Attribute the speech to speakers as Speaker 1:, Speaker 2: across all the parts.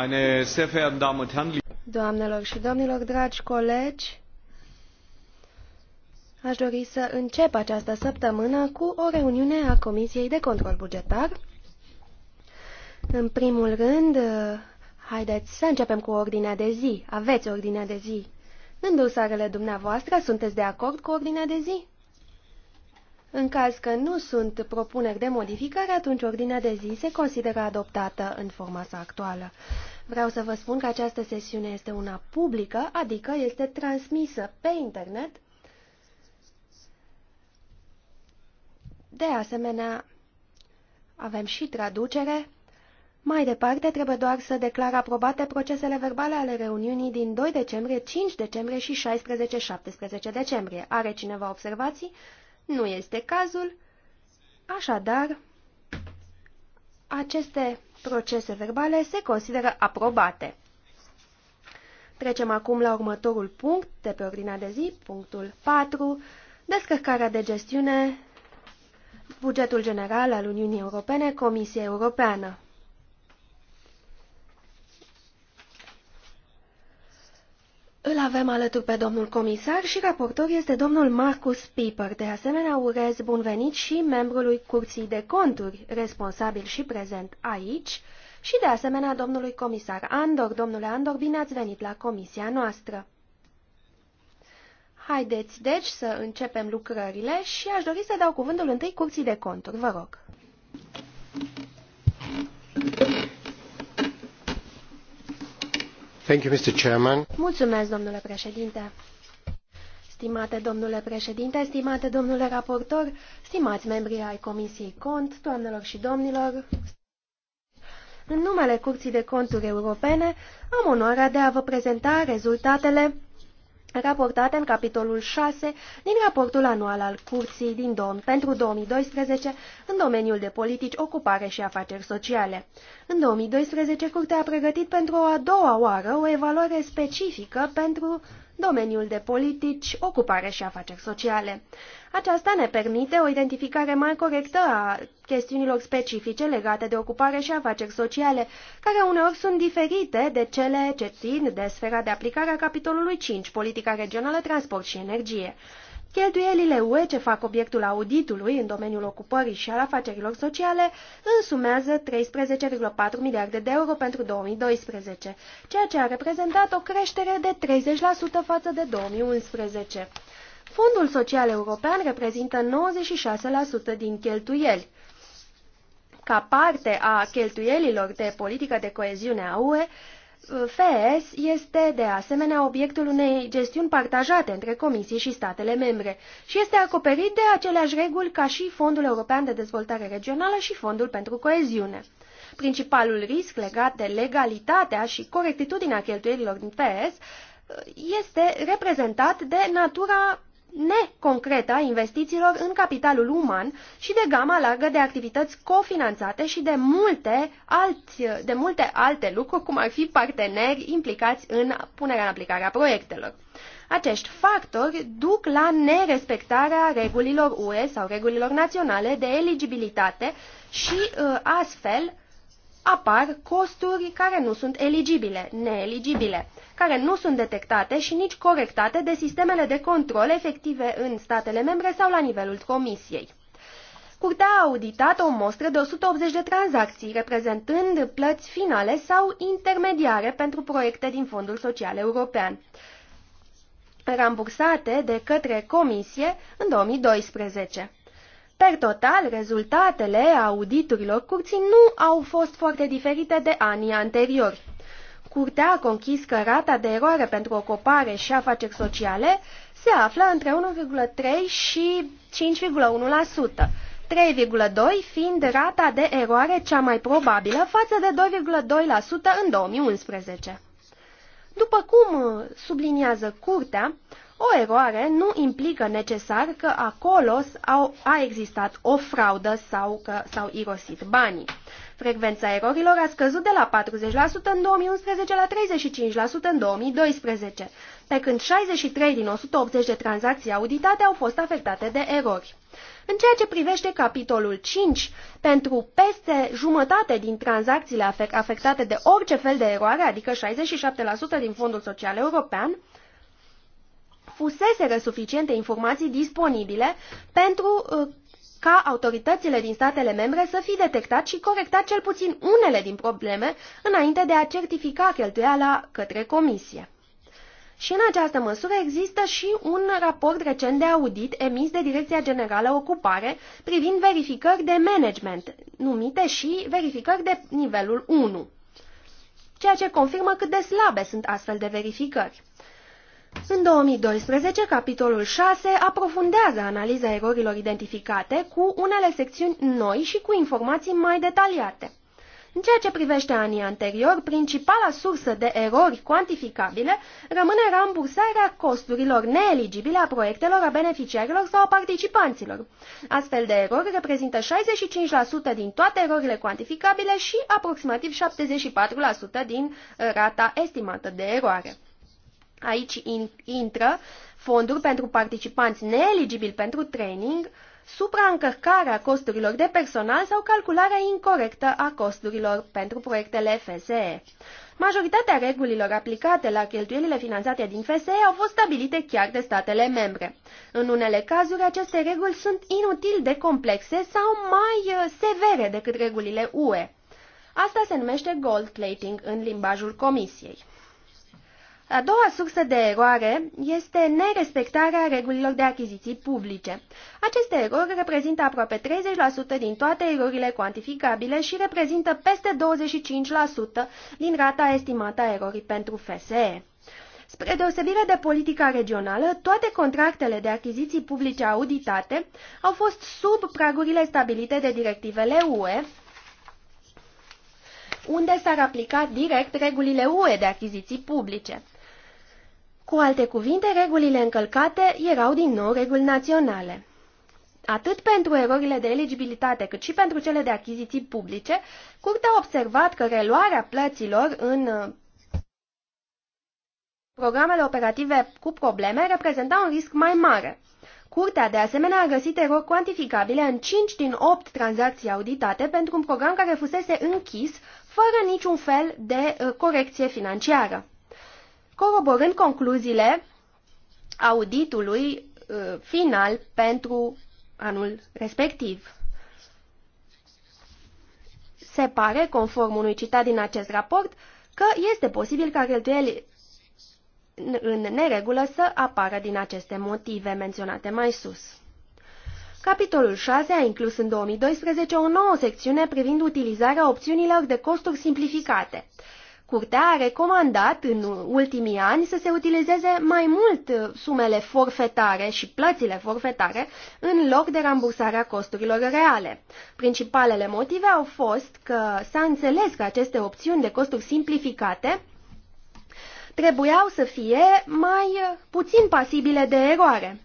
Speaker 1: Meine sehr verehrten Damen und Herren,
Speaker 2: Doamnelor și domnilor, dragi colegi, aș dori să încep această săptămână cu o reuniune a Comisiei de Control Bugetar. În primul rând, haideți să începem cu ordinea de zi. Aveți ordinea de zi. În dosarele dumneavoastră, sunteți de acord cu ordinea de zi? În caz că nu sunt propuneri de modificare, atunci ordinea de zi se consideră adoptată în forma sa actuală. Vreau să vă spun că această sesiune este una publică, adică este transmisă pe internet. De asemenea, avem și traducere. Mai departe, trebuie doar să declar aprobate procesele verbale ale reuniunii din 2 decembrie, 5 decembrie și 16-17 decembrie. Are cineva observații? Nu este cazul. Așadar, aceste procese verbale se consideră aprobate. Trecem acum la următorul punct de pe ordinea de zi, punctul 4, descărcarea de gestiune, bugetul general al Uniunii Europene, Comisia Europeană. Îl avem alături pe domnul comisar și raportor este domnul Marcus Piper. De asemenea, urez bun venit și membrului Curții de Conturi, responsabil și prezent aici, și de asemenea domnului comisar Andor. Domnule Andor, bine ați venit la comisia noastră. Haideți, deci, să începem lucrările și aș dori să dau cuvântul întâi Curții de Conturi. Vă rog. Mulțumesc, domnule președinte. Stimate domnule președinte, stimate domnule raportor, stimați membri ai Comisiei Cont, doamnelor și domnilor, în numele Curții de Conturi Europene, am onoarea de a vă prezenta rezultatele raportate în capitolul 6 din raportul anual al Curții din Dom pentru 2012 în domeniul de politici, ocupare și afaceri sociale. În 2012, Curtea a pregătit pentru o a doua oară o evaluare specifică pentru domeniul de politici, ocupare și afaceri sociale. Aceasta ne permite o identificare mai corectă a chestiunilor specifice legate de ocupare și afaceri sociale, care uneori sunt diferite de cele ce țin de sfera de aplicare a capitolului 5, politica regională, transport și energie. Cheltuielile UE ce fac obiectul auditului în domeniul ocupării și al afacerilor sociale însumează 13,4 miliarde de euro pentru 2012, ceea ce a reprezentat o creștere de 30% față de 2011. Fondul Social European reprezintă 96% din cheltuieli. Ca parte a cheltuielilor de politică de coeziune a UE, FES este de asemenea obiectul unei gestiuni partajate între Comisie și statele membre și este acoperit de aceleași reguli ca și Fondul European de Dezvoltare Regională și Fondul pentru Coeziune. Principalul risc legat de legalitatea și corectitudinea cheltuielilor din PS este reprezentat de natura neconcretă a investițiilor în capitalul uman și de gama largă de activități cofinanțate și de multe, alți, de multe alte lucruri, cum ar fi parteneri implicați în punerea în aplicare a proiectelor. Acești factori duc la nerespectarea regulilor UE sau regulilor naționale de eligibilitate și ă, astfel apar costuri care nu sunt eligibile, neeligibile, care nu sunt detectate și nici corectate de sistemele de control efective în statele membre sau la nivelul comisiei. Curtea a auditat o mostră de 180 de tranzacții, reprezentând plăți finale sau intermediare pentru proiecte din Fondul Social European, rambursate de către Comisie în 2012. Per total, rezultatele auditurilor curții nu au fost foarte diferite de anii anteriori. Curtea a conchis că rata de eroare pentru ocupare și afaceri sociale se află între 1,3 și 5,1%, 3,2 fiind rata de eroare cea mai probabilă față de 2,2% în 2011. După cum subliniază curtea, o eroare nu implică necesar că acolo au, a existat o fraudă sau că s-au irosit banii. Frecvența erorilor a scăzut de la 40% în 2011 la 35% în 2012, pe când 63 din 180 de tranzacții auditate au fost afectate de erori. În ceea ce privește capitolul 5, pentru peste jumătate din tranzacțiile afectate de orice fel de eroare, adică 67% din Fondul Social European, fuseseră suficiente informații disponibile pentru uh, ca autoritățile din statele membre să fi detectat și corectat cel puțin unele din probleme înainte de a certifica cheltuiala către comisie. Și în această măsură există și un raport recent de audit emis de Direcția Generală Ocupare privind verificări de management, numite și verificări de nivelul 1, ceea ce confirmă cât de slabe sunt astfel de verificări. În 2012, capitolul 6 aprofundează analiza erorilor identificate cu unele secțiuni noi și cu informații mai detaliate. În ceea ce privește anii anterior, principala sursă de erori cuantificabile rămâne rambursarea costurilor neeligibile a proiectelor, a beneficiarilor sau a participanților. Astfel de erori reprezintă 65% din toate erorile cuantificabile și aproximativ 74% din rata estimată de eroare. Aici intră fonduri pentru participanți neeligibili pentru training, supraîncărcarea costurilor de personal sau calcularea incorrectă a costurilor pentru proiectele FSE. Majoritatea regulilor aplicate la cheltuielile finanțate din FSE au fost stabilite chiar de statele membre. În unele cazuri, aceste reguli sunt inutil de complexe sau mai uh, severe decât regulile UE. Asta se numește gold plating în limbajul comisiei. A doua sursă de eroare este nerespectarea regulilor de achiziții publice. Aceste erori reprezintă aproape 30% din toate erorile cuantificabile și reprezintă peste 25% din rata estimată a erorii pentru FSE. Spre deosebire de politica regională, toate contractele de achiziții publice auditate au fost sub pragurile stabilite de directivele UE, unde s-ar aplica direct regulile UE de achiziții publice. Cu alte cuvinte, regulile încălcate erau din nou reguli naționale. Atât pentru erorile de eligibilitate, cât și pentru cele de achiziții publice, Curtea a observat că reluarea plăților în uh, programele operative cu probleme reprezenta un risc mai mare. Curtea, de asemenea, a găsit erori cuantificabile în 5 din 8 tranzacții auditate pentru un program care fusese închis fără niciun fel de uh, corecție financiară coroborând concluziile auditului uh, final pentru anul respectiv. Se pare, conform unui citat din acest raport, că este posibil ca cheltuieli în neregulă să apară din aceste motive menționate mai sus. Capitolul 6 a inclus în 2012 o nouă secțiune privind utilizarea opțiunilor de costuri simplificate. Curtea a recomandat în ultimii ani să se utilizeze mai mult uh, sumele forfetare și plățile forfetare în loc de rambursarea costurilor reale. Principalele motive au fost că s-a înțeles că aceste opțiuni de costuri simplificate trebuiau să fie mai uh, puțin pasibile de eroare.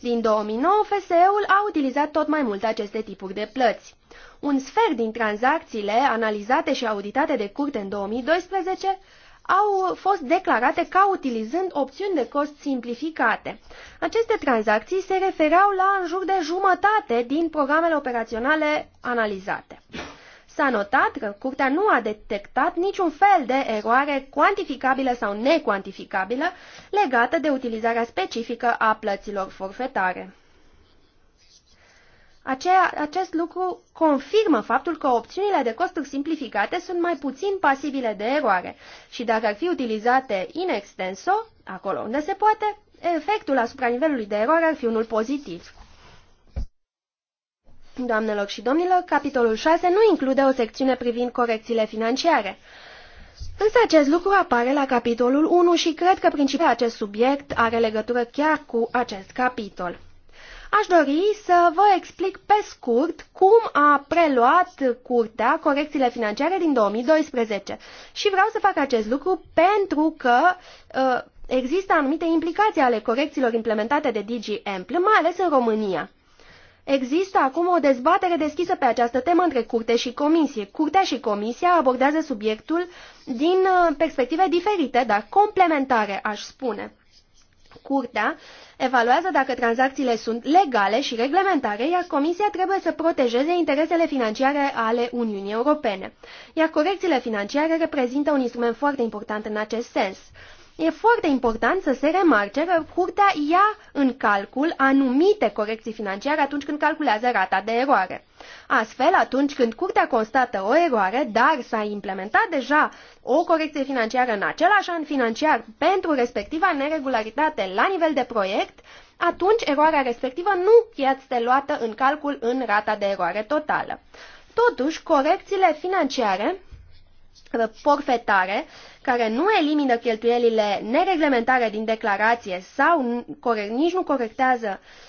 Speaker 2: Din 2009, FSE-ul a utilizat tot mai mult aceste tipuri de plăți. Un sfert din tranzacțiile analizate și auditate de curte în 2012 au fost declarate ca utilizând opțiuni de cost simplificate. Aceste tranzacții se refereau la în jur de jumătate din programele operaționale analizate. S-a notat că curtea nu a detectat niciun fel de eroare cuantificabilă sau necuantificabilă legată de utilizarea specifică a plăților forfetare. Aceea, acest lucru confirmă faptul că opțiunile de costuri simplificate sunt mai puțin pasibile de eroare și dacă ar fi utilizate in extenso, acolo unde se poate, efectul asupra nivelului de eroare ar fi unul pozitiv. Doamnelor și domnilor, capitolul 6 nu include o secțiune privind corecțiile financiare. Însă acest lucru apare la capitolul 1 și cred că principiul acest subiect are legătură chiar cu acest capitol. Aș dori să vă explic pe scurt cum a preluat curtea corecțiile financiare din 2012 și vreau să fac acest lucru pentru că uh, există anumite implicații ale corecțiilor implementate de DG Ample, mai ales în România. Există acum o dezbatere deschisă pe această temă între curte și comisie. Curtea și comisia abordează subiectul din uh, perspective diferite, dar complementare, aș spune. Curtea evaluează dacă tranzacțiile sunt legale și reglementare, iar Comisia trebuie să protejeze interesele financiare ale Uniunii Europene. Iar corecțiile financiare reprezintă un instrument foarte important în acest sens. E foarte important să se remarce că curtea ia în calcul anumite corecții financiare atunci când calculează rata de eroare. Astfel, atunci când curtea constată o eroare, dar s-a implementat deja o corecție financiară în același an financiar pentru respectiva neregularitate la nivel de proiect, atunci eroarea respectivă nu este luată în calcul în rata de eroare totală. Totuși, corecțiile financiare ă, forfetare, care nu elimină cheltuielile nereglementare din declarație sau nici nu corectează uh,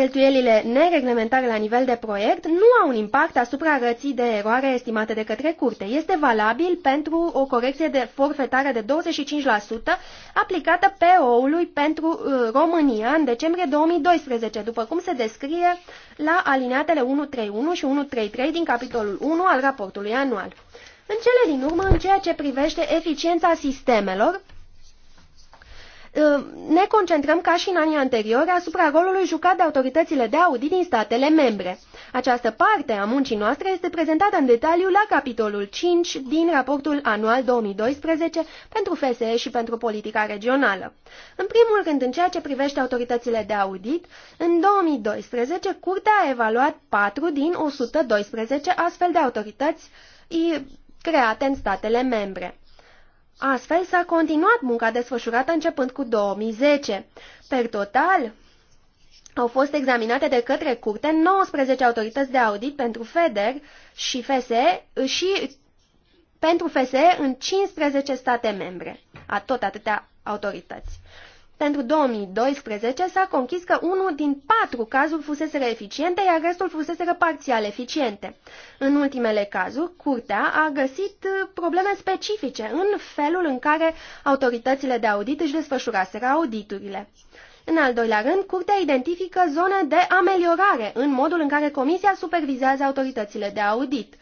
Speaker 2: Cheltuielile nereglementare la nivel de proiect nu au un impact asupra rății de eroare estimate de către curte. Este valabil pentru o corecție de forfetare de 25% aplicată PO-ului pentru uh, România în decembrie 2012, după cum se descrie la alineatele 131 și 133 din capitolul 1 al raportului anual. În cele din urmă, în ceea ce privește eficiența sistemelor, Uh, ne concentrăm ca și în anii anteriori asupra rolului jucat de autoritățile de audit din statele membre. Această parte a muncii noastre este prezentată în detaliu la capitolul 5 din raportul anual 2012 pentru FSE și pentru politica regională. În primul rând, în ceea ce privește autoritățile de audit, în 2012 Curtea a evaluat 4 din 112 astfel de autorități create în statele membre. Astfel s-a continuat munca desfășurată începând cu 2010. Per total, au fost examinate de către curte 19 autorități de audit pentru FEDER și FSE și pentru FSE în 15 state membre, a tot atâtea autorități. Pentru 2012 s-a conchis că unul din patru cazuri fusese eficiente, iar restul fusese parțial eficiente. În ultimele cazuri, curtea a găsit uh, probleme specifice în felul în care autoritățile de audit își desfășuraseră auditurile. În al doilea rând, Curtea identifică zone de ameliorare în modul în care Comisia supervizează autoritățile de audit.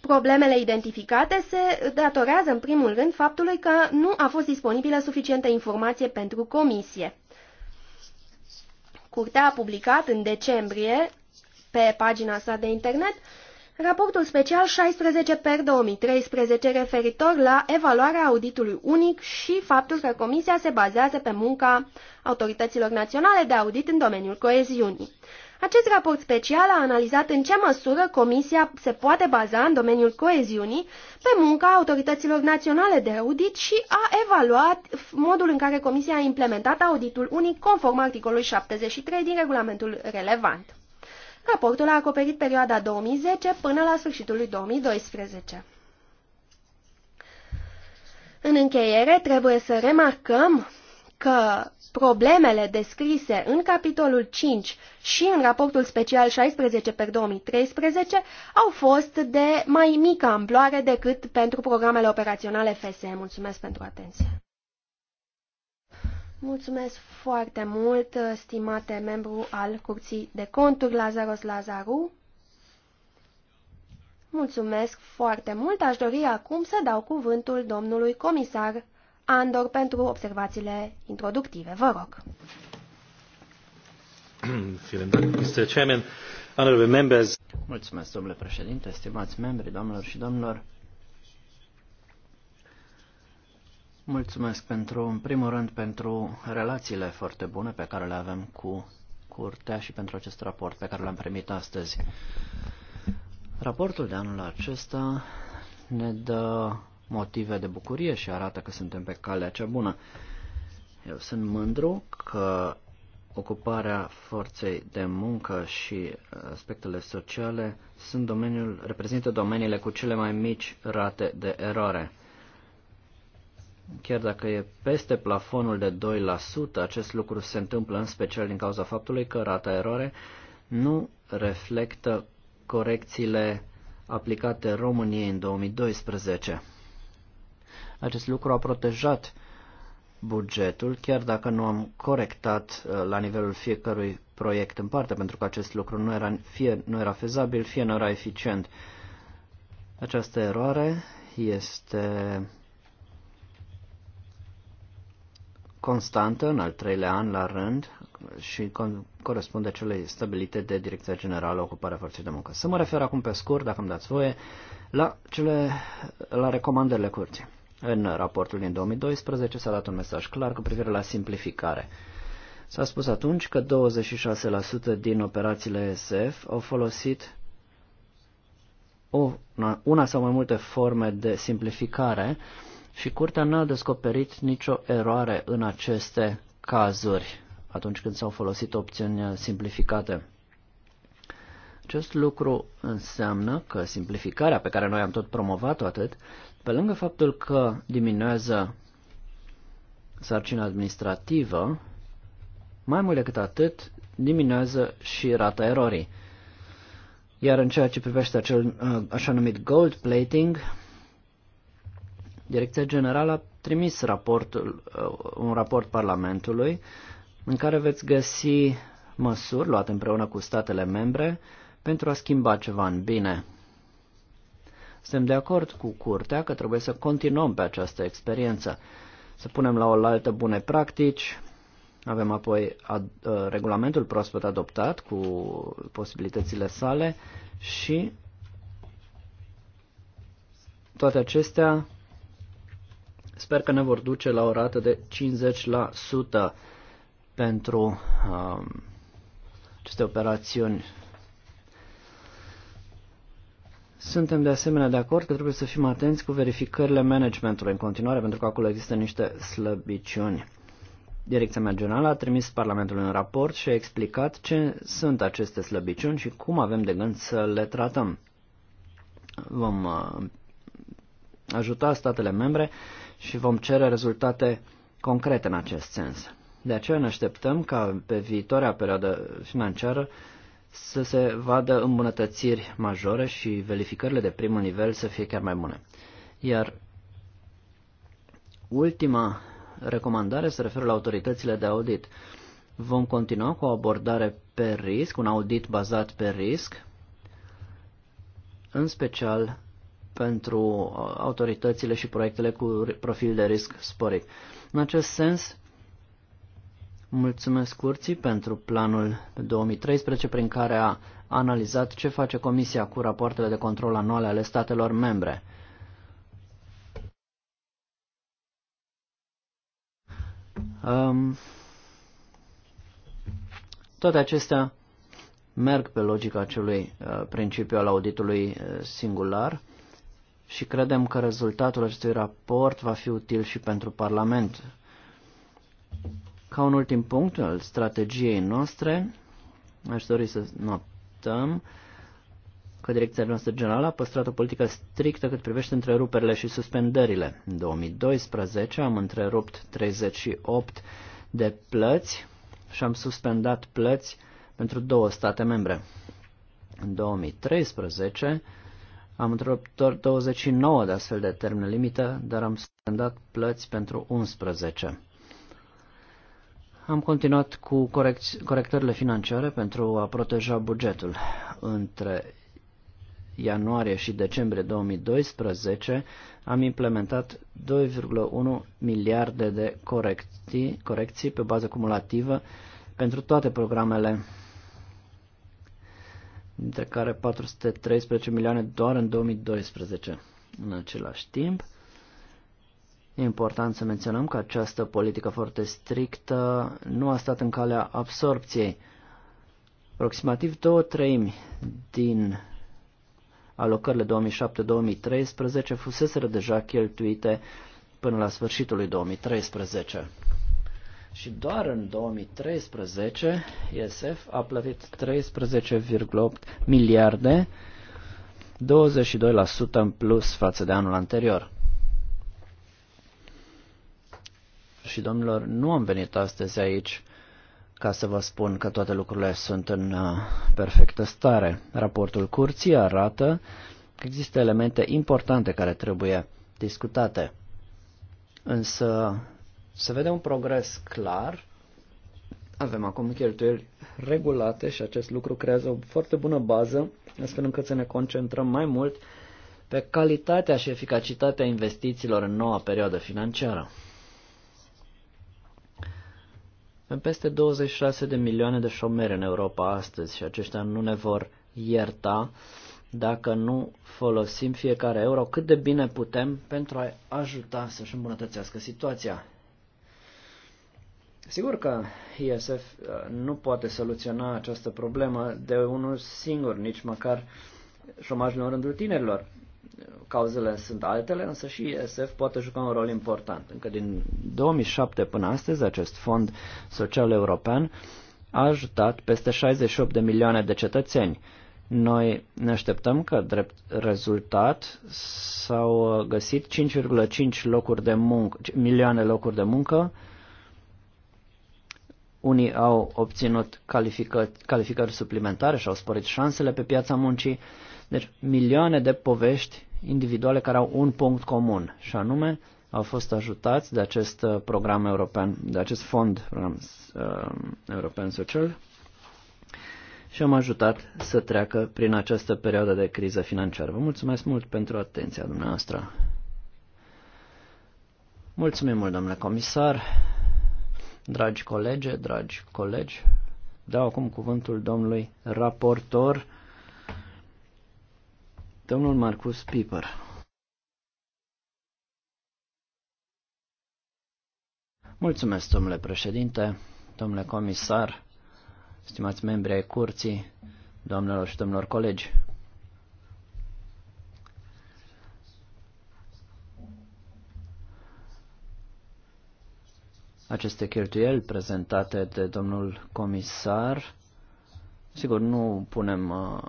Speaker 2: Problemele identificate se datorează în primul rând faptului că nu a fost disponibilă suficientă informație pentru comisie. Curtea a publicat în decembrie, pe pagina sa de internet, raportul special 16 per 2013 referitor la evaluarea auditului unic și faptul că Comisia se bazează pe munca autorităților naționale de audit în domeniul coeziunii. Acest raport special a analizat în ce măsură Comisia se poate baza în domeniul coeziunii pe munca autorităților naționale de audit și a evaluat modul în care Comisia a implementat auditul unic conform articolului 73 din regulamentul relevant. Raportul a acoperit perioada 2010 până la sfârșitul lui 2012. În încheiere, trebuie să remarcăm că problemele descrise în capitolul 5 și în raportul special 16 pe 2013 au fost de mai mică amploare decât pentru programele operaționale FSE. Mulțumesc pentru atenție! Mulțumesc foarte mult, stimate membru al Curții de Conturi, Lazaros Lazaru. Mulțumesc foarte mult. Aș dori acum să dau cuvântul domnului comisar Andor pentru observațiile introductive. Vă rog.
Speaker 3: Mulțumesc, domnule președinte, stimați membri, doamnelor și domnilor. Mulțumesc pentru, în primul rând, pentru relațiile foarte bune pe care le avem cu Curtea și pentru acest raport pe care l-am primit astăzi. Raportul de anul acesta ne dă motive de bucurie și arată că suntem pe calea cea bună. Eu sunt mândru că ocuparea forței de muncă și aspectele sociale sunt domeniul, reprezintă domeniile cu cele mai mici rate de eroare. Chiar dacă e peste plafonul de 2%, acest lucru se întâmplă în special din cauza faptului că rata eroare nu reflectă corecțiile aplicate României în 2012. Acest lucru a protejat bugetul, chiar dacă nu am corectat uh, la nivelul fiecărui proiect în parte, pentru că acest lucru nu era, fie nu era fezabil, fie nu era eficient. Această eroare este constantă în al treilea an la rând și corespunde cele stabilite de Direcția Generală Ocuparea Forței de Muncă. Să mă refer acum pe scurt, dacă îmi dați voie, la, cele, la recomandările curții. În raportul din 2012 s-a dat un mesaj clar cu privire la simplificare. S-a spus atunci că 26% din operațiile SF au folosit una, una sau mai multe forme de simplificare și curtea n-a descoperit nicio eroare în aceste cazuri atunci când s-au folosit opțiuni simplificate. Acest lucru înseamnă că simplificarea pe care noi am tot promovat-o atât pe lângă faptul că diminuează sarcina administrativă, mai mult decât atât, diminuează și rata erorii. Iar în ceea ce privește acel uh, așa numit gold plating, Direcția Generală a trimis raportul, uh, un raport Parlamentului în care veți găsi măsuri luate împreună cu statele membre pentru a schimba ceva în bine. Suntem de acord cu curtea că trebuie să continuăm pe această experiență, să punem la oaltă bune practici, avem apoi ad- uh, regulamentul proaspăt adoptat cu posibilitățile sale și toate acestea sper că ne vor duce la o rată de 50% pentru um, aceste operațiuni suntem de asemenea de acord că trebuie să fim atenți cu verificările managementului în continuare, pentru că acolo există niște slăbiciuni. Direcția mea generală a trimis Parlamentului un raport și a explicat ce sunt aceste slăbiciuni și cum avem de gând să le tratăm. Vom uh, ajuta statele membre și vom cere rezultate concrete în acest sens. De aceea ne așteptăm ca pe viitoarea perioadă financiară să se vadă îmbunătățiri majore și verificările de primul nivel să fie chiar mai bune. Iar ultima recomandare se referă la autoritățile de audit. Vom continua cu o abordare pe risc, un audit bazat pe risc, în special pentru autoritățile și proiectele cu profil de risc sporit. În acest sens, Mulțumesc curții pentru planul 2013 prin care a analizat ce face Comisia cu rapoartele de control anuale ale statelor membre. Um, toate acestea merg pe logica acelui uh, principiu al auditului uh, singular și credem că rezultatul acestui raport va fi util și pentru Parlament ca un ultim punct al strategiei noastre, aș dori să notăm că direcția noastră generală a păstrat o politică strictă cât privește întreruperile și suspendările. În 2012 am întrerupt 38 de plăți și am suspendat plăți pentru două state membre. În 2013 am întrerupt doar 29 de astfel de termene limită, dar am suspendat plăți pentru 11. Am continuat cu corect- corectările financiare pentru a proteja bugetul. Între ianuarie și decembrie 2012 am implementat 2,1 miliarde de corecții, corecții pe bază cumulativă pentru toate programele, dintre care 413 milioane doar în 2012. În același timp, E important să menționăm că această politică foarte strictă nu a stat în calea absorpției. Aproximativ două treimi din alocările 2007-2013 fuseseră deja cheltuite până la sfârșitul lui 2013. Și doar în 2013 ISF a plătit 13,8 miliarde, 22% în plus față de anul anterior. și domnilor, nu am venit astăzi aici ca să vă spun că toate lucrurile sunt în uh, perfectă stare. Raportul curții arată că există elemente importante care trebuie discutate. Însă se vede un progres clar. Avem acum cheltuieli regulate și acest lucru creează o foarte bună bază, astfel încât să ne concentrăm mai mult pe calitatea și eficacitatea investițiilor în noua perioadă financiară. Avem peste 26 de milioane de șomeri în Europa astăzi și aceștia nu ne vor ierta dacă nu folosim fiecare euro cât de bine putem pentru a ajuta să-și îmbunătățească situația. Sigur că ISF uh, nu poate soluționa această problemă de unul singur, nici măcar șomajul în rândul tinerilor cauzele sunt altele, însă și ESF poate juca un rol important. Încă din 2007 până astăzi, acest fond social european a ajutat peste 68 de milioane de cetățeni. Noi ne așteptăm că, drept rezultat, s-au găsit 5,5 locuri de muncă, milioane locuri de muncă. Unii au obținut calificări, calificări suplimentare și au sporit șansele pe piața muncii deci milioane de povești individuale care au un punct comun și anume au fost ajutați de acest uh, program european, de acest fond program, uh, european social și am ajutat să treacă prin această perioadă de criză financiară. Vă mulțumesc mult pentru atenția dumneavoastră. Mulțumim mult, domnule comisar, dragi colege, dragi colegi. Dau acum cuvântul domnului raportor. Domnul Marcus Piper. Mulțumesc, domnule președinte, domnule comisar, stimați membri ai curții, doamnelor și domnilor colegi. Aceste cheltuieli prezentate de domnul comisar Sigur, nu punem uh,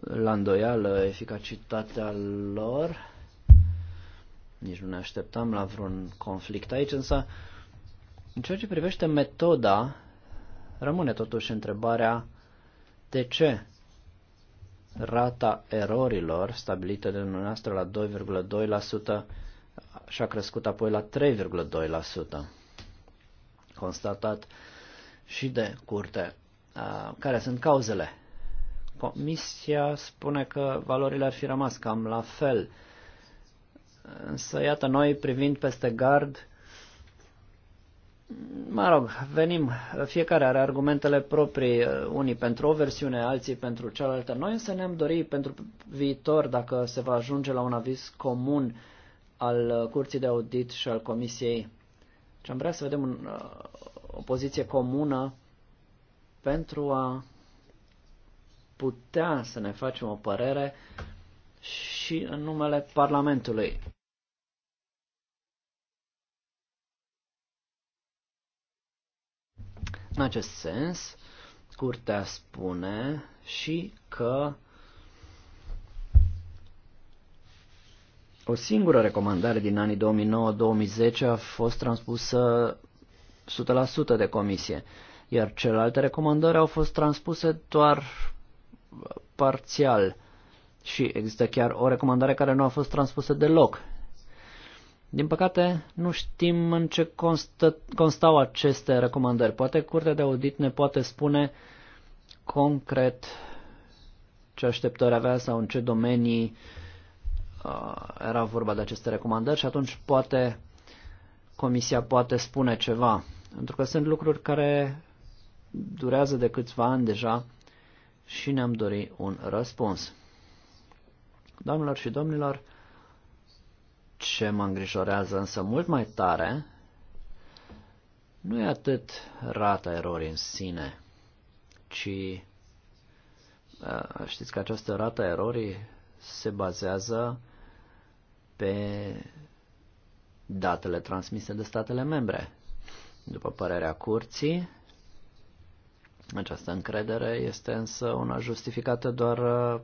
Speaker 3: la îndoială eficacitatea lor, nici nu ne așteptam la vreun conflict aici, însă în ceea ce privește metoda, rămâne totuși întrebarea de ce rata erorilor stabilită de dumneavoastră la 2,2% și-a crescut apoi la 3,2%, constatat și de curte. Uh, care sunt cauzele? Comisia spune că valorile ar fi rămas cam la fel. Însă, iată, noi privind peste gard, mă rog, venim, fiecare are argumentele proprii, uh, unii pentru o versiune, alții pentru cealaltă. Noi însă ne-am dorit pentru viitor, dacă se va ajunge la un aviz comun al uh, Curții de Audit și al Comisiei, ce am vrea să vedem un, o poziție comună pentru a putea să ne facem o părere și în numele Parlamentului. În acest sens, Curtea spune și că o singură recomandare din anii 2009-2010 a fost transpusă 100% de comisie iar celelalte recomandări au fost transpuse doar uh, parțial și există chiar o recomandare care nu a fost transpusă deloc. Din păcate, nu știm în ce constă, constau aceste recomandări. Poate Curtea de Audit ne poate spune concret ce așteptări avea sau în ce domenii uh, era vorba de aceste recomandări și atunci poate Comisia poate spune ceva. Pentru că sunt lucruri care durează de câțiva ani deja și ne-am dorit un răspuns. Doamnelor și domnilor, ce mă îngrijorează însă mult mai tare nu e atât rata erorii în sine, ci știți că această rata erorii se bazează pe datele transmise de statele membre. După părerea curții, această încredere este însă una justificată doar uh,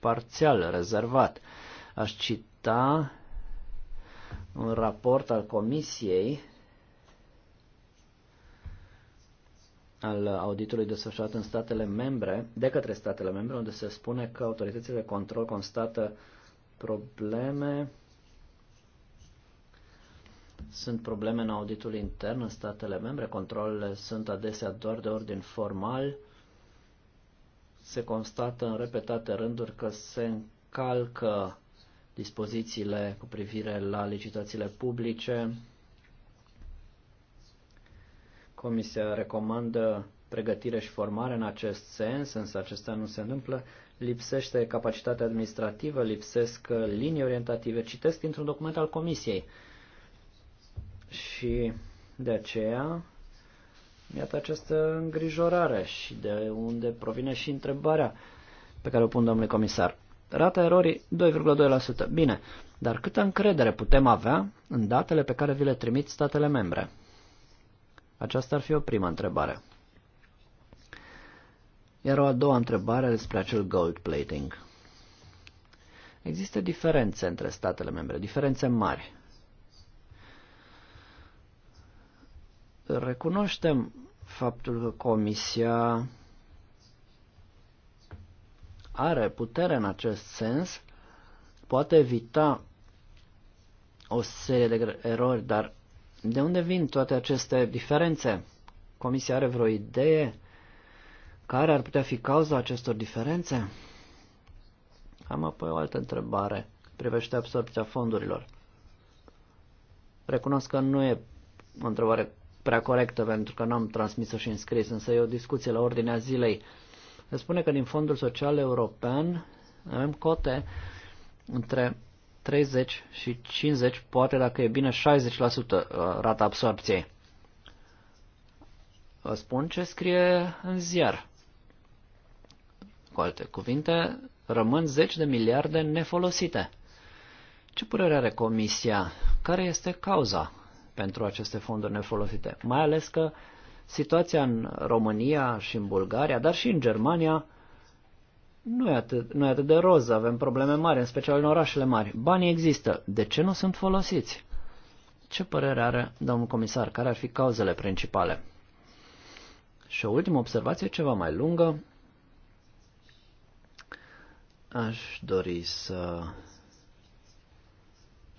Speaker 3: parțial, rezervat. Aș cita un raport al Comisiei al auditului desfășurat în statele membre, de către statele membre, unde se spune că autoritățile de control constată probleme sunt probleme în auditul intern în statele membre, controlele sunt adesea doar de ordin formal. Se constată în repetate rânduri că se încalcă dispozițiile cu privire la licitațiile publice. Comisia recomandă pregătire și formare în acest sens, însă acestea nu se întâmplă. Lipsește capacitatea administrativă, lipsesc linii orientative. Citesc dintr-un document al Comisiei. Și de aceea, iată această îngrijorare și de unde provine și întrebarea pe care o pun domnului comisar. Rata erorii 2,2%. Bine, dar câtă încredere putem avea în datele pe care vi le trimit statele membre? Aceasta ar fi o primă întrebare. Iar o a doua întrebare despre acel gold plating. Există diferențe între statele membre, diferențe mari. recunoaștem faptul că Comisia are putere în acest sens, poate evita o serie de erori, dar de unde vin toate aceste diferențe? Comisia are vreo idee care ar putea fi cauza acestor diferențe? Am apoi o altă întrebare privește absorpția fondurilor. Recunosc că nu e o întrebare prea corectă pentru că n-am transmis-o și înscris, însă e o discuție la ordinea zilei. Se spune că din Fondul Social European avem cote între 30 și 50, poate dacă e bine 60% uh, rata absorpției. Vă spun ce scrie în ziar. Cu alte cuvinte, rămân 10 de miliarde nefolosite. Ce părere are Comisia? Care este cauza? pentru aceste fonduri nefolosite. Mai ales că situația în România și în Bulgaria, dar și în Germania, nu e, atât, nu e atât de roz, avem probleme mari, în special în orașele mari. Banii există, de ce nu sunt folosiți? Ce părere are domnul comisar? Care ar fi cauzele principale? Și o ultimă observație, ceva mai lungă. Aș dori să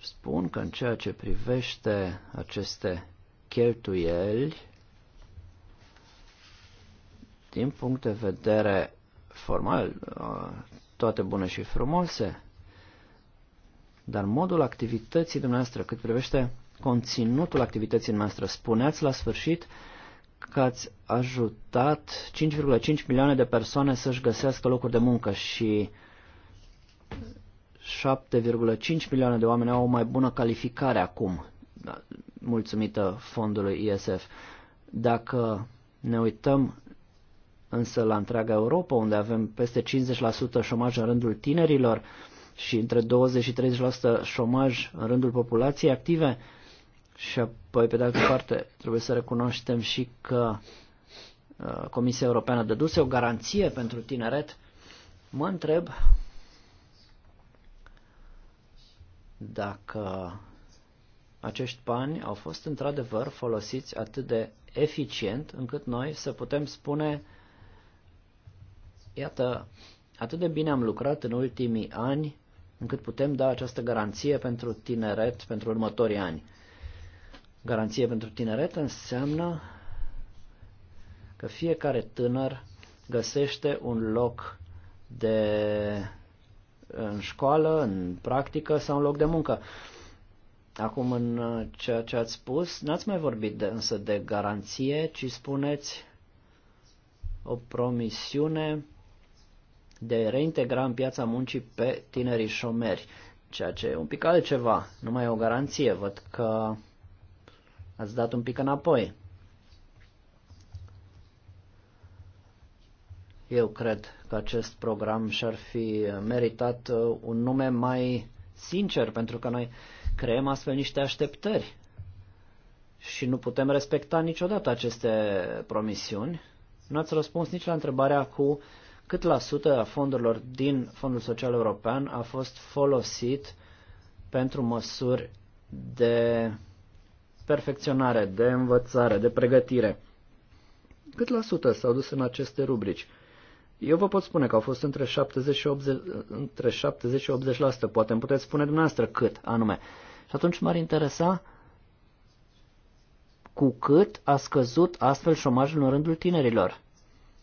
Speaker 3: spun că în ceea ce privește aceste cheltuieli, din punct de vedere formal, toate bune și frumoase, dar modul activității dumneavoastră, cât privește conținutul activității noastre, spuneați la sfârșit că ați ajutat 5,5 milioane de persoane să-și găsească locuri de muncă și 7,5 milioane de oameni au o mai bună calificare acum, da, mulțumită fondului ISF. Dacă ne uităm însă la întreaga Europa, unde avem peste 50% șomaj în rândul tinerilor și între 20 și 30% șomaj în rândul populației active, și apoi, pe de altă parte, trebuie să recunoaștem și că uh, Comisia Europeană dăduse o garanție pentru tineret, mă întreb dacă acești bani au fost într-adevăr folosiți atât de eficient încât noi să putem spune, iată, atât de bine am lucrat în ultimii ani încât putem da această garanție pentru tineret pentru următorii ani. Garanție pentru tineret înseamnă că fiecare tânăr găsește un loc de în școală, în practică sau în loc de muncă. Acum, în uh, ceea ce ați spus, n-ați mai vorbit de, însă de garanție, ci spuneți o promisiune de reintegra în piața muncii pe tinerii șomeri, ceea ce e un pic altceva, nu mai e o garanție, văd că ați dat un pic înapoi. Eu cred că acest program și-ar fi meritat uh, un nume mai sincer, pentru că noi creăm astfel niște așteptări și nu putem respecta niciodată aceste promisiuni. Nu ați răspuns nici la întrebarea cu cât la sută a fondurilor din Fondul Social European a fost folosit pentru măsuri de perfecționare, de învățare, de pregătire. Cât la sută s-au dus în aceste rubrici? Eu vă pot spune că au fost între 70 și 80%, între 70 și 80% poate îmi puteți spune dumneavoastră cât anume. Și atunci m-ar interesa cu cât a scăzut astfel șomajul în rândul tinerilor,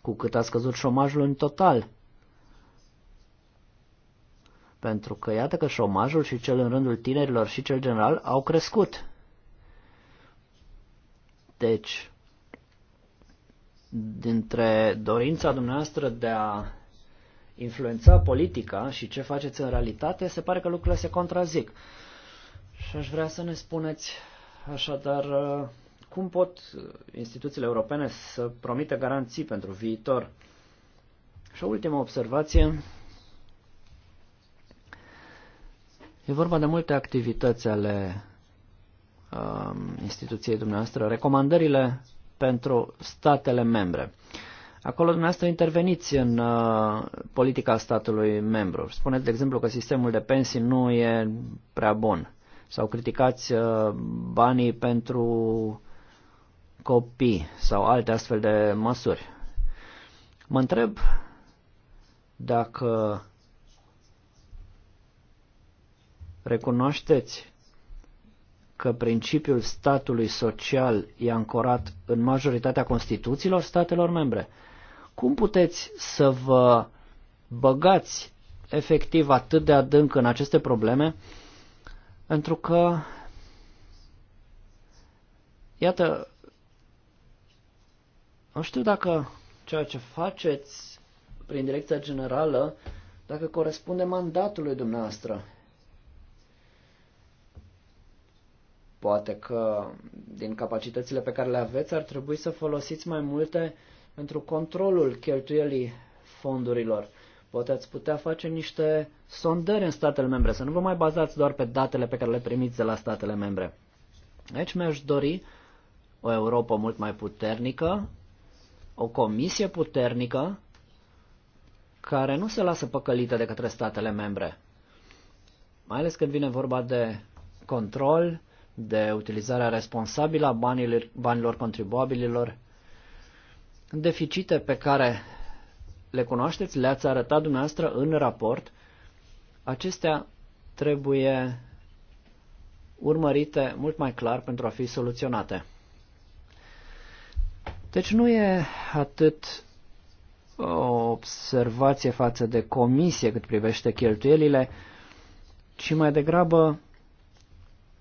Speaker 3: cu cât a scăzut șomajul în total. Pentru că iată că șomajul și cel în rândul tinerilor și cel general au crescut. Deci, dintre dorința dumneavoastră de a influența politica și ce faceți în realitate, se pare că lucrurile se contrazic. Și aș vrea să ne spuneți așadar cum pot instituțiile europene să promită garanții pentru viitor. Și o ultimă observație. E vorba de multe activități ale um, instituției dumneavoastră. Recomandările pentru statele membre. Acolo dumneavoastră interveniți în uh, politica statului membru. Spuneți, de exemplu, că sistemul de pensii nu e prea bun. Sau criticați uh, banii pentru copii sau alte astfel de măsuri. Mă întreb dacă recunoașteți că principiul statului social e ancorat în majoritatea Constituțiilor statelor membre. Cum puteți să vă băgați efectiv atât de adânc în aceste probleme? Pentru că, iată, nu știu dacă ceea ce faceți prin direcția generală, dacă corespunde mandatului dumneavoastră. Poate că din capacitățile pe care le aveți ar trebui să folosiți mai multe pentru controlul cheltuielii fondurilor. Poate ați putea face niște sondări în statele membre, să nu vă mai bazați doar pe datele pe care le primiți de la statele membre. Aici mi-aș dori o Europa mult mai puternică, o comisie puternică, care nu se lasă păcălită de către statele membre. Mai ales când vine vorba de control, de utilizarea responsabilă a banilor, banilor contribuabililor. Deficite pe care le cunoașteți, le-ați arătat dumneavoastră în raport, acestea trebuie urmărite mult mai clar pentru a fi soluționate. Deci nu e atât o observație față de comisie cât privește cheltuielile, ci mai degrabă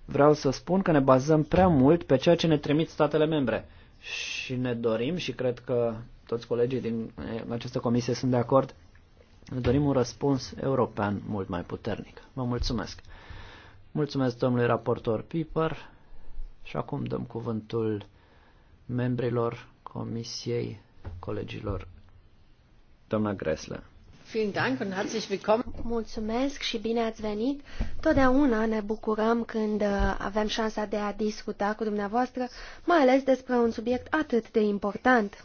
Speaker 3: Vreau să spun că ne bazăm prea mult pe ceea ce ne trimit statele membre și ne dorim și cred că toți colegii din eh, această comisie sunt de acord, ne dorim un răspuns european mult mai puternic. Vă mulțumesc. Mulțumesc domnului raportor Piper și acum dăm cuvântul membrilor comisiei, colegilor,
Speaker 2: doamna Gresle. Mulțumesc și bine ați venit. Totdeauna ne bucurăm când uh, avem șansa de a discuta cu dumneavoastră, mai ales despre un subiect atât de important,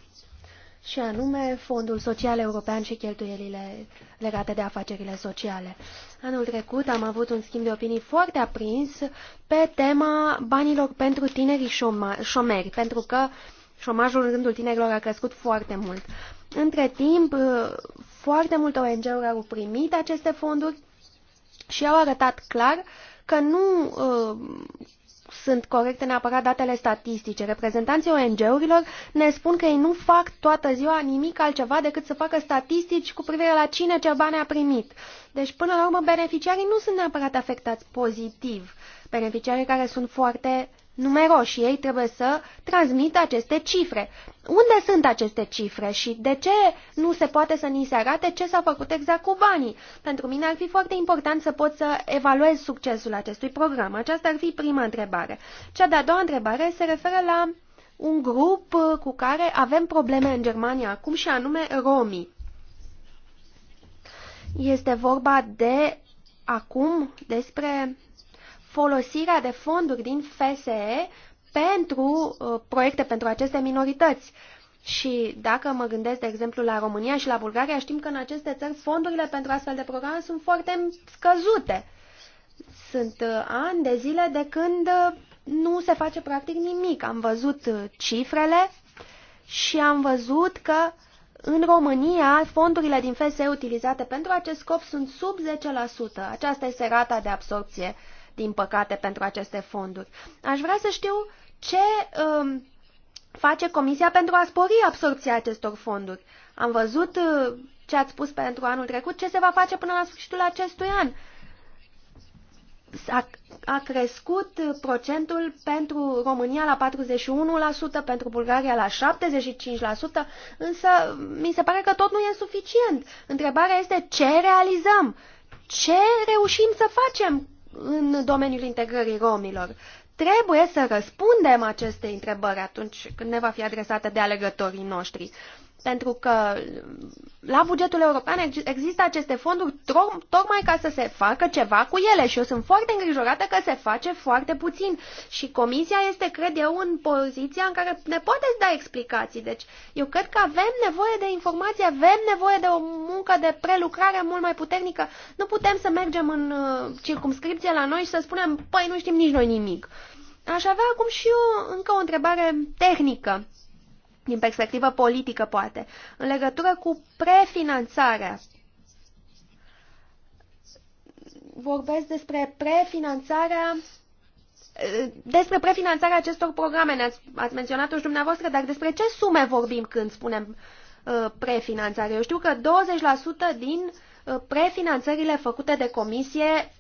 Speaker 2: și anume Fondul Social European și cheltuielile legate de afacerile sociale. Anul trecut am avut un schimb de opinii foarte aprins pe tema banilor pentru tinerii șomeri, pentru că șomajul în rândul tinerilor a crescut foarte mult. Între timp, foarte multe ONG-uri au primit aceste fonduri și au arătat clar că nu uh, sunt corecte neapărat datele statistice. Reprezentanții ONG-urilor ne spun că ei nu fac toată ziua nimic altceva decât să facă statistici cu privire la cine ce bani a primit. Deci, până la urmă, beneficiarii nu sunt neapărat afectați pozitiv. Beneficiarii care sunt foarte numeroși. Ei trebuie să transmită aceste cifre. Unde sunt aceste cifre și de ce nu se poate să ni se arate ce s-a făcut exact cu banii? Pentru mine ar fi foarte important să pot să evaluez succesul acestui program. Aceasta ar fi prima întrebare. Cea de-a doua întrebare se referă la un grup cu care avem probleme în Germania acum și anume romii. Este vorba de acum despre folosirea de fonduri din FSE pentru uh, proiecte pentru aceste minorități. Și dacă mă gândesc, de exemplu, la România și la Bulgaria, știm că în aceste țări fondurile pentru astfel de programe sunt foarte scăzute. Sunt uh, ani de zile de când uh, nu se face practic nimic. Am văzut uh, cifrele și am văzut că în România, fondurile din FSE utilizate pentru acest scop sunt sub 10%. Aceasta este rata de absorpție din păcate, pentru aceste fonduri. Aș vrea să știu ce um, face Comisia pentru a spori absorpția acestor fonduri. Am văzut uh, ce ați spus pentru anul trecut, ce se va face până la sfârșitul acestui an. A, a crescut procentul pentru România la 41%, pentru Bulgaria la 75%, însă mi se pare că tot nu e suficient. Întrebarea este ce realizăm, ce reușim să facem în domeniul integrării romilor. Trebuie să răspundem acestei întrebări atunci când ne va fi adresată de alegătorii noștri. Pentru că la bugetul european există aceste fonduri tocmai ca să se facă ceva cu ele și eu sunt foarte îngrijorată că se face foarte puțin și comisia este, cred eu, în poziția în care ne poate da explicații. Deci eu cred că avem nevoie de informații, avem nevoie de o muncă de prelucrare mult mai puternică. Nu putem să mergem în uh, circumscripție la noi și să spunem, păi nu știm nici noi nimic. Aș avea acum și eu încă o întrebare tehnică din perspectivă politică, poate, în legătură cu prefinanțarea. Vorbesc despre prefinanțarea despre prefinanțarea acestor programe ne-ați ați menționat-o și dumneavoastră, dar despre ce sume vorbim când spunem uh, prefinanțare? Eu știu că 20% din uh, prefinanțările făcute de comisie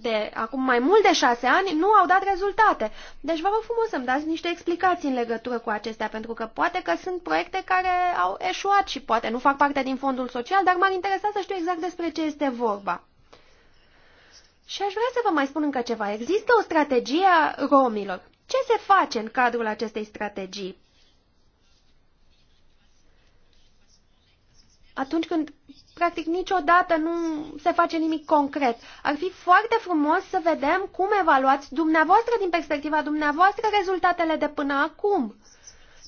Speaker 2: de acum mai mult de șase ani nu au dat rezultate. Deci vă rog frumos să-mi dați niște explicații în legătură cu acestea, pentru că poate că sunt proiecte care au eșuat și poate nu fac parte din fondul social, dar m-ar interesa să știu exact despre ce este vorba. Și aș vrea să vă mai spun încă ceva. Există o strategie a romilor. Ce se face în cadrul acestei strategii? Atunci când practic niciodată nu se face nimic concret. Ar fi foarte frumos să vedem cum evaluați dumneavoastră, din perspectiva dumneavoastră, rezultatele de până acum.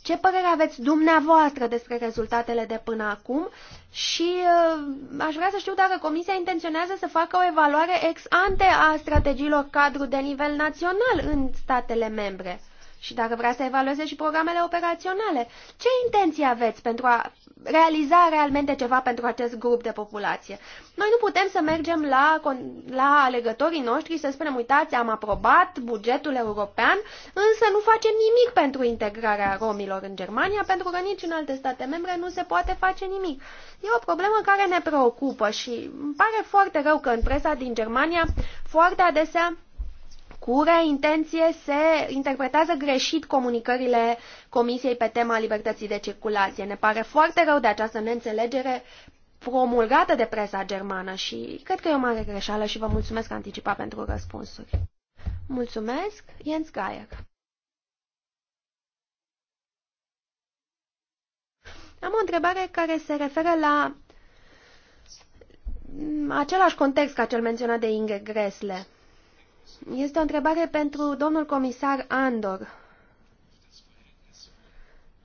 Speaker 2: Ce părere aveți dumneavoastră despre rezultatele de până acum? Și uh, aș vrea să știu dacă Comisia intenționează să facă o evaluare ex ante a strategiilor cadru de nivel național în statele membre și dacă vrea să evalueze și programele operaționale. Ce intenții aveți pentru a realiza realmente ceva pentru acest grup de populație? Noi nu putem să mergem la, la alegătorii noștri să spunem, uitați, am aprobat bugetul european, însă nu facem nimic pentru integrarea romilor în Germania, pentru că nici în alte state membre nu se poate face nimic. E o problemă care ne preocupă și îmi pare foarte rău că în presa din Germania foarte adesea obscure intenție se interpretează greșit comunicările Comisiei pe tema libertății de circulație. Ne pare foarte rău de această neînțelegere promulgată de presa germană și cred că e o mare greșeală și vă mulțumesc anticipat pentru răspunsuri. Mulțumesc, Jens Geier. Am o întrebare care se referă la același context ca cel menționat de Inge Gresle. Este o întrebare pentru domnul comisar Andor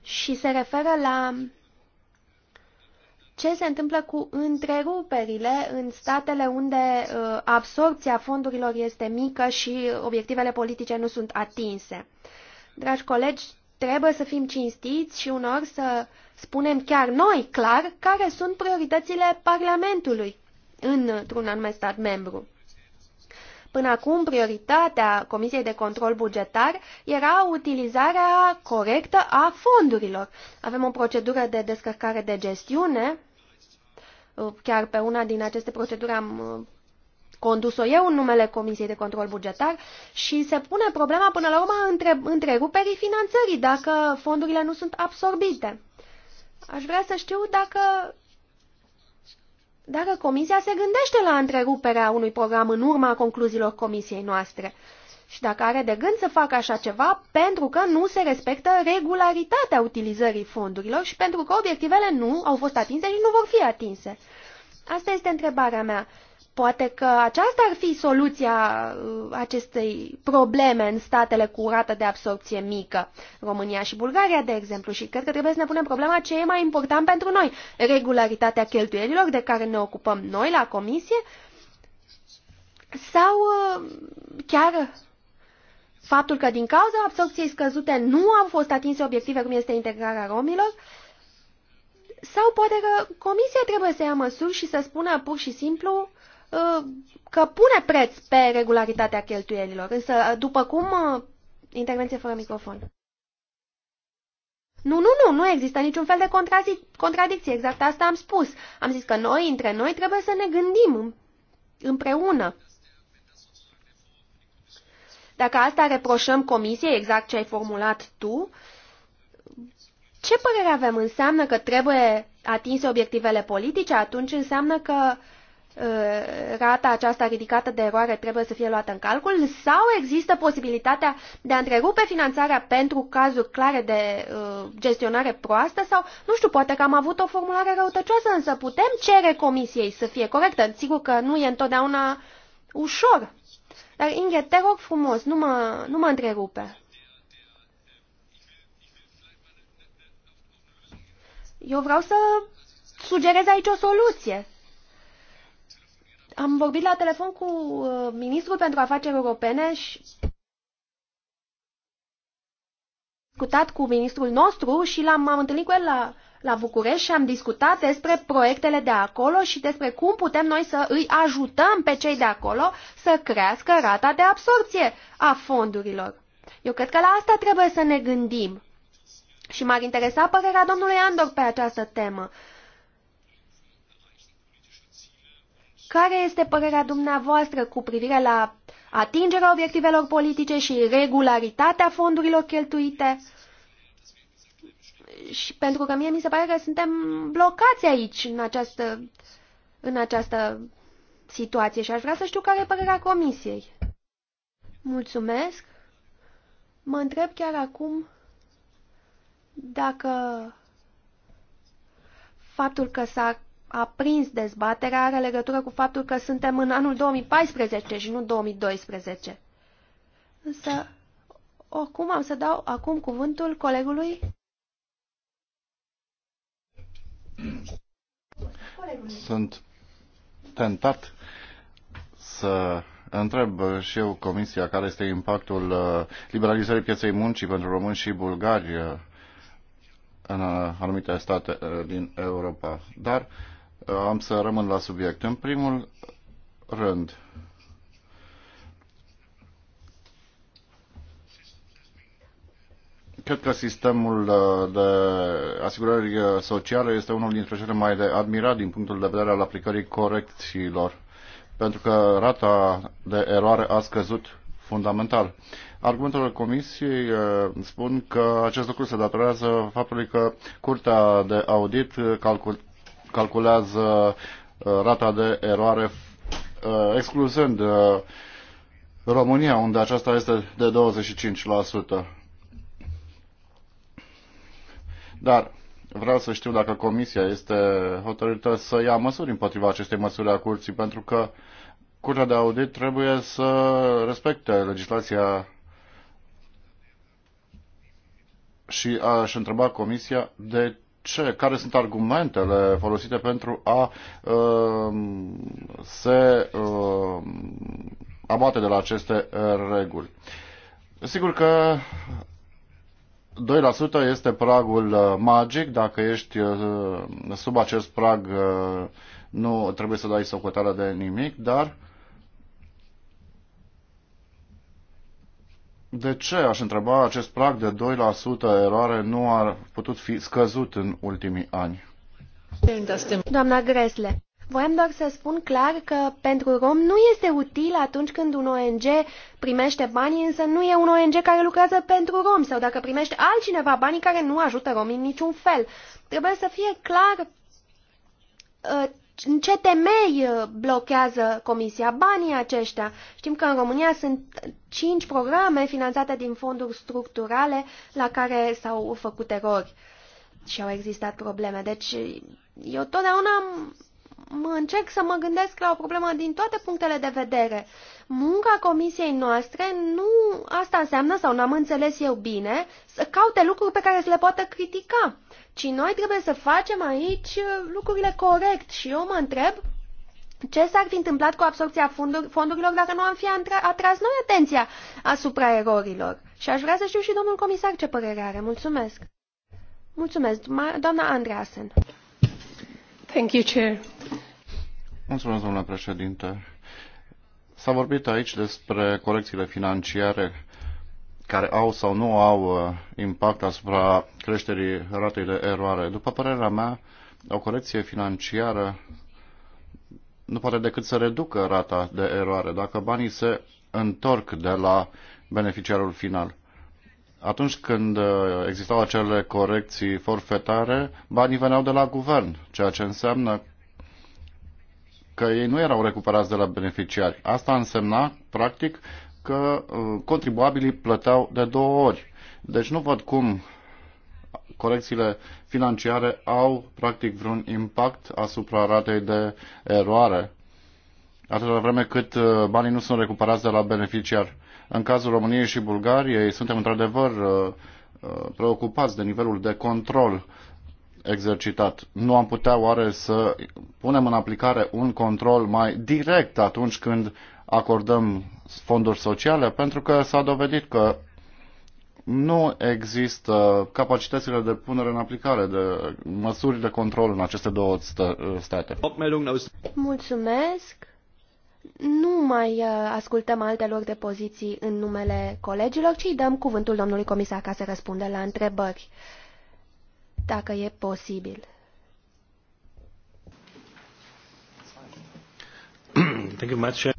Speaker 2: și se referă la ce se întâmplă cu întreruperile în statele unde uh, absorpția fondurilor este mică și obiectivele politice nu sunt atinse. Dragi colegi, trebuie să fim cinstiți și unor să spunem chiar noi clar care sunt prioritățile Parlamentului într-un anume stat membru. Până acum, prioritatea Comisiei de Control Bugetar era utilizarea corectă a fondurilor. Avem o procedură de descărcare de gestiune. Chiar pe una din aceste proceduri am uh, condus-o eu în numele Comisiei de Control Bugetar și se pune problema până la urmă între, întreruperii finanțării dacă fondurile nu sunt absorbite. Aș vrea să știu dacă dacă Comisia se gândește la întreruperea unui program în urma concluziilor Comisiei noastre și dacă are de gând să facă așa ceva pentru că nu se respectă regularitatea utilizării fondurilor și pentru că obiectivele nu au fost atinse și nu vor fi atinse. Asta este întrebarea mea. Poate că aceasta ar fi soluția uh, acestei probleme în statele cu rată de absorpție mică, România și Bulgaria, de exemplu, și cred că trebuie să ne punem problema ce e mai important pentru noi, regularitatea cheltuielilor de care ne ocupăm noi la comisie sau uh, chiar faptul că din cauza absorpției scăzute nu au fost atinse obiective cum este integrarea romilor, sau poate că comisia trebuie să ia măsuri și să spună pur și simplu Uh, că pune preț pe regularitatea cheltuielilor. Însă, uh, după cum... Uh, intervenție fără microfon. Nu, nu, nu, nu există niciun fel de contradicție, exact asta am spus. Am zis că noi, între noi, trebuie să ne gândim împreună. Dacă asta reproșăm comisiei, exact ce ai formulat tu, ce părere avem? Înseamnă că trebuie atinse obiectivele politice? Atunci înseamnă că Uh, rata aceasta ridicată de eroare trebuie să fie luată în calcul sau există posibilitatea de a întrerupe finanțarea pentru cazuri clare de uh, gestionare proastă sau, nu știu, poate că am avut o formulare răutăcioasă, însă putem cere comisiei să fie corectă. Sigur că nu e întotdeauna ușor. Dar, Inge, te rog frumos, nu mă, nu mă întrerupe. Eu vreau să sugerez aici o soluție am vorbit la telefon cu uh, ministrul pentru afaceri europene și discutat cu ministrul nostru și l-am am întâlnit cu el la, la București și am discutat despre proiectele de acolo și despre cum putem noi să îi ajutăm pe cei de acolo să crească rata de absorpție a fondurilor. Eu cred că la asta trebuie să ne gândim. Și m-ar interesa părerea domnului Andor pe această temă. Care este părerea dumneavoastră cu privire la atingerea obiectivelor politice și regularitatea fondurilor cheltuite? Și pentru că mie mi se pare că suntem blocați aici, în această, în această situație și aș vrea să știu care e părerea comisiei. Mulțumesc. Mă întreb chiar acum dacă faptul că s-a aprins dezbaterea are legătură cu faptul că suntem în anul 2014 și nu 2012. Însă, oricum am să dau acum cuvântul colegului.
Speaker 1: Sunt tentat să întreb și eu Comisia care este impactul uh, liberalizării pieței muncii pentru români și bulgari uh, în uh, anumite state din Europa. Dar uh, am să rămân la subiect. În primul rând, cred că sistemul uh, de asigurări uh, sociale este unul dintre cele mai de admirat din punctul de vedere al aplicării corecțiilor, pentru că rata de eroare a scăzut fundamental. Argumentele Comisiei uh, spun că acest lucru se datorează faptului că Curtea de Audit calcul, calculează uh, rata de eroare uh, excluzând uh, România, unde aceasta este de 25%. Dar vreau să știu dacă Comisia este hotărâtă să ia măsuri împotriva acestei măsuri a curții, pentru că Curtea de Audit trebuie să respecte legislația și aș întreba Comisia de ce, care sunt argumentele folosite pentru a um, se um, abate de la aceste reguli. Sigur că 2% este pragul uh, magic, dacă ești uh, sub acest prag uh, nu trebuie să dai socoteală de nimic, dar de ce, aș întreba, acest prag de 2% eroare nu ar putut fi scăzut în ultimii ani?
Speaker 2: Doamna Gresle, voiam doar să spun clar că pentru rom nu este util atunci când un ONG primește banii, însă nu e un ONG care lucrează pentru rom sau dacă primește altcineva banii care nu ajută romii în niciun fel. Trebuie să fie clar uh, în ce temei uh, blochează Comisia banii aceștia. Știm că în România sunt cinci programe finanțate din fonduri structurale la care s-au făcut erori și au existat probleme. Deci eu totdeauna mă încerc să mă gândesc la o problemă din toate punctele de vedere. Munca comisiei noastre nu asta înseamnă, sau n-am înțeles eu bine, să caute lucruri pe care să le poată critica ci noi trebuie să facem aici uh, lucrurile corect și eu mă întreb ce s-ar fi întâmplat cu absorpția fondurilor dacă nu am fi atras noi atenția asupra erorilor. Și aș vrea să știu și domnul comisar ce părere are. Mulțumesc. Mulțumesc, doamna Andreasen. Thank you, Chair.
Speaker 1: Mulțumesc, domnule președinte. S-a vorbit aici despre corecțiile financiare care au sau nu au uh, impact asupra creșterii ratei de eroare. După părerea mea, o corecție financiară nu poate decât să reducă rata de eroare dacă banii se întorc de la beneficiarul final. Atunci când uh, existau acele corecții forfetare, banii veneau de la guvern, ceea ce înseamnă că ei nu erau recuperați de la beneficiari. Asta însemna, practic, că uh, contribuabilii plăteau de două ori. Deci nu văd cum corecțiile financiare au practic vreun impact asupra ratei de eroare, atâta vreme cât uh, banii nu sunt recuperați de la beneficiar. În cazul României și Bulgariei suntem într-adevăr uh, preocupați de nivelul de control exercitat. Nu am putea oare să punem în aplicare un control mai direct atunci când acordăm fonduri sociale, pentru că s-a dovedit că nu există capacitățile de punere în aplicare de măsuri de control în aceste două state.
Speaker 2: Mulțumesc! Nu mai uh, ascultăm alte lor de poziții în numele colegilor, ci dăm cuvântul domnului comisar ca să răspundă la întrebări, dacă e posibil.
Speaker 1: Thank you much.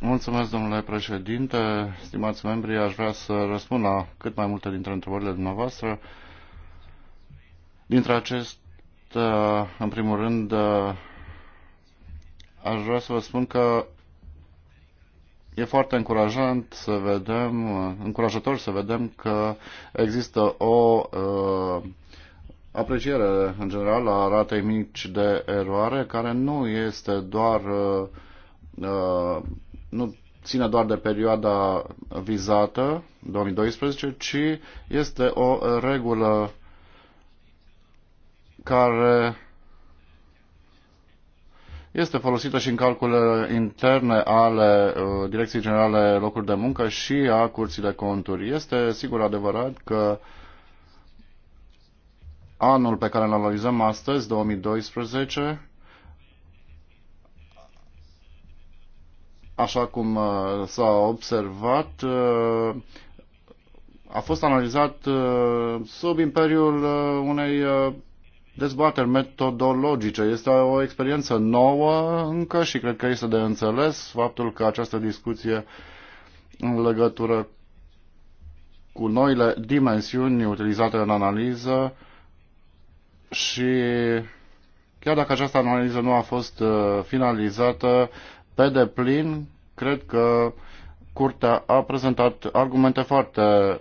Speaker 1: Mulțumesc, domnule președinte. Stimați membri, aș vrea să răspund la cât mai multe dintre întrebările dumneavoastră. Dintre acest, în primul rând, aș vrea să vă spun că e foarte încurajant să vedem, încurajator să vedem că există o uh, apreciere în general a ratei mici de eroare, care nu este doar uh, uh, nu ține doar de perioada vizată, 2012, ci este o regulă care este folosită și în calculele interne ale uh, Direcției Generale Locuri de Muncă și a Curții de Conturi. Este sigur adevărat că anul pe care îl analizăm astăzi, 2012, Așa cum uh, s-a observat, uh, a fost analizat uh, sub imperiul unei dezbateri metodologice. Este o experiență nouă încă și cred că este de înțeles faptul că această discuție în legătură cu noile dimensiuni utilizate în analiză și chiar dacă această analiză nu a fost finalizată, pe deplin, cred că Curtea a prezentat argumente foarte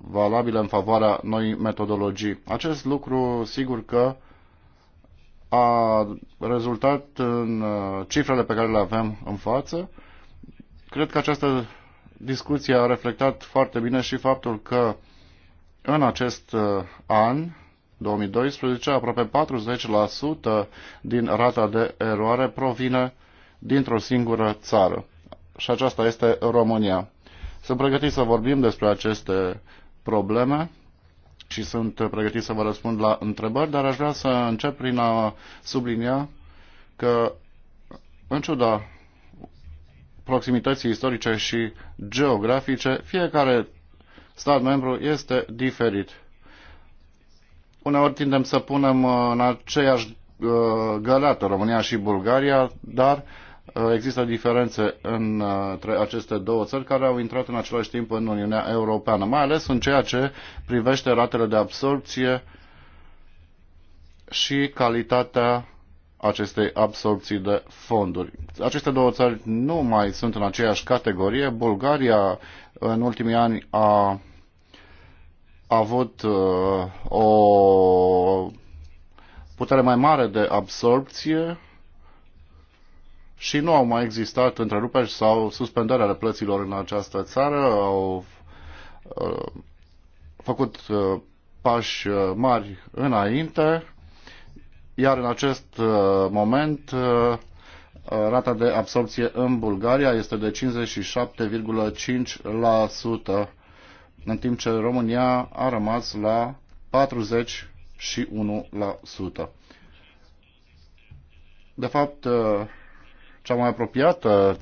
Speaker 1: valabile în favoarea noii metodologii. Acest lucru, sigur că a rezultat în uh, cifrele pe care le avem în față. Cred că această discuție a reflectat foarte bine și faptul că în acest uh, an, 2012, aproape 40% din rata de eroare provine dintr-o singură țară. Și aceasta este România. Sunt pregătit să vorbim despre aceste probleme și sunt pregătit să vă răspund la întrebări, dar aș vrea să încep prin a sublinia că, în ciuda proximității istorice și geografice, fiecare stat membru este diferit. Uneori tindem să punem în aceeași uh, găleată România și Bulgaria, dar uh, Uh, există diferențe uh, între aceste două țări care au intrat în același timp în Uniunea Europeană, mai ales în ceea ce privește ratele de absorpție și calitatea acestei absorpții de fonduri. Aceste două țări nu mai sunt în aceeași categorie. Bulgaria în ultimii ani a avut uh, o putere mai mare de absorpție și nu au mai existat întreruperi sau suspendarea ale plăților în această țară. Au uh, făcut uh, pași uh, mari înainte, iar în acest moment rata de absorpție în Bulgaria este de 57,5%, în timp ce România a rămas la 41%. De fapt, cea mai apropiată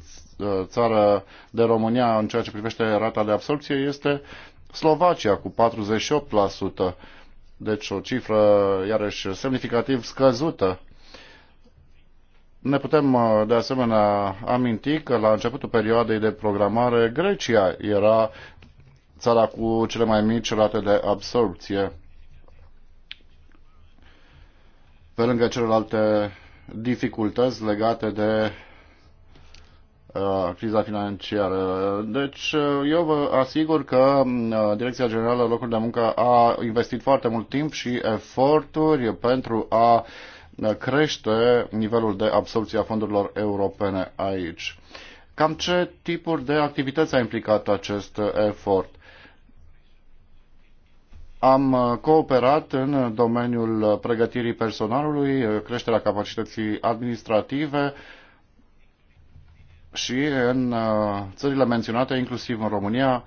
Speaker 1: țară de România în ceea ce privește rata de absorpție este Slovacia cu 48%, deci o cifră iarăși semnificativ scăzută. Ne putem uh, de asemenea aminti că la începutul perioadei de programare Grecia era țara cu cele mai mici rate de absorpție. Pe lângă celelalte dificultăți legate de Uh, criza financiară. Deci uh, eu vă asigur că uh, Direcția Generală Locuri de Muncă a investit foarte mult timp și eforturi pentru a crește nivelul de absorpție a fondurilor europene aici. Cam ce tipuri de activități a implicat acest efort? Am cooperat în domeniul pregătirii personalului, creșterea capacității administrative, și în uh, țările menționate, inclusiv în România,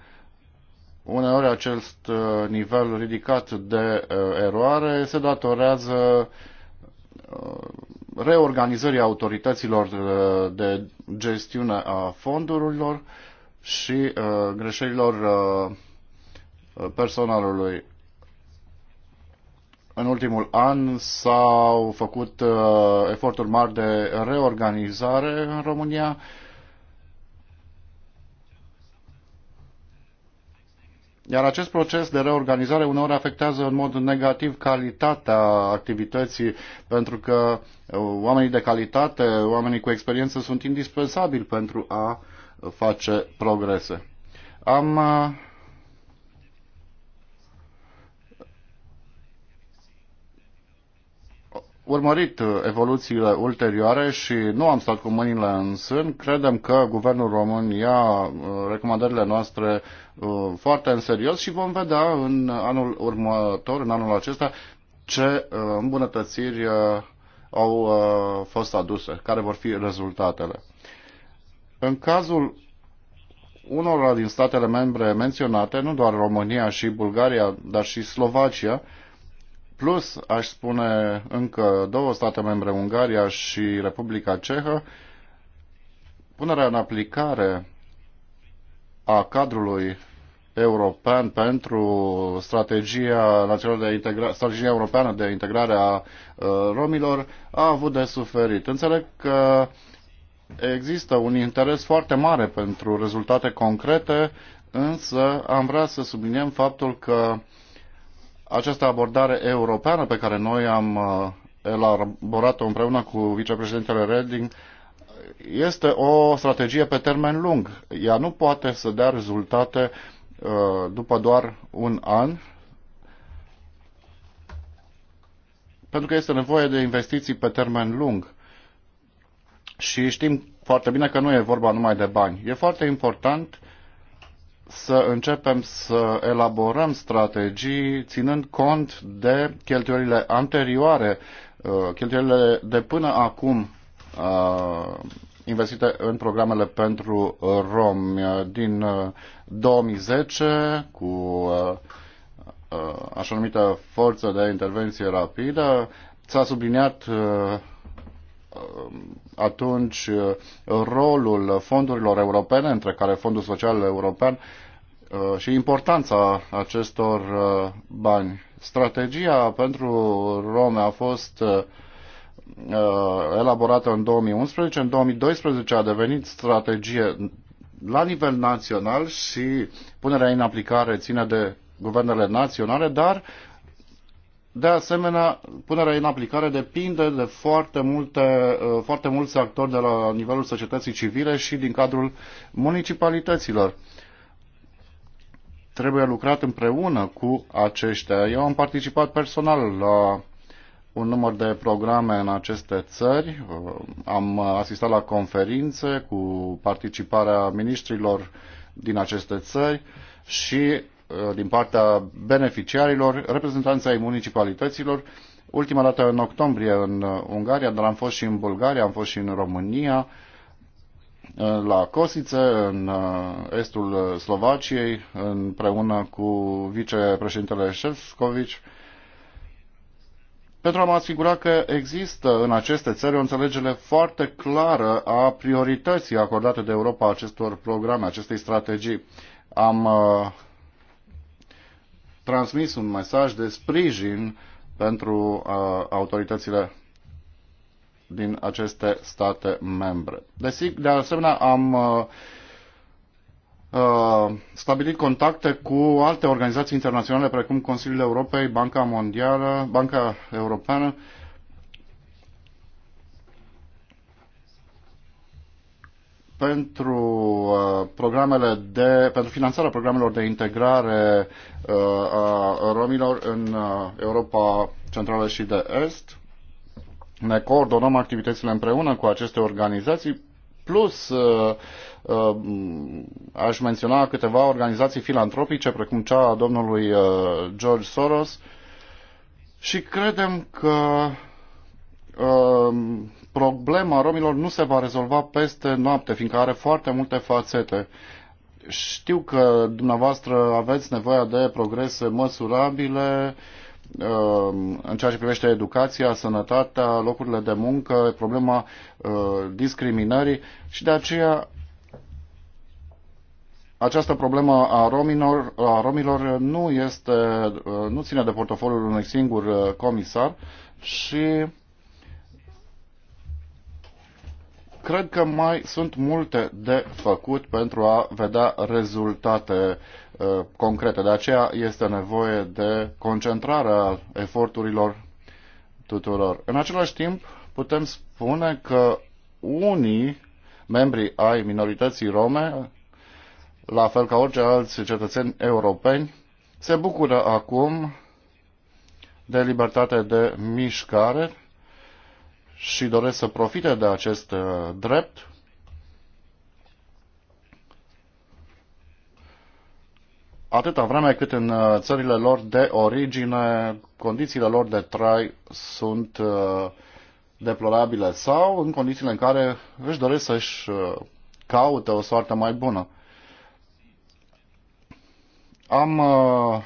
Speaker 1: uneori acest uh, nivel ridicat de uh, eroare se datorează reorganizării autorităților de gestiune a fondurilor și greșelilor personalului. În ultimul an s-au făcut eforturi mari de reorganizare în România Iar acest proces de reorganizare uneori afectează în mod negativ calitatea activității, pentru că uh, oamenii de calitate, oamenii cu experiență sunt indispensabili pentru a face progrese. Am uh, urmărit uh, evoluțiile ulterioare și nu am stat cu mâinile în sân. Credem că guvernul român ia recomandările noastre Uh, foarte în serios și vom vedea în anul următor, în anul acesta, ce uh, îmbunătățiri uh, au fost aduse, care vor fi rezultatele. În cazul unor din statele membre menționate, nu doar România și Bulgaria, dar și Slovacia, plus, aș spune, încă două state membre, Ungaria și Republica Cehă, punerea în aplicare a cadrului european pentru strategia, națională de integra- strategia europeană de integrare a uh, romilor a avut de suferit. Înțeleg că există un interes foarte mare pentru rezultate concrete, însă am vrea să subliniem faptul că această abordare europeană pe care noi am uh, elaborat-o împreună cu vicepreședintele Reding este o strategie pe termen lung. Ea nu poate să dea rezultate Uh, după doar un an, pentru că este nevoie de investiții pe termen lung. Și știm foarte bine că nu e vorba numai de bani. E foarte important să începem să elaborăm strategii ținând cont de cheltuielile anterioare, uh, cheltuielile de până acum uh, investite în programele pentru uh, romi din 2010 uh, cu uh, așa numită forță de intervenție rapidă. S-a subliniat atunci rolul fondurilor europene, între care Fondul Social European, și importanța acestor bani. Strategia pentru Rome a fost Uh, elaborată în 2011. În 2012 a devenit strategie la nivel național și punerea în aplicare ține de guvernele naționale, dar de asemenea, punerea în aplicare depinde de foarte, multe, uh, foarte mulți actori de la nivelul societății civile și din cadrul municipalităților. Trebuie lucrat împreună cu aceștia. Eu am participat personal la un număr de programe în aceste țări. Am asistat la conferințe cu participarea ministrilor din aceste țări și uh, din partea beneficiarilor, reprezentanța ai municipalităților. Ultima dată în octombrie în Ungaria, dar am fost și în Bulgaria, am fost și în România, uh, la Cosițe, în uh, estul Slovaciei, împreună cu vicepreședintele Șefcovici pentru a mă asigura că există în aceste țări o înțelegere foarte clară a priorității acordate de Europa acestor programe, acestei strategii. Am uh, transmis un mesaj de sprijin pentru uh, autoritățile din aceste state membre. Desigur, de asemenea, am uh, Uh, stabilit contacte cu alte organizații internaționale precum Consiliul Europei, Banca Mondială, Banca Europeană. pentru uh, programele de pentru finanțarea programelor de integrare uh, a romilor în Europa Centrală și de Est. Ne coordonăm activitățile împreună cu aceste organizații plus uh, Uh, aș menționa câteva organizații filantropice, precum cea a domnului uh, George Soros, și credem că um, problema romilor nu se va rezolva peste noapte, fiindcă are foarte multe fațete. Știu că dumneavoastră aveți nevoie de progrese măsurabile um, în ceea ce privește educația, sănătatea, locurile de muncă, problema uh, discriminării și de aceea această problemă a romilor, a romilor nu, este, nu ține de portofoliul unui singur uh, comisar și cred că mai sunt multe de făcut pentru a vedea rezultate uh, concrete. De aceea este nevoie de concentrarea eforturilor tuturor. În același timp, putem spune că unii membrii ai minorității rome la fel ca orice alți cetățeni europeni, se bucură acum de libertate de mișcare și doresc să profite de acest uh, drept. atâta vreme cât în uh, țările lor de origine condițiile lor de trai sunt uh, deplorabile sau în condițiile în care își doresc să-și caute o soartă mai bună. Am uh,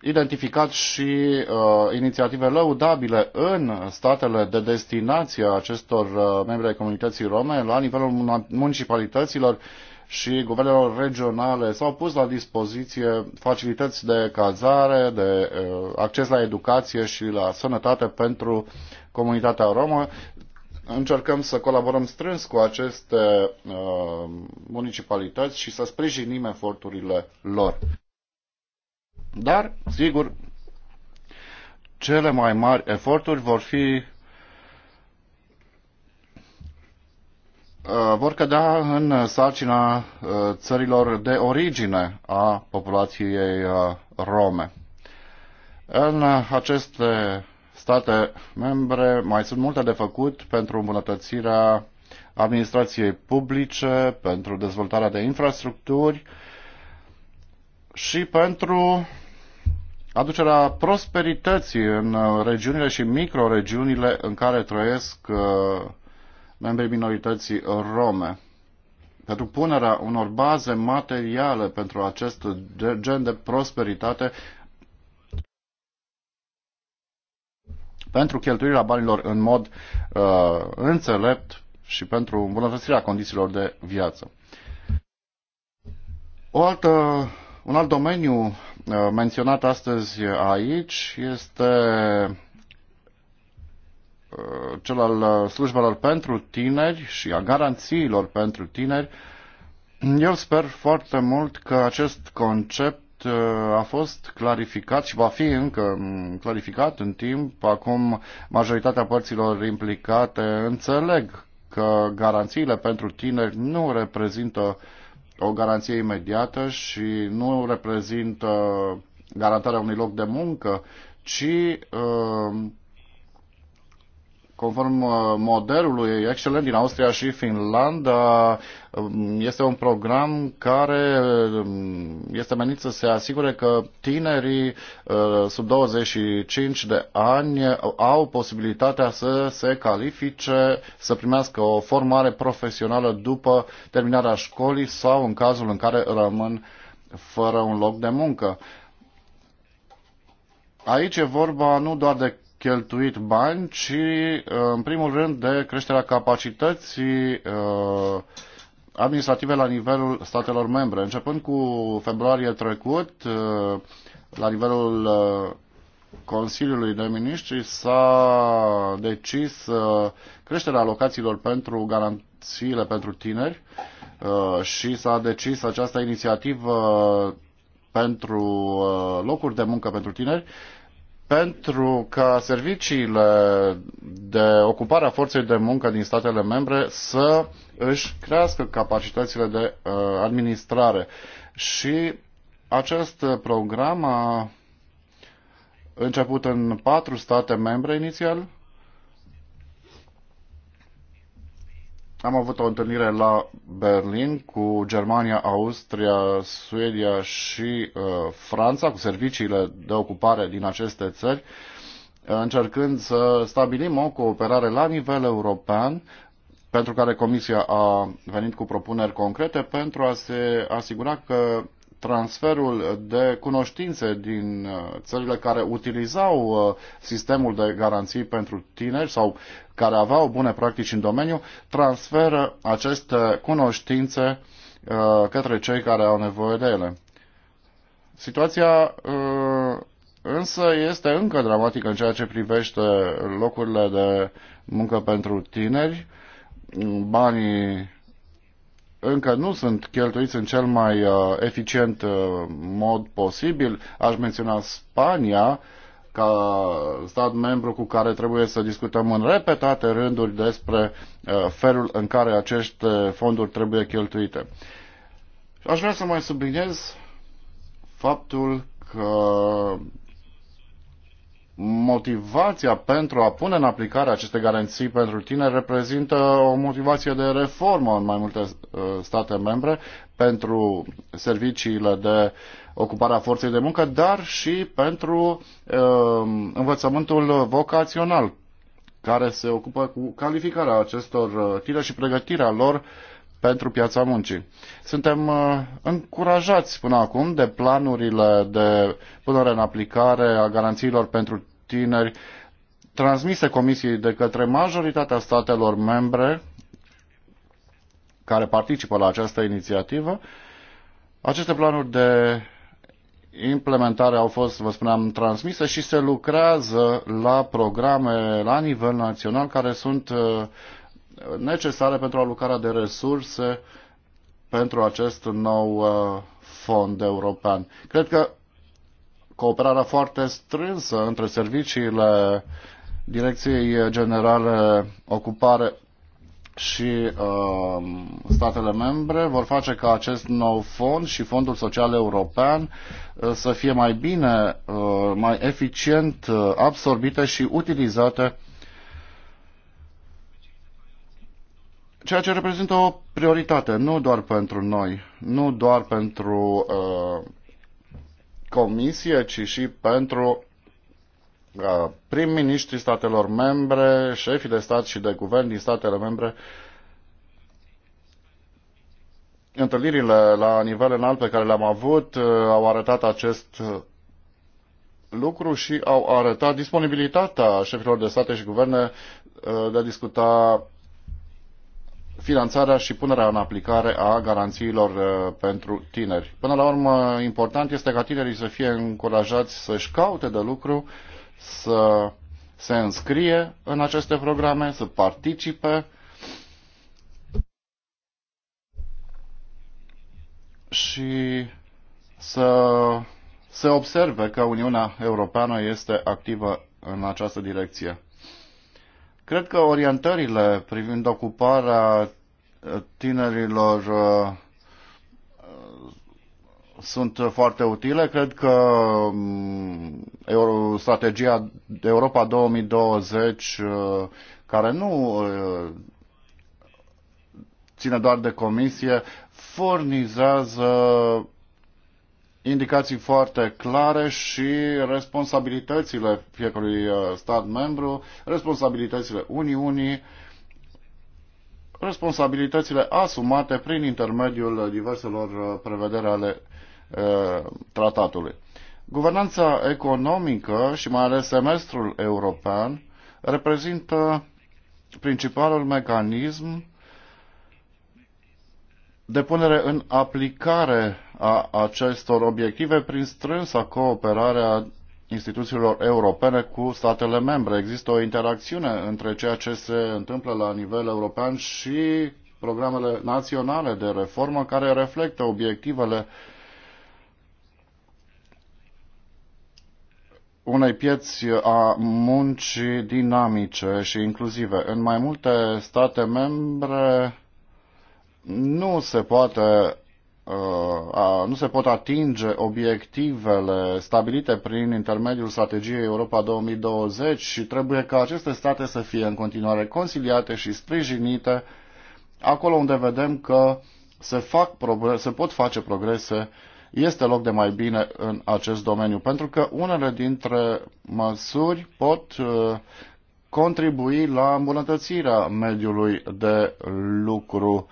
Speaker 1: identificat și uh, inițiative lăudabile în statele de destinație a acestor uh, membri ai comunității rome la nivelul municipalităților și guvernelor regionale s-au pus la dispoziție facilități de cazare, de uh, acces la educație și la sănătate pentru comunitatea romă încercăm să colaborăm strâns cu aceste uh, municipalități și să sprijinim eforturile lor. Dar, sigur, cele mai mari eforturi vor fi uh, vor cădea în sarcina uh, țărilor de origine a populației uh, rome. În aceste state membre mai sunt multe de făcut pentru îmbunătățirea administrației publice, pentru dezvoltarea de infrastructuri și pentru aducerea prosperității în regiunile și microregiunile în care trăiesc uh, membrii minorității rome pentru punerea unor baze materiale pentru acest gen de prosperitate pentru cheltuirea banilor în mod uh, înțelept și pentru îmbunătățirea condițiilor de viață. O altă, un alt domeniu uh, menționat astăzi aici este uh, cel al uh, slujbelor pentru tineri și a garanțiilor pentru tineri. Eu sper foarte mult că acest concept a fost clarificat și va fi încă mm, clarificat în timp. Acum majoritatea părților implicate înțeleg că garanțiile pentru tineri nu reprezintă o garanție imediată și nu reprezintă garantarea unui loc de muncă, ci uh, Conform uh, modelului excelent din Austria și Finlanda, um, este un program care um, este menit să se asigure că tinerii uh, sub 25 de ani au posibilitatea să se califice, să primească o formare profesională după terminarea școlii sau în cazul în care rămân fără un loc de muncă. Aici e vorba nu doar de cheltuit bani, ci uh, în primul rând de creșterea capacității uh, administrative la nivelul statelor membre. Începând cu februarie trecut, uh, la nivelul Consiliului de Ministri s-a decis creșterea alocațiilor pentru garanțiile pentru tineri și s-a decis această inițiativă pentru locuri de muncă pentru tineri pentru ca serviciile de ocupare a forței de muncă din statele membre să își crească capacitățile de uh, administrare. Și acest program a început în patru state membre inițial Am avut o întâlnire la Berlin cu Germania, Austria, Suedia și uh, Franța, cu serviciile de ocupare din aceste țări, încercând să stabilim o cooperare la nivel european, pentru care Comisia a venit cu propuneri concrete pentru a se asigura că transferul de cunoștințe din uh, țările care utilizau uh, sistemul de garanții pentru tineri sau care aveau bune practici în domeniu, transferă aceste cunoștințe uh, către cei care au nevoie de ele. Situația însă este încă dramatică în ceea ce privește locurile de muncă pentru tineri. Banii încă nu sunt cheltuiți în cel mai uh, eficient uh, mod posibil. Aș menționa Spania ca stat membru cu care trebuie să discutăm în repetate rânduri despre uh, felul în care aceste fonduri trebuie cheltuite. Aș vrea să mai subliniez faptul că motivația pentru a pune în aplicare aceste garanții pentru tine reprezintă o motivație de reformă în mai multe uh, state membre pentru serviciile de ocupare a forței de muncă, dar și pentru uh, învățământul vocațional care se ocupă cu calificarea acestor uh, tineri și pregătirea lor uh, pentru piața muncii. Suntem uh, încurajați până acum de planurile de punere în aplicare a garanțiilor pentru tineri transmise Comisiei de către majoritatea statelor membre care participă la această inițiativă. Aceste planuri de implementare au fost, vă spuneam, transmise și se lucrează la programe la nivel național care sunt uh, necesare pentru alocarea de resurse pentru acest nou uh, fond european. Cred că cooperarea foarte strânsă între serviciile Direcției Generale Ocupare și uh, statele membre vor face ca acest nou fond și Fondul Social European uh, să fie mai bine, uh, mai eficient uh, absorbite și utilizate ceea ce reprezintă o prioritate, nu doar pentru noi, nu doar pentru uh, comisie, ci și pentru uh, prim-ministrii statelor membre, șefii de stat și de guvern din statele membre, întâlnirile la nivel înalt pe care le-am avut uh, au arătat acest lucru și au arătat disponibilitatea șefilor de state și guverne uh, de a discuta finanțarea și punerea în aplicare a garanțiilor uh, pentru tineri. Până la urmă, important este ca tinerii să fie încurajați să-și caute de lucru, să se înscrie în aceste programe, să participe și să se observe că Uniunea Europeană este activă în această direcție. Cred că orientările privind ocuparea tinerilor uh, uh, sunt foarte utile. Cred că um, strategia Europa 2020, uh, care nu ține doar de comisie, furnizează indicații foarte clare și responsabilitățile fiecărui uh, stat membru, responsabilitățile Uniunii, responsabilitățile asumate prin intermediul diverselor uh, prevedere ale uh, tratatului. Guvernanța economică și mai ales semestrul european reprezintă principalul mecanism de punere în aplicare a acestor obiective prin strânsa cooperare a instituțiilor europene cu statele membre. Există o interacțiune între ceea ce se întâmplă la nivel european și programele naționale de reformă care reflectă obiectivele unei pieți a muncii dinamice și inclusive. În mai multe state membre, nu se poate uh, nu se pot atinge obiectivele stabilite prin intermediul strategiei Europa 2020 și trebuie ca aceste state să fie în continuare conciliate și sprijinite acolo unde vedem că se, fac progrese, se pot face progrese, este loc de mai bine în acest domeniu, pentru că unele dintre măsuri pot uh, contribui la îmbunătățirea mediului de lucru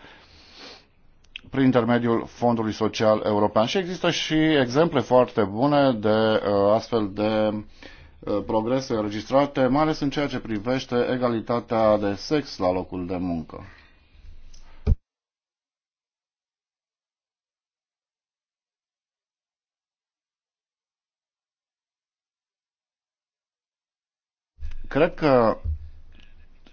Speaker 1: prin intermediul Fondului Social European. Și există și exemple foarte bune de uh, astfel de uh, progrese înregistrate, mai ales în ceea ce privește egalitatea de sex la locul de muncă. Cred că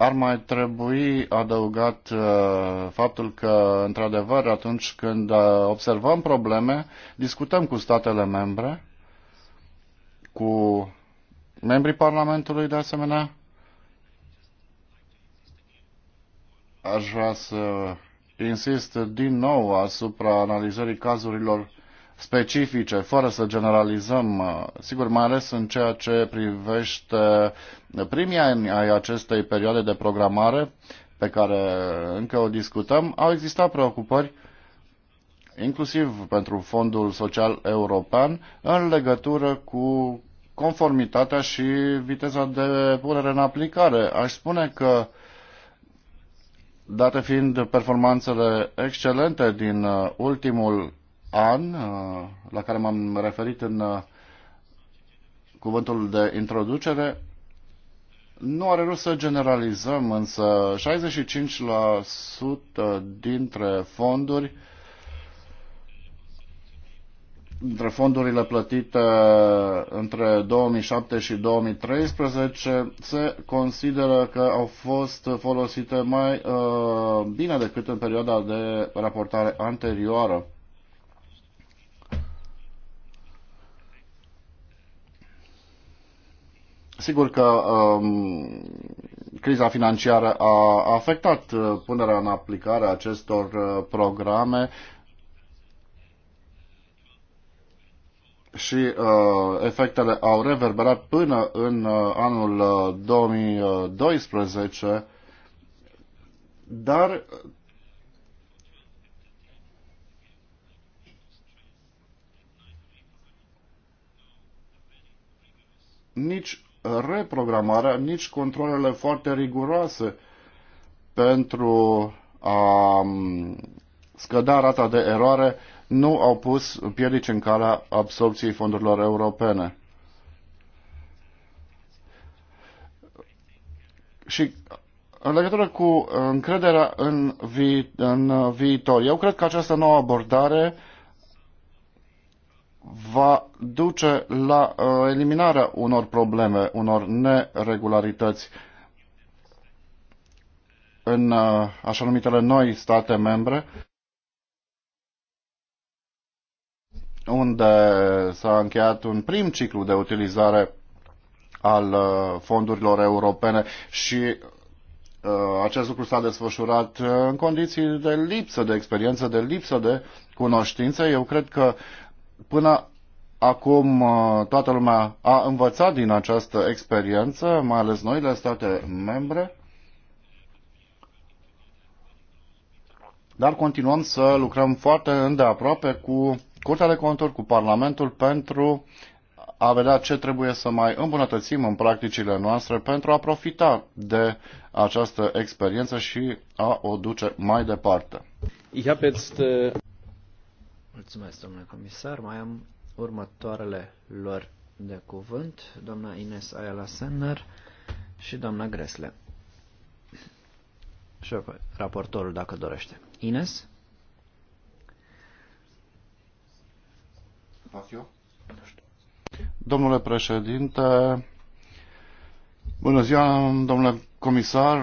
Speaker 1: ar mai trebui adăugat uh, faptul că, într-adevăr, atunci când uh, observăm probleme, discutăm cu statele membre, cu membrii Parlamentului, de asemenea. Aș vrea să insist din nou asupra analizării cazurilor specifice, fără să generalizăm, uh, sigur, mai ales în ceea ce privește primii ani ai acestei perioade de programare, pe care încă o discutăm, au existat preocupări inclusiv pentru Fondul Social European, în legătură cu conformitatea și viteza de punere în aplicare. Aș spune că, date fiind performanțele excelente din uh, ultimul an uh, la care m-am referit în uh, cuvântul de introducere, nu are rost să generalizăm, însă 65% dintre fonduri dintre fondurile plătite între 2007 și 2013 se consideră că au fost folosite mai uh, bine decât în perioada de raportare anterioară. Sigur că um, criza financiară a afectat uh, punerea în aplicare a acestor uh, programe și uh, efectele au reverberat până în uh, anul 2012, uh, dar nici reprogramarea, nici controlele foarte riguroase pentru a scădea rata de eroare nu au pus piedici în calea absorpției fondurilor europene. Și în legătură cu încrederea în, vi- în viitor, eu cred că această nouă abordare uh, va duce la uh, eliminarea unor probleme, unor neregularități în uh, așa numitele noi state membre, unde s-a încheiat un prim ciclu de utilizare al uh, fondurilor europene și acest lucru s-a desfășurat în condiții de lipsă de experiență, de lipsă de cunoștință. Eu cred că Până acum uh, toată lumea a învățat din această experiență, mai ales noile state membre, dar continuăm să lucrăm foarte îndeaproape cu Curtea de Conturi, cu Parlamentul, pentru a vedea ce trebuie să mai îmbunătățim în practicile noastre pentru a profita de această experiență și a o duce mai departe.
Speaker 3: Mulțumesc, domnule comisar. Mai am următoarele lor de cuvânt, doamna Ines Ayala Senner și doamna Gresle. Și raportorul, dacă dorește. Ines?
Speaker 1: Domnule președinte, bună ziua, domnule comisar,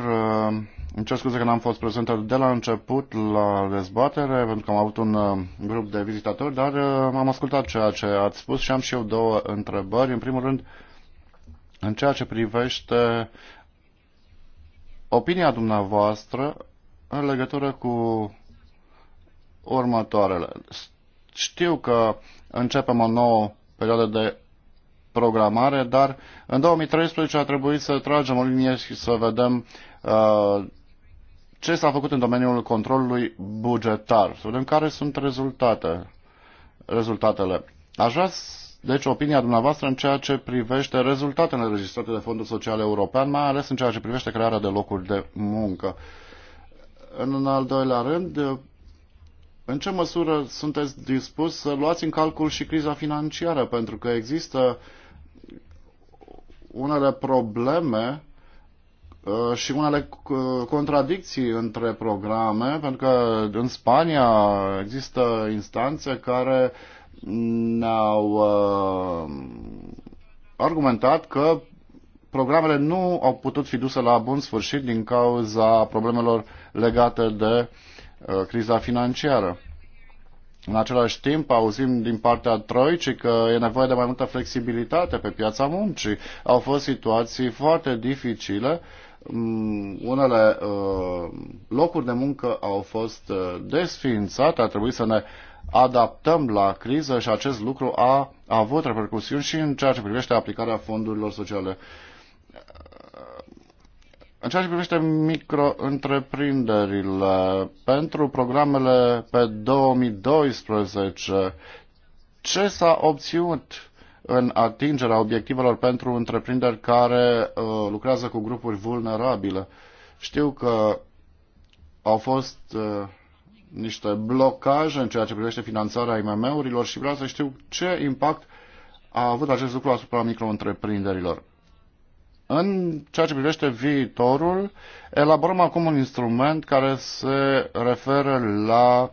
Speaker 1: îmi cer scuze că n-am fost prezentă de la început la dezbatere, pentru că am avut un uh, grup de vizitatori, dar uh, am ascultat ceea ce ați spus și am și eu două întrebări. În primul rând, în ceea ce privește opinia dumneavoastră în legătură cu următoarele. Știu că începem o nouă perioadă de programare, dar în 2013 a trebuit să tragem o linie și să vedem uh, ce s-a făcut în domeniul controlului bugetar. Să vedem care sunt rezultate, rezultatele. Aș vrea, deci, opinia dumneavoastră în ceea ce privește rezultatele înregistrate de Fondul Social European, mai ales în ceea ce privește crearea de locuri de muncă. În al doilea rând, în ce măsură sunteți dispus să luați în calcul și criza financiară? Pentru că există unele probleme Uh, și unele uh, contradicții între programe, pentru că în Spania există instanțe care ne-au uh, argumentat că programele nu au putut fi duse la bun sfârșit din cauza problemelor legate de uh, criza financiară. În același timp, auzim din partea Troicii că e nevoie de mai multă flexibilitate pe piața muncii. Au fost situații foarte dificile uh, Mm, unele uh, locuri de muncă au fost uh, desființate, a trebuit să ne adaptăm la criză și acest lucru a avut repercusiuni și în ceea ce privește aplicarea fondurilor sociale. Uh, în ceea ce privește micro-întreprinderile, pentru programele pe 2012, ce s-a obținut în atingerea obiectivelor pentru întreprinderi care uh, lucrează cu grupuri vulnerabile. Știu că au fost uh, niște blocaje în ceea ce privește finanțarea IMM-urilor și vreau să știu ce impact a avut acest lucru asupra micro-întreprinderilor. În ceea ce privește viitorul, elaborăm acum un instrument care se referă la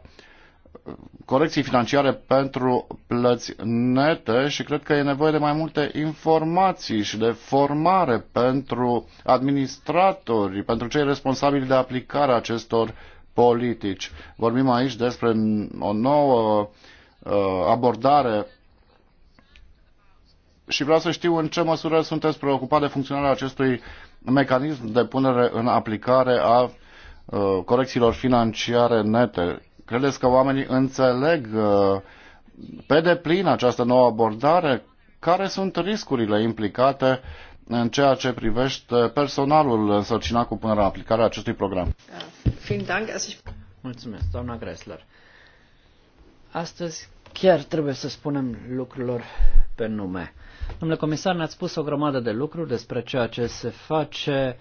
Speaker 1: corecții financiare pentru plăți nete și cred că e nevoie de mai multe informații și de formare pentru administratori, pentru cei responsabili de aplicarea acestor politici. Vorbim aici despre o nouă uh, abordare și vreau să știu în ce măsură sunteți preocupat de funcționarea acestui mecanism de punere în aplicare a uh, corecțiilor financiare nete Credeți că oamenii înțeleg uh, pe deplin această nouă abordare? Care sunt riscurile implicate în ceea ce privește personalul însărcinat cu până la aplicarea acestui program?
Speaker 3: Mulțumesc, doamna Gressler. Astăzi chiar trebuie să spunem lucrurilor pe nume. Domnule comisar, ne-ați spus o grămadă de lucruri despre ceea ce se face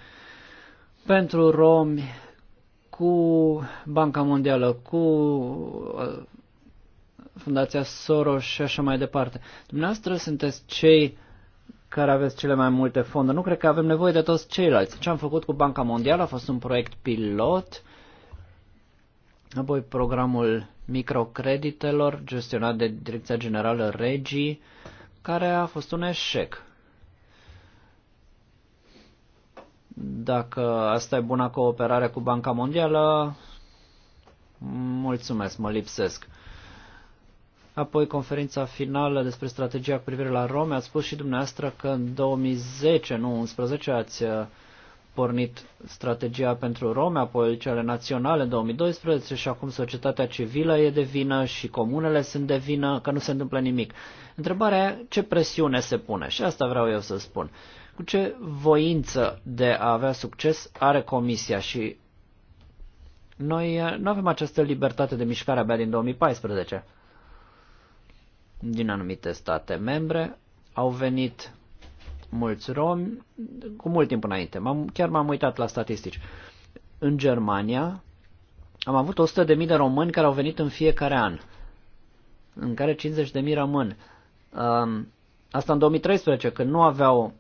Speaker 3: pentru romi, cu Banca Mondială, cu uh, Fundația Soros și așa mai departe. Dumneavoastră sunteți cei care aveți cele mai multe fonduri. Nu cred că avem nevoie de toți ceilalți. Ce am făcut cu Banca Mondială a fost un proiect pilot, apoi programul microcreditelor gestionat de Direcția Generală Regii, care a fost un eșec. Dacă asta e buna cooperare cu Banca Mondială, mulțumesc, mă lipsesc. Apoi conferința finală despre strategia cu privire la Rome. Ați spus și dumneavoastră că în 2010, nu 11, ați uh, pornit strategia pentru Rome, apoi cele naționale în 2012 și acum societatea civilă e de vină și comunele sunt de vină că nu se întâmplă nimic. Întrebarea e ce presiune se pune și asta vreau eu să spun. Uh, cu ce voință de a avea succes are Comisia și noi eh, nu avem această libertate de mișcare abia din 2014. Din anumite state membre au venit mulți romi cu mult timp înainte. M-am, chiar m-am uitat la statistici. În Germania am avut 100.000 de români care au venit în fiecare an, în care 50.000 rămân. Um, asta în 2013, când nu aveau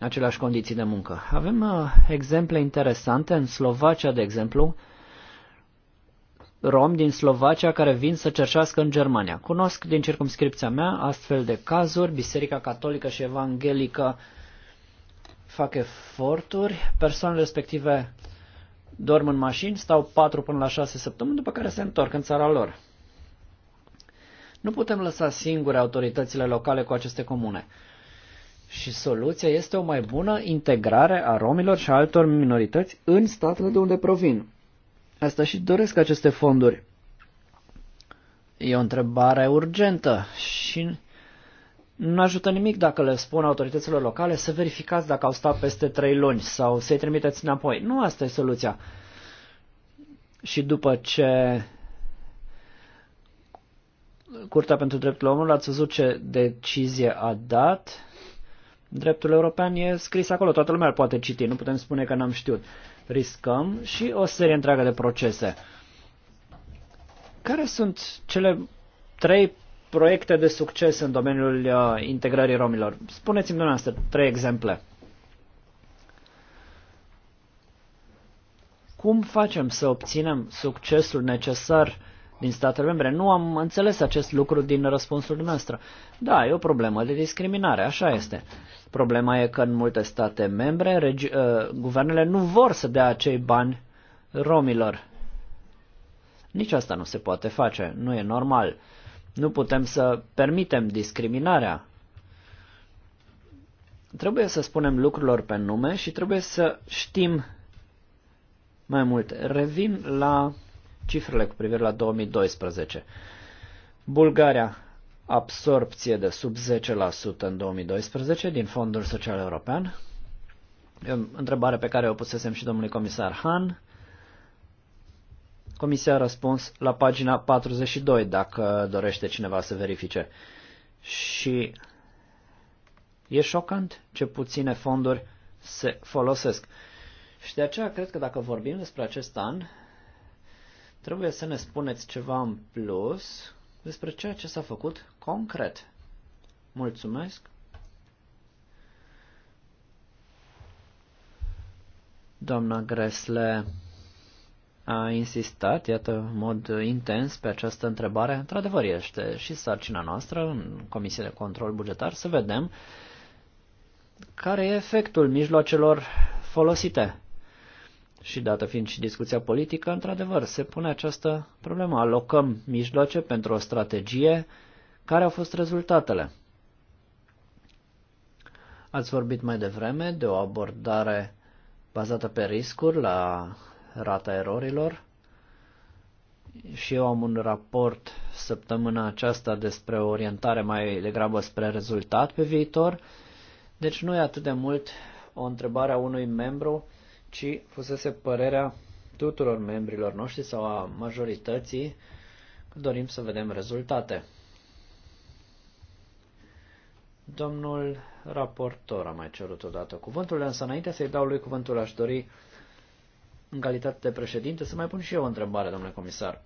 Speaker 3: aceleași condiții de muncă. Avem uh, exemple interesante în Slovacia, de exemplu, romi din Slovacia care vin să cerșească în Germania. Cunosc din circumscripția mea astfel de cazuri, Biserica Catolică și Evanghelică fac eforturi, persoanele respective dorm în mașini, stau 4 până la 6 săptămâni, după care se întorc în țara lor. Nu putem lăsa singure autoritățile locale cu aceste comune. Și soluția este o mai bună integrare a romilor și a altor minorități în statele de unde provin. Asta și doresc aceste fonduri. E o întrebare urgentă și nu ajută nimic dacă le spun autorităților locale să verificați dacă au stat peste trei luni sau să-i trimiteți înapoi. Nu asta e soluția. Și după ce Curtea pentru Drepturile Omului ați văzut ce decizie a dat, Dreptul european e scris acolo, toată lumea îl poate citi, nu putem spune că n-am știut. Riscăm și o serie întreagă de procese. Care sunt cele trei proiecte de succes în domeniul uh, integrării romilor? Spuneți-mi dumneavoastră trei exemple. Cum facem să obținem succesul necesar din statele membre. Nu am înțeles acest lucru din răspunsul dumneavoastră. Da, e o problemă de discriminare, așa este. Problema e că în multe state membre regi- uh, guvernele nu vor să dea acei bani romilor. Nici asta nu se poate face, nu e normal. Nu putem să permitem discriminarea. Trebuie să spunem lucrurilor pe nume și trebuie să știm mai multe. Revin la cifrele cu privire la 2012. Bulgaria, absorpție de sub 10% în 2012 din Fondul Social European. E o întrebare pe care o pusesem și domnului comisar Han. Comisia a răspuns la pagina 42, dacă dorește cineva să verifice. Și e șocant ce puține fonduri se folosesc. Și de aceea cred că dacă vorbim despre acest an, Trebuie să ne spuneți ceva în plus despre ceea ce s-a făcut concret. Mulțumesc! Doamna Gresle a insistat, iată, în mod intens pe această întrebare. Într-adevăr, este și sarcina noastră în Comisia de Control Bugetar să vedem care e efectul mijloacelor folosite. Și dată fiind și discuția politică, într-adevăr, se pune această problemă. Alocăm mijloace pentru o strategie. Care au fost rezultatele? Ați vorbit mai devreme de o abordare bazată pe riscuri la rata erorilor. Și eu am un raport săptămâna aceasta despre o orientare mai degrabă spre rezultat pe viitor. Deci nu e atât de mult o întrebare a unui membru ci fusese părerea tuturor membrilor noștri sau a majorității că dorim să vedem rezultate. Domnul raportor a mai cerut odată cuvântul, însă înainte să-i dau lui cuvântul aș dori, în calitate de președinte, să mai pun și eu o întrebare, domnule comisar.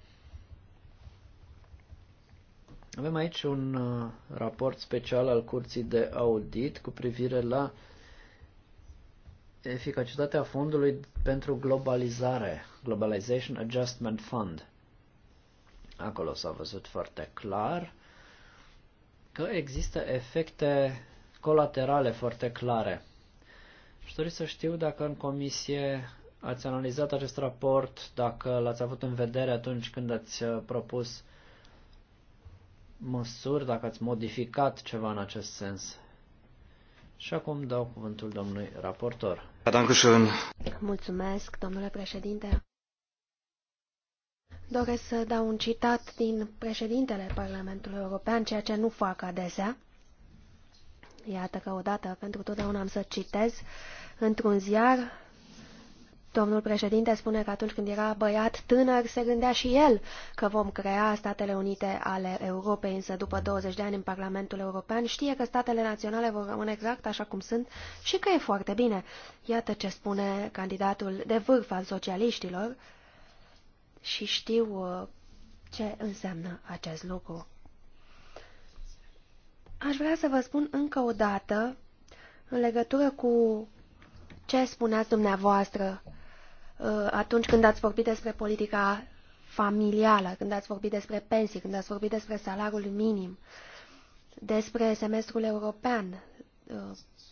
Speaker 3: Avem aici un uh, raport special al Curții de Audit cu privire la uh, eficacitatea fondului pentru globalizare, Globalization Adjustment Fund. Acolo s-a văzut foarte clar că există efecte colaterale foarte clare. Și dori să știu dacă în comisie ați analizat acest raport, dacă l-ați avut în vedere atunci când ați uh, propus măsuri, dacă ați modificat ceva în acest sens. Și acum dau cuvântul domnului raportor.
Speaker 1: Da,
Speaker 2: Mulțumesc, domnule președinte. Doresc să dau un citat din președintele Parlamentului European, ceea ce nu fac adesea. Iată că odată pentru totdeauna am să citez într-un ziar Domnul președinte spune că atunci când era băiat tânăr, se gândea și el că vom crea Statele Unite ale Europei, însă după 20 de ani în Parlamentul European știe că statele naționale vor rămâne exact așa cum sunt și că e foarte bine. Iată ce spune candidatul de vârf al socialiștilor și știu uh, ce înseamnă acest lucru. Aș vrea să vă spun încă o dată, în legătură cu ce spuneați dumneavoastră Uh, atunci când ați vorbit despre politica familială, când ați vorbit despre pensii, când ați vorbit despre salariul minim, despre semestrul european. Uh,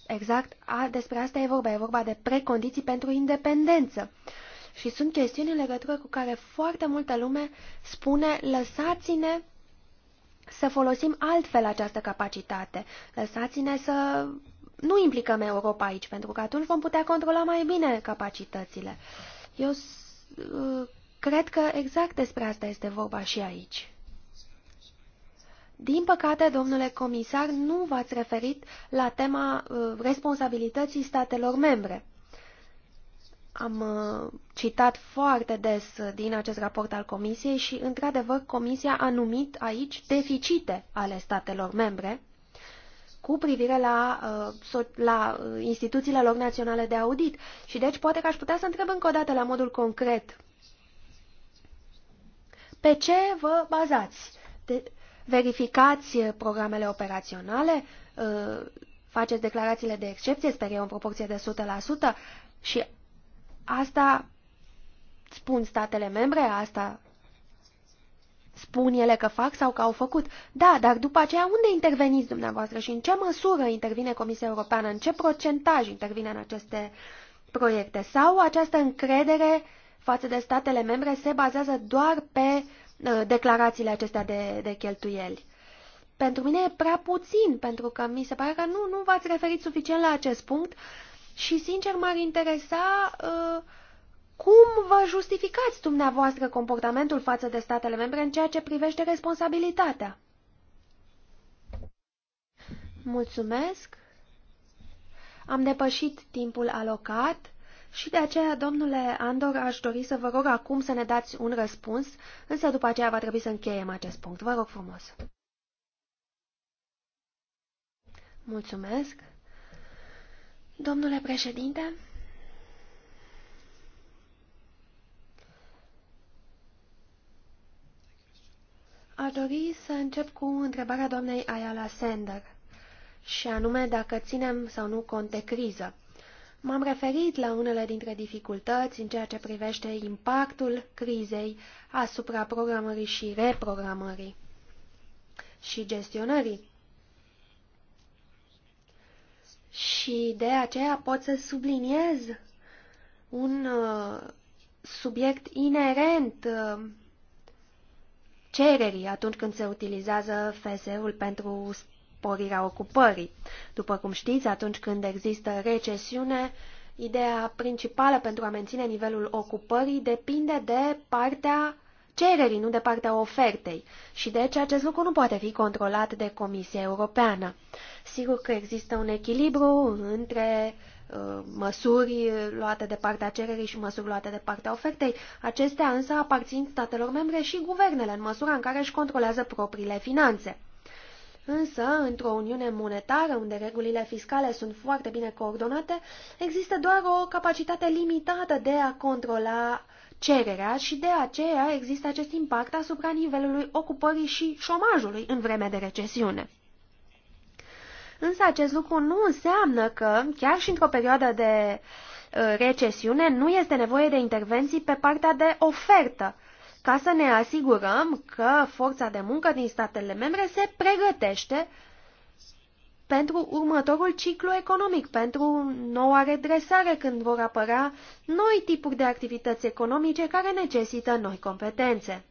Speaker 2: exact a, despre asta e vorba, e vorba de precondiții pentru independență. Și sunt chestiuni în legătură cu care foarte multă lume spune lăsați-ne să folosim altfel această capacitate, lăsați-ne să nu implicăm Europa aici, pentru că atunci vom putea controla mai bine capacitățile. Uh, eu uh, cred că exact despre asta este vorba și aici. Din păcate, domnule comisar, nu v-ați referit la tema uh, responsabilității statelor membre. Am uh, citat foarte des uh, din acest raport al Comisiei și, într-adevăr, Comisia a numit aici deficite ale statelor membre cu privire la, uh, la uh, instituțiile lor naționale de audit. Și deci poate că aș putea să întreb încă o dată la modul concret. Pe ce vă bazați? De, verificați programele operaționale? Uh, faceți declarațiile de excepție, sper eu, în proporție de 100%? Și asta spun statele membre, asta spun ele că fac sau că au făcut. Da, dar după aceea unde interveniți dumneavoastră și în ce măsură intervine Comisia Europeană, în ce procentaj intervine în aceste proiecte? Sau această încredere față de statele membre se bazează doar pe uh, declarațiile acestea de, de cheltuieli? Pentru mine e prea puțin, pentru că mi se pare că nu, nu v-ați referit suficient la acest punct și, sincer, m-ar interesa uh, cum vă justificați dumneavoastră comportamentul față de statele membre în ceea ce privește responsabilitatea? Mulțumesc. Am depășit timpul alocat și de aceea, domnule Andor, aș dori să vă rog acum să ne dați un răspuns, însă după aceea va trebui să încheiem acest punct. Vă rog frumos. Mulțumesc. Domnule președinte, Aș dori să încep cu întrebarea doamnei Ayala Sender, și anume dacă ținem sau nu cont de criză. M-am referit la unele dintre dificultăți în ceea ce privește impactul crizei asupra programării și reprogramării și gestionării. Și de aceea pot să subliniez un uh, subiect inerent uh, cererii atunci când se utilizează FSE-ul pentru sporirea ocupării. După cum știți, atunci când există recesiune, ideea principală pentru a menține nivelul ocupării depinde de partea cererii, nu de partea ofertei. Și deci acest lucru nu poate fi controlat de Comisia Europeană. Sigur că există un echilibru între uh, Uh, măsuri luate de partea cererii și măsuri luate de partea ofertei. Acestea însă aparțin statelor membre și guvernele, în măsura în care își controlează propriile finanțe. Însă, într-o uniune monetară, unde regulile fiscale sunt foarte bine coordonate, există doar o capacitate limitată de a controla cererea și de aceea există acest impact asupra nivelului ocupării și șomajului în vreme de recesiune. Însă acest lucru nu înseamnă că, chiar și într-o perioadă de uh, recesiune, nu este nevoie de intervenții pe partea de ofertă, ca să ne asigurăm că forța de muncă din statele membre se pregătește pentru următorul ciclu economic, pentru noua redresare când vor apărea noi tipuri de activități economice care necesită noi competențe.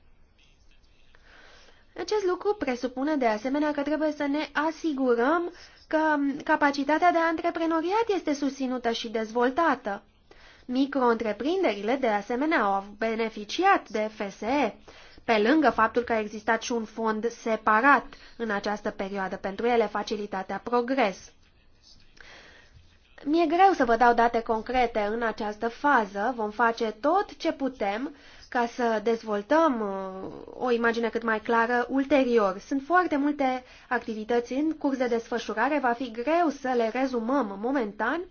Speaker 2: Acest lucru presupune de asemenea că trebuie să ne asigurăm că capacitatea de antreprenoriat este susținută și dezvoltată. Micro-întreprinderile, de asemenea, au beneficiat de FSE, pe lângă faptul că a existat și un fond separat în această perioadă pentru ele, facilitatea progres. Mi-e greu să vă dau date concrete în această fază, vom face tot ce putem ca să dezvoltăm uh, o imagine cât mai clară ulterior. Sunt foarte multe activități în curs de desfășurare, va fi greu să le rezumăm momentan,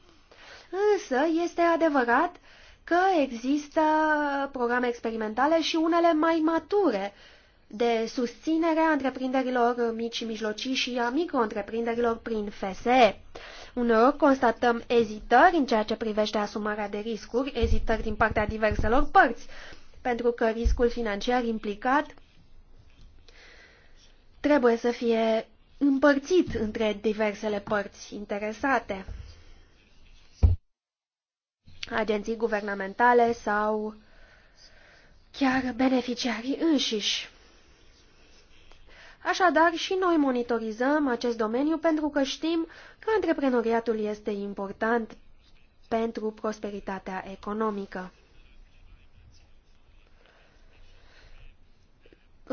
Speaker 2: însă este adevărat că există programe experimentale și unele mai mature de susținere a întreprinderilor mici și mijlocii și a micro-întreprinderilor prin FSE. Uneori constatăm ezitări în ceea ce privește asumarea de riscuri, ezitări din partea diverselor părți, pentru că riscul financiar implicat trebuie să fie împărțit între diversele părți interesate, agenții guvernamentale sau chiar beneficiarii înșiși. Așadar, și noi monitorizăm acest domeniu pentru că știm că antreprenoriatul este important pentru prosperitatea economică.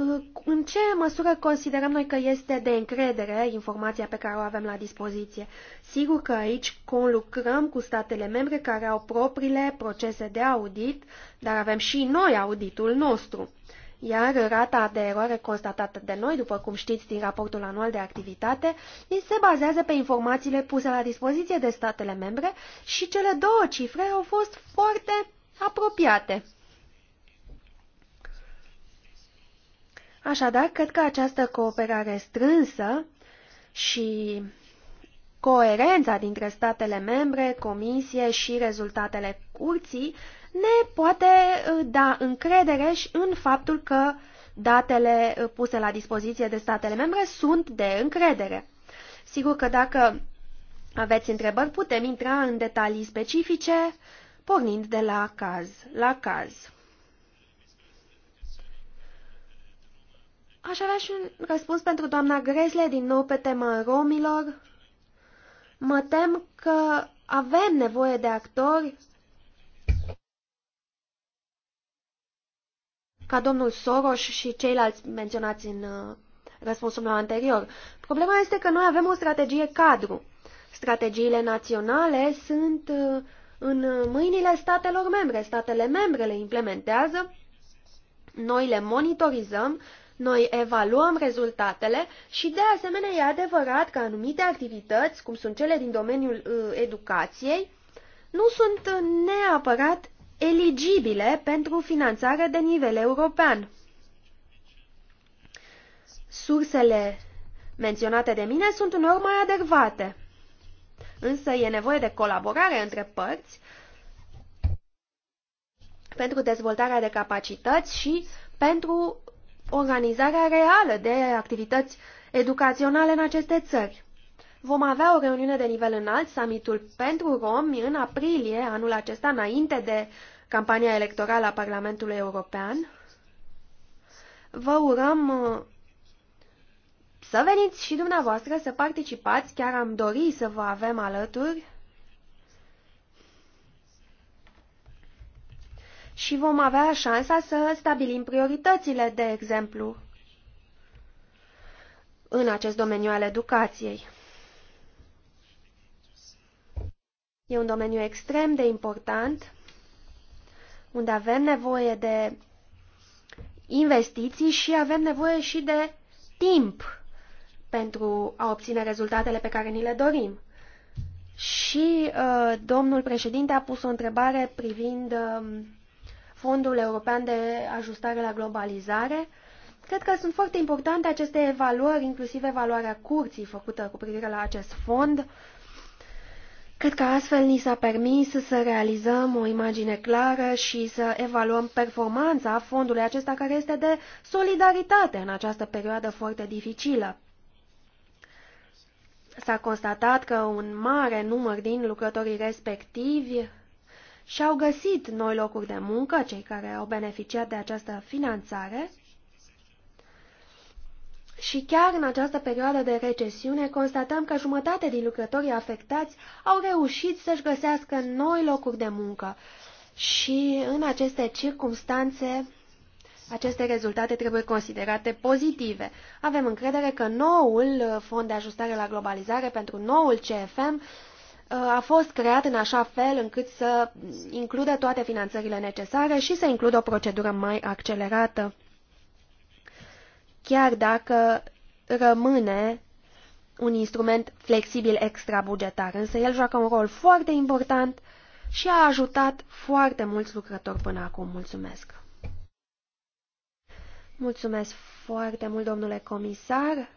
Speaker 2: Uh, în ce măsură considerăm noi că este de încredere informația pe care o avem la dispoziție? Sigur că aici conlucrăm cu statele membre care au propriile procese de audit, dar avem și noi auditul nostru. Iar rata de eroare constatată de noi, după cum știți din raportul anual de activitate, se bazează pe informațiile puse la dispoziție de statele membre și cele două cifre au fost foarte apropiate. Așadar, cred că această cooperare strânsă și coerența dintre statele membre, comisie și rezultatele curții ne poate uh, da încredere și în faptul că datele uh, puse la dispoziție de statele membre sunt de încredere. Sigur că dacă aveți întrebări, putem intra în detalii specifice, pornind de la caz la caz. Aș avea și un răspuns pentru doamna Gresle, din nou pe tema romilor. Mă tem că avem nevoie de actori ca domnul Soros și ceilalți menționați în uh, răspunsul meu anterior. Problema este că noi avem o strategie cadru. Strategiile naționale sunt uh, în mâinile statelor membre. Statele membre le implementează, noi le monitorizăm noi evaluăm rezultatele și, de asemenea, e adevărat că anumite activități, cum sunt cele din domeniul uh, educației, nu sunt neapărat eligibile pentru finanțare de nivel european. Sursele menționate de mine sunt uneori mai adecvate, însă e nevoie de colaborare între părți pentru dezvoltarea de capacități și pentru organizarea reală de activități educaționale în aceste țări. Vom avea o reuniune de nivel înalt, summitul pentru romi, în aprilie anul acesta, înainte de campania electorală a Parlamentului European. Vă urăm uh, să veniți și dumneavoastră să participați, chiar am dori să vă avem alături. și vom avea șansa să stabilim prioritățile, de exemplu, în acest domeniu al educației. E un domeniu extrem de important, unde avem nevoie de investiții și avem nevoie și de timp pentru a obține rezultatele pe care ni le dorim. Și uh, domnul președinte a pus o întrebare privind uh, Fondul European de Ajustare la Globalizare. Cred că sunt foarte importante aceste evaluări, inclusiv evaluarea curții făcută cu privire la acest fond. Cred că astfel ni s-a permis să realizăm o imagine clară și să evaluăm performanța fondului acesta care este de solidaritate în această perioadă foarte dificilă. S-a constatat că un mare număr din lucrătorii respectivi și-au găsit noi locuri de muncă, cei care au beneficiat de această finanțare, și chiar în această perioadă de recesiune constatăm că jumătate din lucrătorii afectați au reușit să-și găsească noi locuri de muncă. Și în aceste circumstanțe, aceste rezultate trebuie considerate pozitive. Avem încredere că noul fond de ajustare la globalizare pentru noul CFM Uh, a fost creat în așa fel încât să includă toate finanțările necesare și să includă o procedură mai accelerată, chiar dacă rămâne un instrument flexibil extrabugetar, însă el joacă un rol foarte important și a ajutat foarte mulți lucrători până acum. Mulțumesc! Mulțumesc foarte mult, domnule comisar!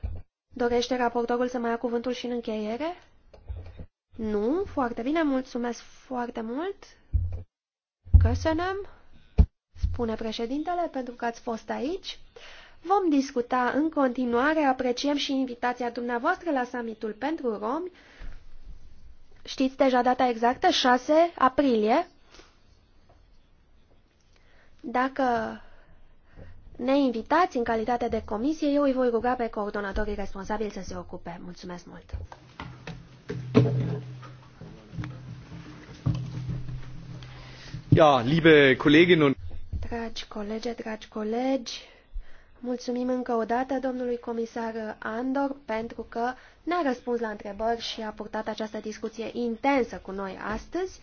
Speaker 2: Dorește raportorul să mai ia cuvântul și în încheiere? Nu, foarte bine, mulțumesc foarte mult. Căsănăm, spune președintele, pentru că ați fost aici. Vom discuta în continuare, apreciem și invitația dumneavoastră la summitul pentru romi. Știți deja data exactă, 6 aprilie. Dacă ne invitați în calitate de comisie, eu îi voi ruga pe coordonatorii responsabili să se ocupe. Mulțumesc mult! Dragi colege, dragi colegi, mulțumim încă o dată domnului comisar Andor pentru că ne-a răspuns la întrebări și a purtat această discuție intensă cu noi astăzi.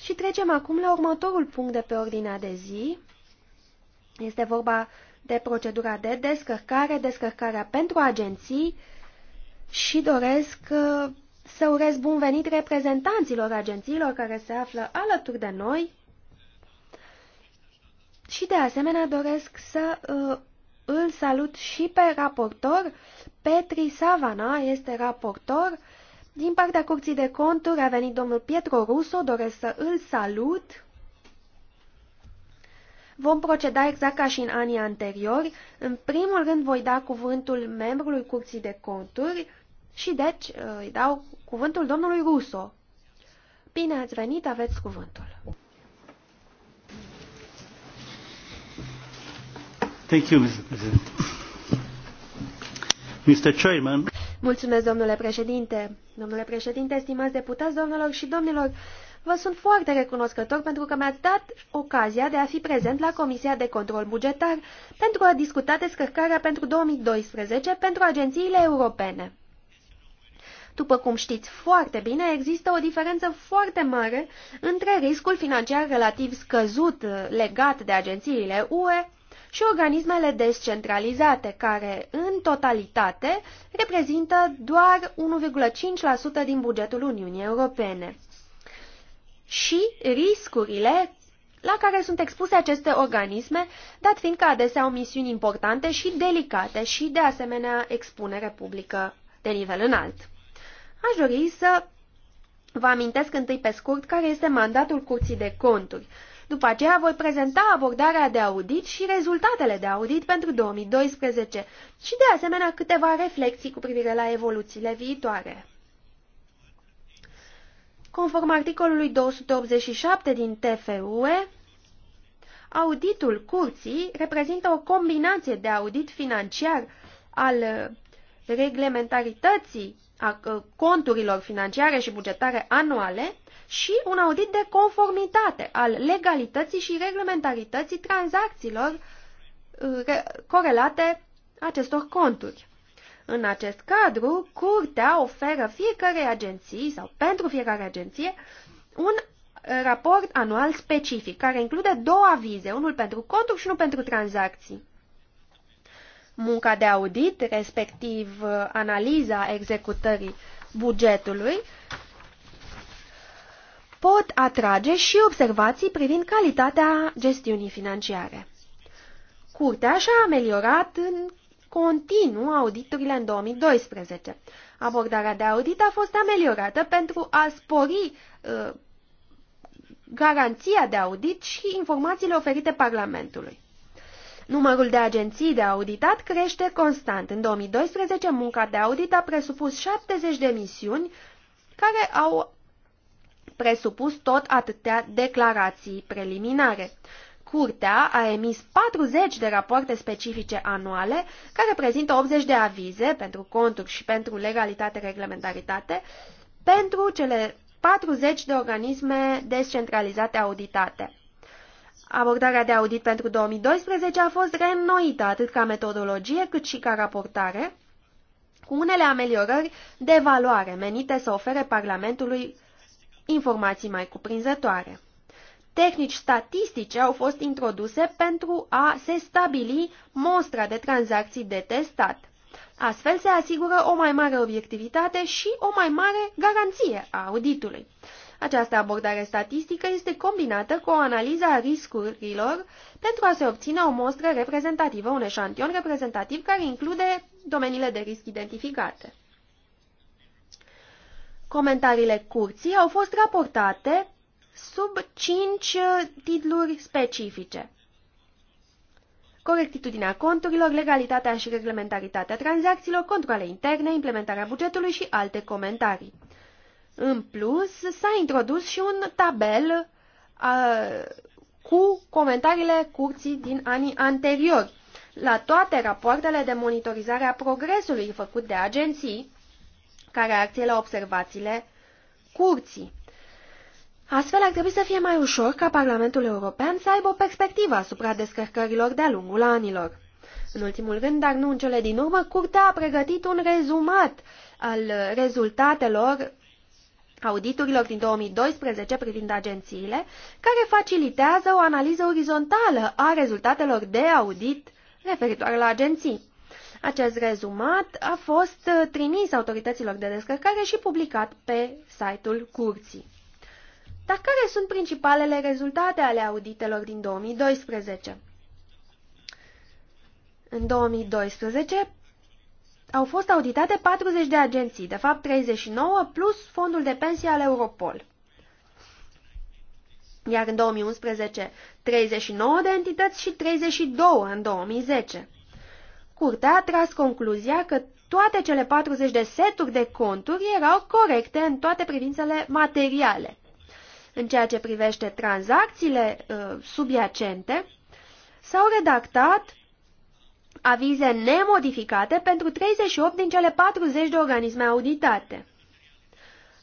Speaker 2: Și trecem acum la următorul punct de pe ordinea de zi. Este vorba de procedura de descărcare, descărcarea pentru agenții și doresc să urez bun venit reprezentanților agențiilor care se află alături de noi și de asemenea doresc să uh, îl salut și pe raportor. Petri Savana este raportor. Din partea Curții de Conturi a venit domnul Pietro Russo, doresc să îl salut. Vom proceda exact ca și în anii anteriori. În primul rând voi da cuvântul membrului Curții de Conturi, și deci uh, îi dau cuvântul domnului Russo. Bine ați venit, aveți cuvântul.
Speaker 1: Thank you, Mr. President. Mr. Chairman.
Speaker 2: Mulțumesc, domnule președinte. Domnule președinte, stimați deputați, domnilor și domnilor, vă sunt foarte recunoscător pentru că mi-ați dat ocazia de a fi prezent la Comisia de Control Bugetar pentru a discuta descărcarea pentru 2012 pentru agențiile europene. După cum știți foarte bine, există o diferență foarte mare între riscul financiar relativ scăzut legat de agențiile UE și organismele descentralizate, care, în totalitate, reprezintă doar 1,5% din bugetul Uniunii Europene. Și riscurile la care sunt expuse aceste organisme, dat fiind că adesea au misiuni importante și delicate și, de asemenea, expunere publică de nivel înalt. Aș dori să vă amintesc întâi pe scurt care este mandatul Curții de Conturi. După aceea voi prezenta abordarea de audit și rezultatele de audit pentru 2012 și de asemenea câteva reflexii cu privire la evoluțiile viitoare. Conform articolului 287 din TFUE, auditul curții reprezintă o combinație de audit financiar al reglementarității a conturilor financiare și bugetare anuale și un audit de conformitate al legalității și reglementarității tranzacțiilor uh, corelate acestor conturi. În acest cadru, curtea oferă fiecare agenții sau pentru fiecare agenție un uh, raport anual specific, care include două avize, unul pentru conturi și unul pentru tranzacții munca de audit, respectiv uh, analiza executării bugetului, pot atrage și observații privind calitatea gestiunii financiare. Curtea și-a ameliorat în continuu auditurile în 2012. Abordarea de audit a fost ameliorată pentru a spori uh, garanția de audit și informațiile oferite Parlamentului. Numărul de agenții de auditat crește constant. În 2012, munca de audit a presupus 70 de misiuni care au presupus tot atâtea declarații preliminare. Curtea a emis 40 de rapoarte specifice anuale, care prezintă 80 de avize pentru conturi și pentru legalitate-reglementaritate, pentru cele 40 de organisme descentralizate auditate. Abordarea de audit pentru 2012 a fost reînnoită atât ca metodologie cât și ca raportare, cu unele ameliorări de valoare menite să ofere Parlamentului informații mai cuprinzătoare. Tehnici statistice au fost introduse pentru a se stabili mostra de tranzacții de testat. Astfel se asigură o mai mare obiectivitate și o mai mare garanție a auditului. Această abordare statistică este combinată cu o analiză a riscurilor pentru a se obține o mostră reprezentativă, un eșantion reprezentativ care include domeniile de risc identificate. Comentariile curții au fost raportate sub 5 titluri specifice. Corectitudinea conturilor, legalitatea și reglementaritatea tranzacțiilor, controle interne, implementarea bugetului și alte comentarii. În plus, s-a introdus și un tabel uh, cu comentariile curții din anii anteriori la toate rapoartele de monitorizare a progresului făcut de agenții care acție la observațiile curții. Astfel ar trebui să fie mai ușor ca Parlamentul European să aibă o perspectivă asupra descărcărilor de-a lungul anilor. În ultimul rând, dar nu în cele din urmă, Curtea a pregătit un rezumat al rezultatelor auditurilor din 2012 privind agențiile, care facilitează o analiză orizontală a rezultatelor de audit referitoare la agenții. Acest rezumat a fost trimis autorităților de descărcare și publicat pe site-ul curții. Dar care sunt principalele rezultate ale auditelor din 2012? În 2012, au fost auditate 40 de agenții, de fapt 39, plus fondul de pensie al Europol. Iar în 2011, 39 de entități și 32 în 2010. Curtea a tras concluzia că toate cele 40 de seturi de conturi erau corecte în toate privințele materiale. În ceea ce privește tranzacțiile uh, subiacente, s-au redactat avize nemodificate pentru 38 din cele 40 de organisme auditate.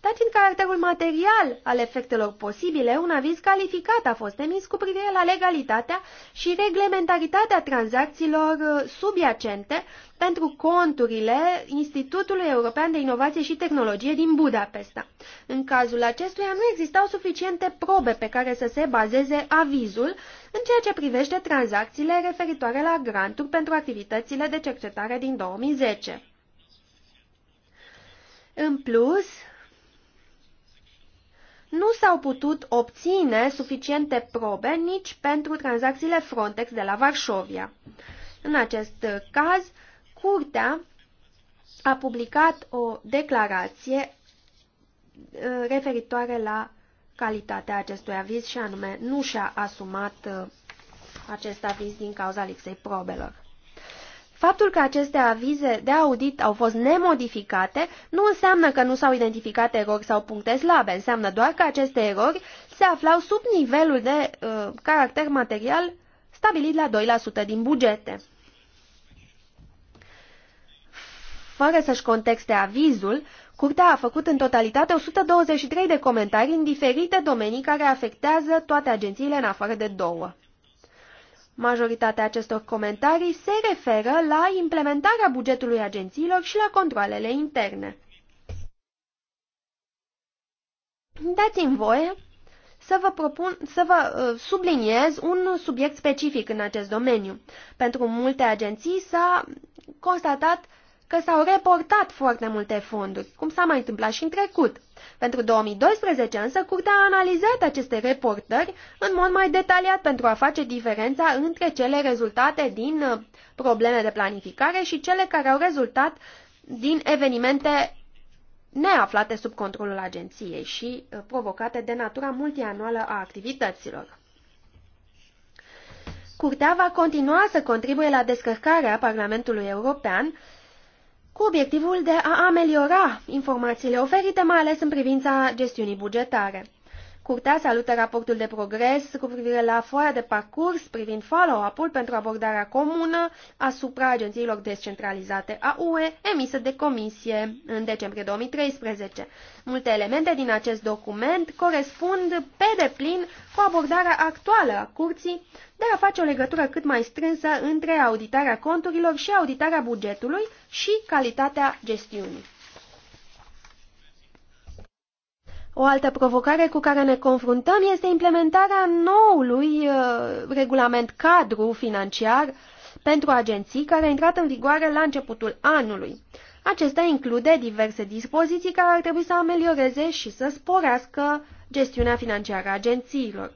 Speaker 2: Dar fiind caracterul material al efectelor posibile, un aviz calificat a fost emis cu privire la legalitatea și reglementaritatea tranzacțiilor uh, subiacente pentru conturile Institutului European de Inovație și Tehnologie din Budapesta. În cazul acestuia nu existau suficiente probe pe care să se bazeze avizul în ceea ce privește tranzacțiile referitoare la granturi pentru activitățile de cercetare din 2010. În plus, nu s-au putut obține suficiente probe nici pentru tranzacțiile Frontex de la Varșovia. În acest caz, Curtea a publicat o declarație uh, referitoare la calitatea acestui aviz și anume nu și-a asumat uh, acest aviz din cauza lipsei probelor. Faptul că aceste avize de audit au fost nemodificate nu înseamnă că nu s-au identificat erori sau puncte slabe, înseamnă doar că aceste erori se aflau sub nivelul de uh, caracter material stabilit la 2% din bugete. Fără să-și contexte avizul, Curtea a făcut în totalitate 123 de comentarii în diferite domenii care afectează toate agențiile în afară de două. Majoritatea acestor comentarii se referă la implementarea bugetului agențiilor și la controlele interne. Dați-mi voie să vă, propun, să vă uh, subliniez un subiect specific în acest domeniu. Pentru multe agenții s-a constatat că s-au reportat foarte multe fonduri, cum s-a mai întâmplat și în trecut. Pentru 2012 însă, Curtea a analizat aceste reportări în mod mai detaliat pentru a face diferența între cele rezultate din uh, probleme de planificare și cele care au rezultat din evenimente neaflate sub controlul agenției și uh, provocate de natura multianuală a activităților. Curtea va continua să contribuie la descărcarea Parlamentului European cu obiectivul de a ameliora informațiile oferite, mai ales în privința gestiunii bugetare. Curtea salută raportul de progres cu privire la foaia de parcurs privind follow-up-ul pentru abordarea comună asupra agențiilor descentralizate a UE emisă de comisie în decembrie 2013. Multe elemente din acest document corespund pe deplin cu abordarea actuală a curții de a face o legătură cât mai strânsă între auditarea conturilor și auditarea bugetului și calitatea gestiunii. O altă provocare cu care ne confruntăm este implementarea noului uh, regulament cadru financiar pentru agenții, care a intrat în vigoare la începutul anului. Acesta include diverse dispoziții care ar trebui să amelioreze și să sporească gestiunea financiară a agențiilor.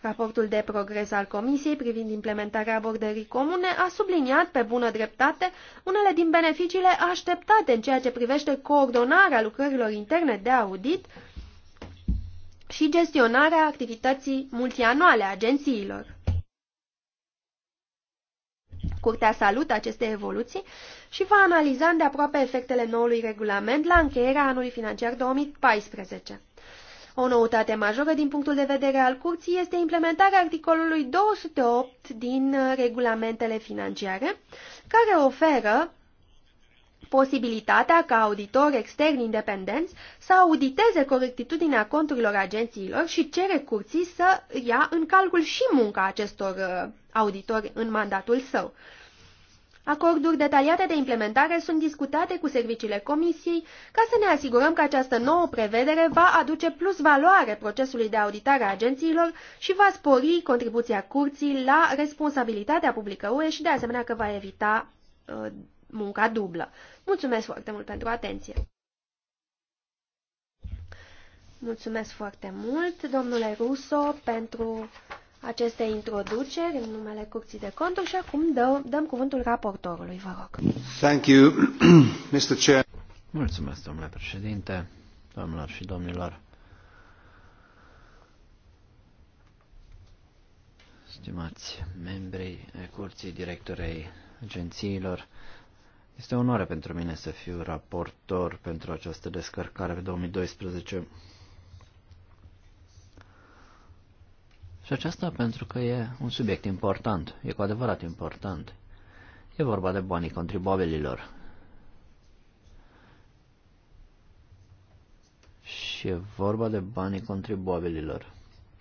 Speaker 2: Raportul de progres al Comisiei privind implementarea abordării comune a subliniat pe bună dreptate unele din beneficiile așteptate în ceea ce privește coordonarea lucrărilor interne de audit și gestionarea activității multianuale a agențiilor. Curtea salută aceste evoluții și va analiza îndeaproape efectele noului regulament la încheierea anului financiar 2014. O noutate majoră din punctul de vedere al curții este implementarea articolului 208 din uh, regulamentele financiare, care oferă posibilitatea ca auditori externi independenți să auditeze corectitudinea conturilor agențiilor și cere curții să ia în calcul și munca acestor uh, auditori în mandatul său. Acorduri detaliate de implementare sunt discutate cu serviciile Comisiei ca să ne asigurăm că această nouă prevedere va aduce plus valoare procesului de auditare a agențiilor și va spori contribuția curții la responsabilitatea publică UE și de asemenea că va evita uh, munca dublă. Mulțumesc foarte mult pentru atenție! Mulțumesc foarte mult, domnule Ruso, pentru aceste introduceri în numele Curții de Conturi și acum dă, dăm cuvântul raportorului, vă rog.
Speaker 3: Thank you, Mr. Chair. Mulțumesc, domnule președinte, domnilor și domnilor. Stimați membrii Curții Directorei Agențiilor, este o onoare pentru mine să fiu raportor pentru această descărcare pe 2012. Și aceasta pentru că e un subiect important, e cu adevărat important. E vorba de banii contribuabililor. Și e vorba de banii contribuabililor.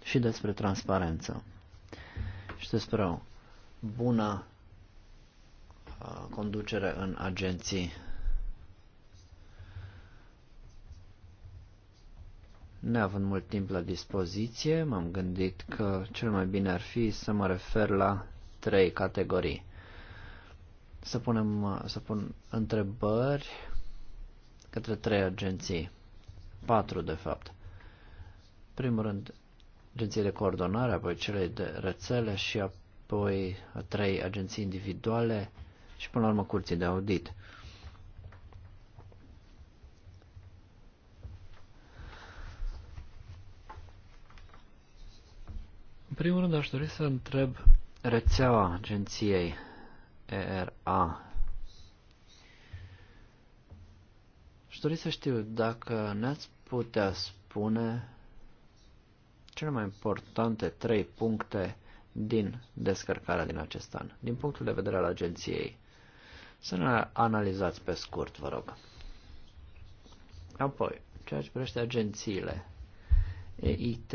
Speaker 3: Și despre transparență. Și despre o bună Uh, conducere în agenții. Neavând mult timp la dispoziție, m-am gândit că cel mai bine ar fi să mă refer la trei categorii. Să, punem, uh, să pun întrebări către trei agenții. Patru, de fapt. Primul rând, agenții de coordonare, apoi cele de rețele și apoi trei agenții individuale și până la urmă curții de audit. În primul rând aș dori să întreb rețeaua agenției ERA. Aș dori să știu dacă ne-ați putea spune cele mai importante trei puncte din descărcarea din acest an, din punctul de vedere al agenției. Să ne analizați pe scurt, vă rog. Apoi, ceea ce privește agențiile, EIT,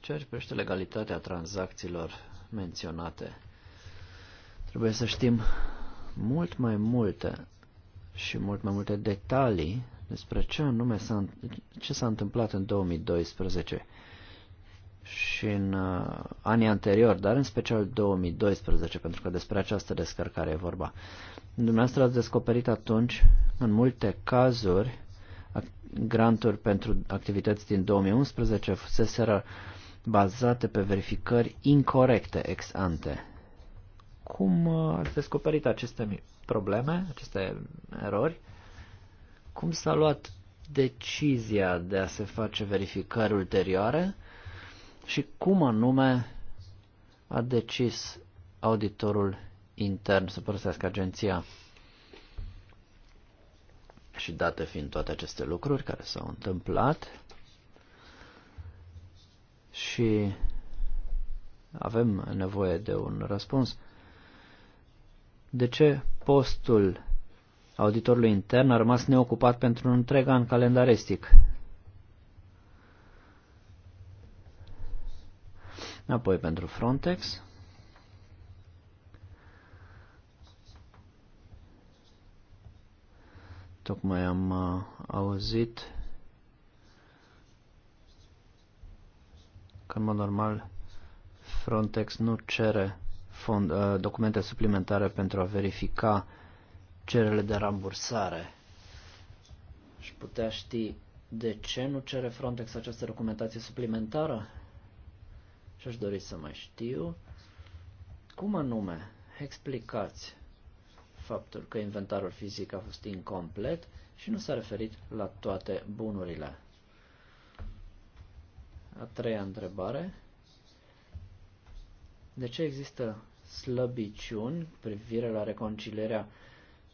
Speaker 3: ceea ce privește legalitatea tranzacțiilor menționate, trebuie să știm mult mai multe și mult mai multe detalii despre ce anume s-a, ce s-a întâmplat în 2012 și în uh, anii anteriori, dar în special 2012, pentru că despre această descărcare e vorba. Dumneavoastră ați descoperit atunci, în multe cazuri, granturi pentru activități din 2011 fuseseră bazate pe verificări incorrecte ex ante. Cum uh, ați descoperit aceste probleme, aceste erori? Cum s-a luat decizia de a se face verificări ulterioare? și cum anume a decis auditorul intern să părăsească agenția. Și date fiind toate aceste lucruri care s-au întâmplat și avem nevoie de un răspuns, de ce postul auditorului intern a rămas neocupat pentru un întreg an calendaristic? Apoi pentru Frontex. Tocmai am uh, auzit că în mod normal Frontex nu cere fond, uh, documente suplimentare pentru a verifica cererile de rambursare. Și putea ști de ce nu cere Frontex această documentație suplimentară? Și aș dori să mai știu cum anume explicați faptul că inventarul fizic a fost incomplet și nu s-a referit la toate bunurile. A treia întrebare. De ce există slăbiciuni privire la reconcilierea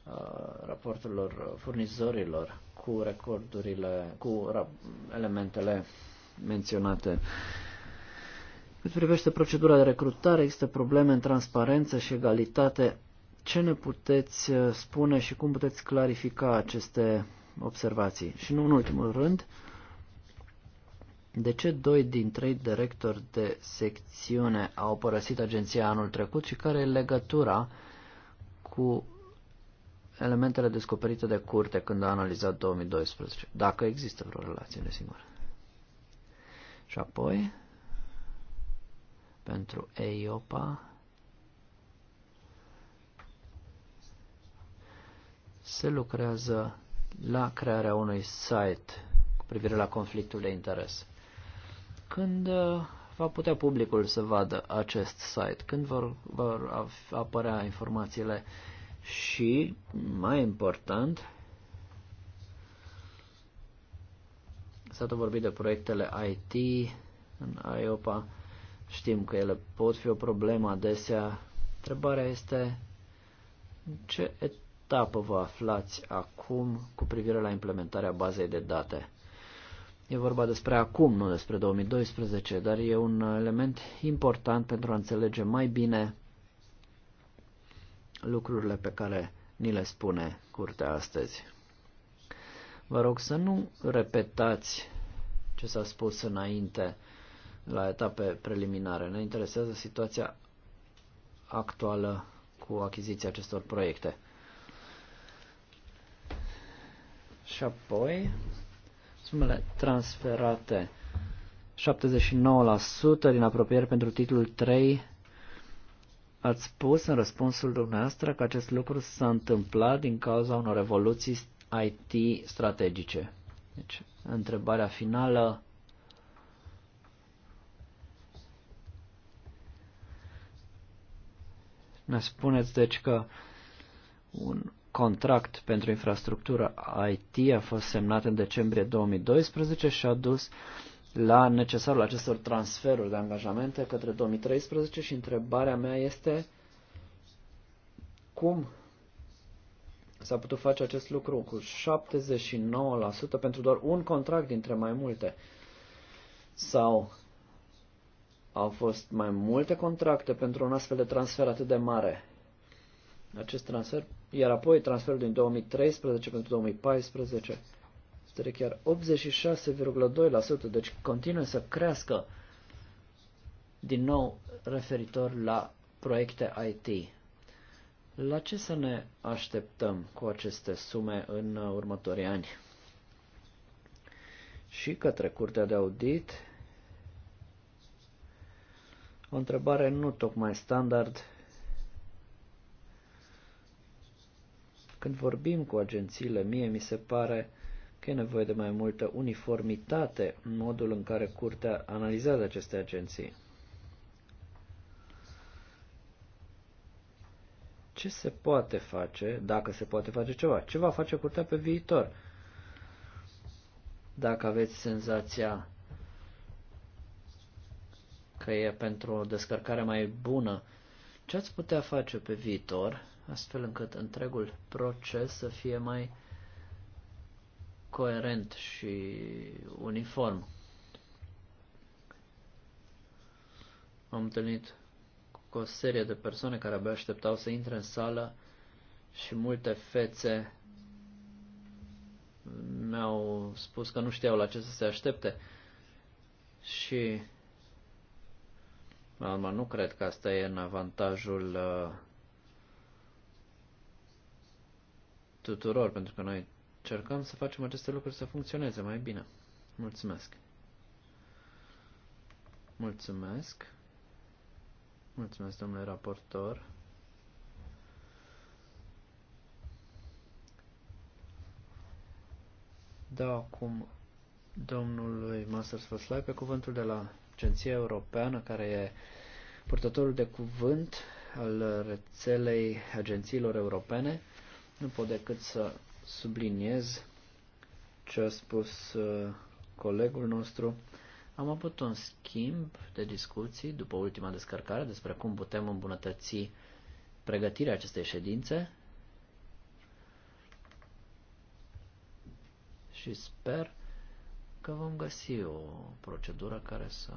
Speaker 3: uh, raporturilor furnizorilor cu recordurile, cu elementele menționate cât privește procedura de recrutare, există probleme în transparență și egalitate. Ce ne puteți uh, spune și cum puteți clarifica aceste observații? Și nu în ultimul rând, de ce doi din trei directori de secțiune au părăsit agenția anul trecut și care e legătura cu elementele descoperite de curte când a analizat 2012, dacă există vreo relație, desigur. Și apoi, pentru EIOPA. Se lucrează la crearea unui site cu privire la conflictul de interes. Când uh, va putea publicul să vadă acest site, când vor, vor apărea informațiile și, mai important, s-a tot vorbit de proiectele IT în IOPA, Știm că ele pot fi o problemă adesea. Întrebarea este în ce etapă vă aflați acum cu privire la implementarea bazei de date? E vorba despre acum, nu despre 2012, dar e un element important pentru a înțelege mai bine lucrurile pe care ni le spune curtea astăzi. Vă rog să nu repetați ce s-a spus înainte la etape preliminare. Ne interesează situația actuală cu achiziția acestor proiecte. Și apoi, sumele transferate 79% din apropiere pentru titlul 3. Ați spus în răspunsul dumneavoastră că acest lucru s-a întâmplat din cauza unor revoluții IT strategice. Deci, întrebarea finală Ne spuneți deci că un contract pentru infrastructură IT a fost semnat în decembrie 2012 și a dus la necesarul acestor transferuri de angajamente către 2013 și întrebarea mea este cum s-a putut face acest lucru cu 79% pentru doar un contract dintre mai multe sau au fost mai multe contracte pentru un astfel de transfer atât de mare. Acest transfer, iar apoi transferul din 2013 pentru 2014 creștere chiar 86,2%, deci continuă să crească din nou referitor la proiecte IT. La ce să ne așteptăm cu aceste sume în următorii ani? Și către Curtea de Audit o întrebare nu tocmai standard. Când vorbim cu agențiile, mie mi se pare că e nevoie de mai multă uniformitate în modul în care curtea analizează aceste agenții. Ce se poate face, dacă se poate face ceva? Ce va face curtea pe viitor? Dacă aveți senzația că e pentru o descărcare mai bună. Ce ați putea face pe viitor, astfel încât întregul proces să fie mai coerent și uniform? Am întâlnit cu o serie de persoane care abia așteptau să intre în sală și multe fețe mi-au spus că nu știau la ce să se aștepte. Și Alma, nu cred că asta e în avantajul uh, tuturor, pentru că noi cercăm să facem aceste lucruri să funcționeze mai bine. Mulțumesc! Mulțumesc! Mulțumesc, domnule raportor! Da, acum domnului Masters Sfăslai pe cuvântul de la agenție europeană care e purtătorul de cuvânt al rețelei agențiilor europene, nu pot decât să subliniez ce a spus uh, colegul nostru. Am avut un schimb de discuții după ultima descărcare despre cum putem îmbunătăți pregătirea acestei ședințe și sper că vom găsi o procedură care să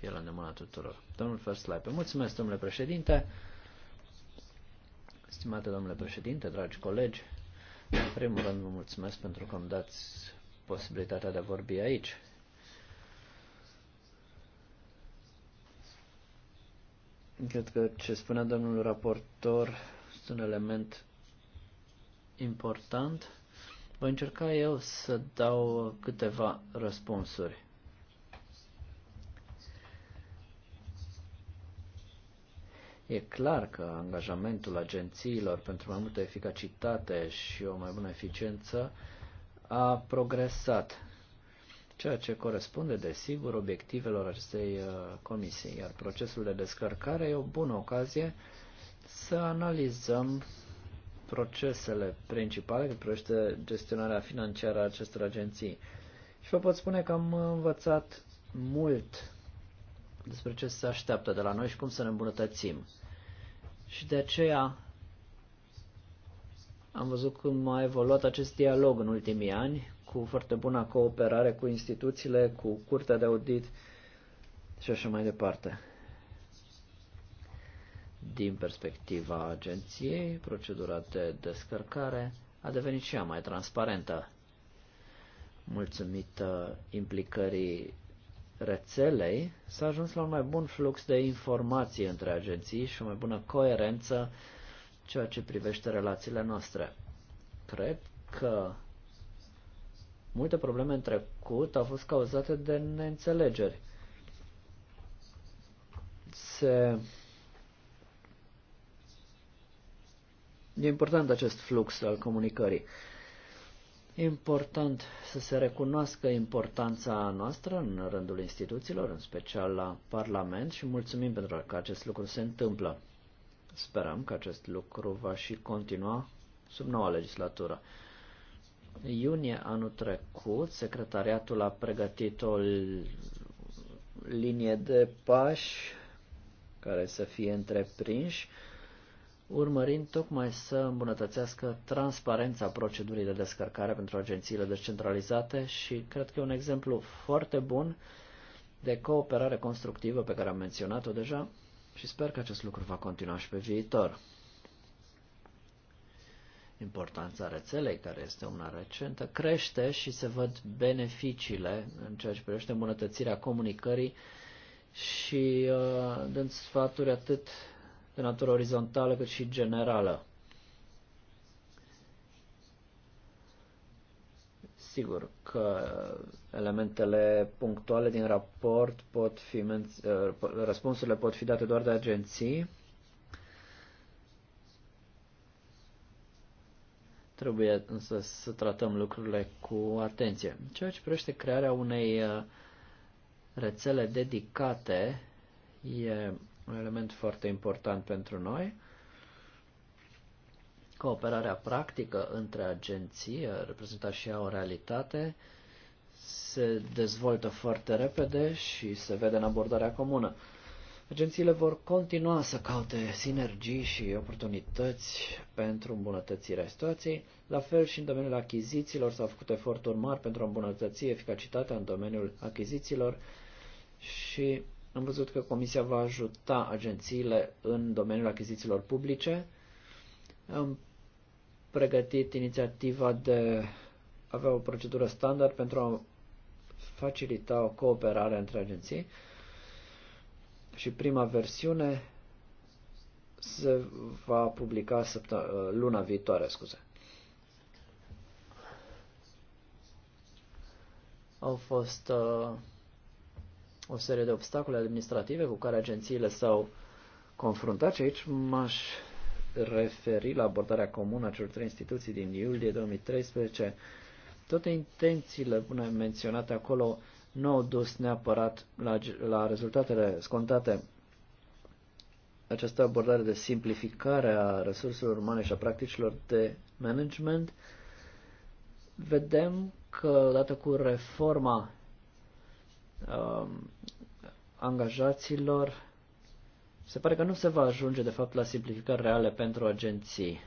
Speaker 3: fie la îndemâna tuturor. Domnul First Ferstlaipe, mulțumesc, domnule președinte. Stimate domnule președinte, dragi colegi, în primul rând vă mulțumesc pentru că îmi dați posibilitatea de a vorbi aici. Cred că ce spunea domnul raportor este un element important voi încerca eu să dau câteva răspunsuri. E clar că angajamentul agențiilor pentru mai multă eficacitate și o mai bună eficiență a progresat, ceea ce corespunde, desigur, obiectivelor acestei uh, comisii, iar procesul de descărcare e o bună ocazie să analizăm procesele principale cât privește gestionarea financiară a acestor agenții. Și vă pot spune că am învățat mult despre ce se așteaptă de la noi și cum să ne îmbunătățim. Și de aceea am văzut cum a evoluat acest dialog în ultimii ani, cu foarte bună cooperare cu instituțiile, cu curtea de audit și așa mai departe. Din perspectiva agenției, procedura de descărcare a devenit și ea mai transparentă. Mulțumită implicării rețelei, s-a ajuns la un mai bun flux de informații între agenții și o mai bună coerență ceea ce privește relațiile noastre. Cred că multe probleme în trecut au fost cauzate de neînțelegeri. Se E important acest flux al comunicării. E important să se recunoască importanța noastră în rândul instituțiilor, în special la Parlament și mulțumim pentru că acest lucru se întâmplă. Sperăm că acest lucru va și continua sub noua legislatură. Iunie anul trecut, secretariatul a pregătit o linie de pași care să fie întreprinși urmărind tocmai să îmbunătățească transparența procedurii de descărcare pentru agențiile descentralizate și cred că e un exemplu foarte bun de cooperare constructivă pe care am menționat-o deja și sper că acest lucru va continua și pe viitor. Importanța rețelei, care este una recentă, crește și se văd beneficiile în ceea ce privește îmbunătățirea comunicării și uh, dând sfaturi atât de natură orizontală cât și generală. Sigur că elementele punctuale din raport pot fi uh, răspunsurile pot fi date doar de agenții. Trebuie însă să tratăm lucrurile cu atenție. Ceea ce privește crearea unei uh, rețele dedicate e un element foarte important pentru noi. Cooperarea practică între agenții, reprezentat și ea o realitate, se dezvoltă foarte repede și se vede în abordarea comună. Agențiile vor continua să caute sinergii și oportunități pentru îmbunătățirea situației. La fel și în domeniul achizițiilor s-au făcut eforturi mari pentru a îmbunătăți eficacitatea în domeniul achizițiilor și am văzut că Comisia va ajuta agențiile în domeniul achizițiilor publice. Am pregătit inițiativa de a avea o procedură standard pentru a facilita o cooperare între agenții. Și prima versiune se va publica luna viitoare, scuze. Au fost uh, o serie de obstacole administrative cu care agențiile s-au confruntat și aici m-aș referi la abordarea comună a celor trei instituții din iulie 2013. Toate intențiile bune menționate acolo nu au dus neapărat la, la rezultatele scontate. Această abordare de simplificare a resurselor umane și a practicilor de management, vedem că, odată cu reforma um, angajaților, se pare că nu se va ajunge de fapt la simplificări reale pentru agenții.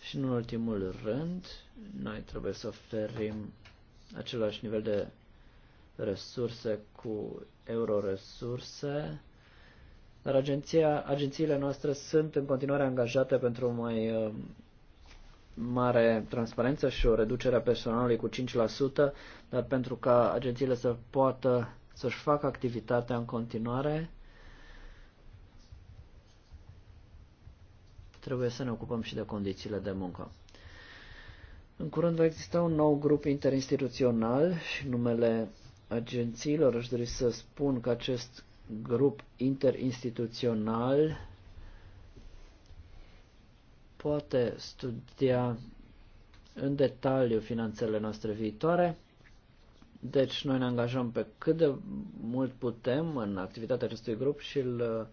Speaker 3: Și în ultimul rând, noi trebuie să oferim același nivel de resurse cu euroresurse, dar agenția, agențiile noastre sunt în continuare angajate pentru mai uh, mare transparență și o reducere a personalului cu 5%, dar pentru ca agențiile să poată să-și facă activitatea în continuare, trebuie să ne ocupăm și de condițiile de muncă. În curând va exista un nou grup interinstituțional și numele agențiilor aș dori să spun că acest grup interinstituțional poate studia în detaliu finanțele noastre viitoare. Deci noi ne angajăm pe cât de mult putem în activitatea acestui grup și îl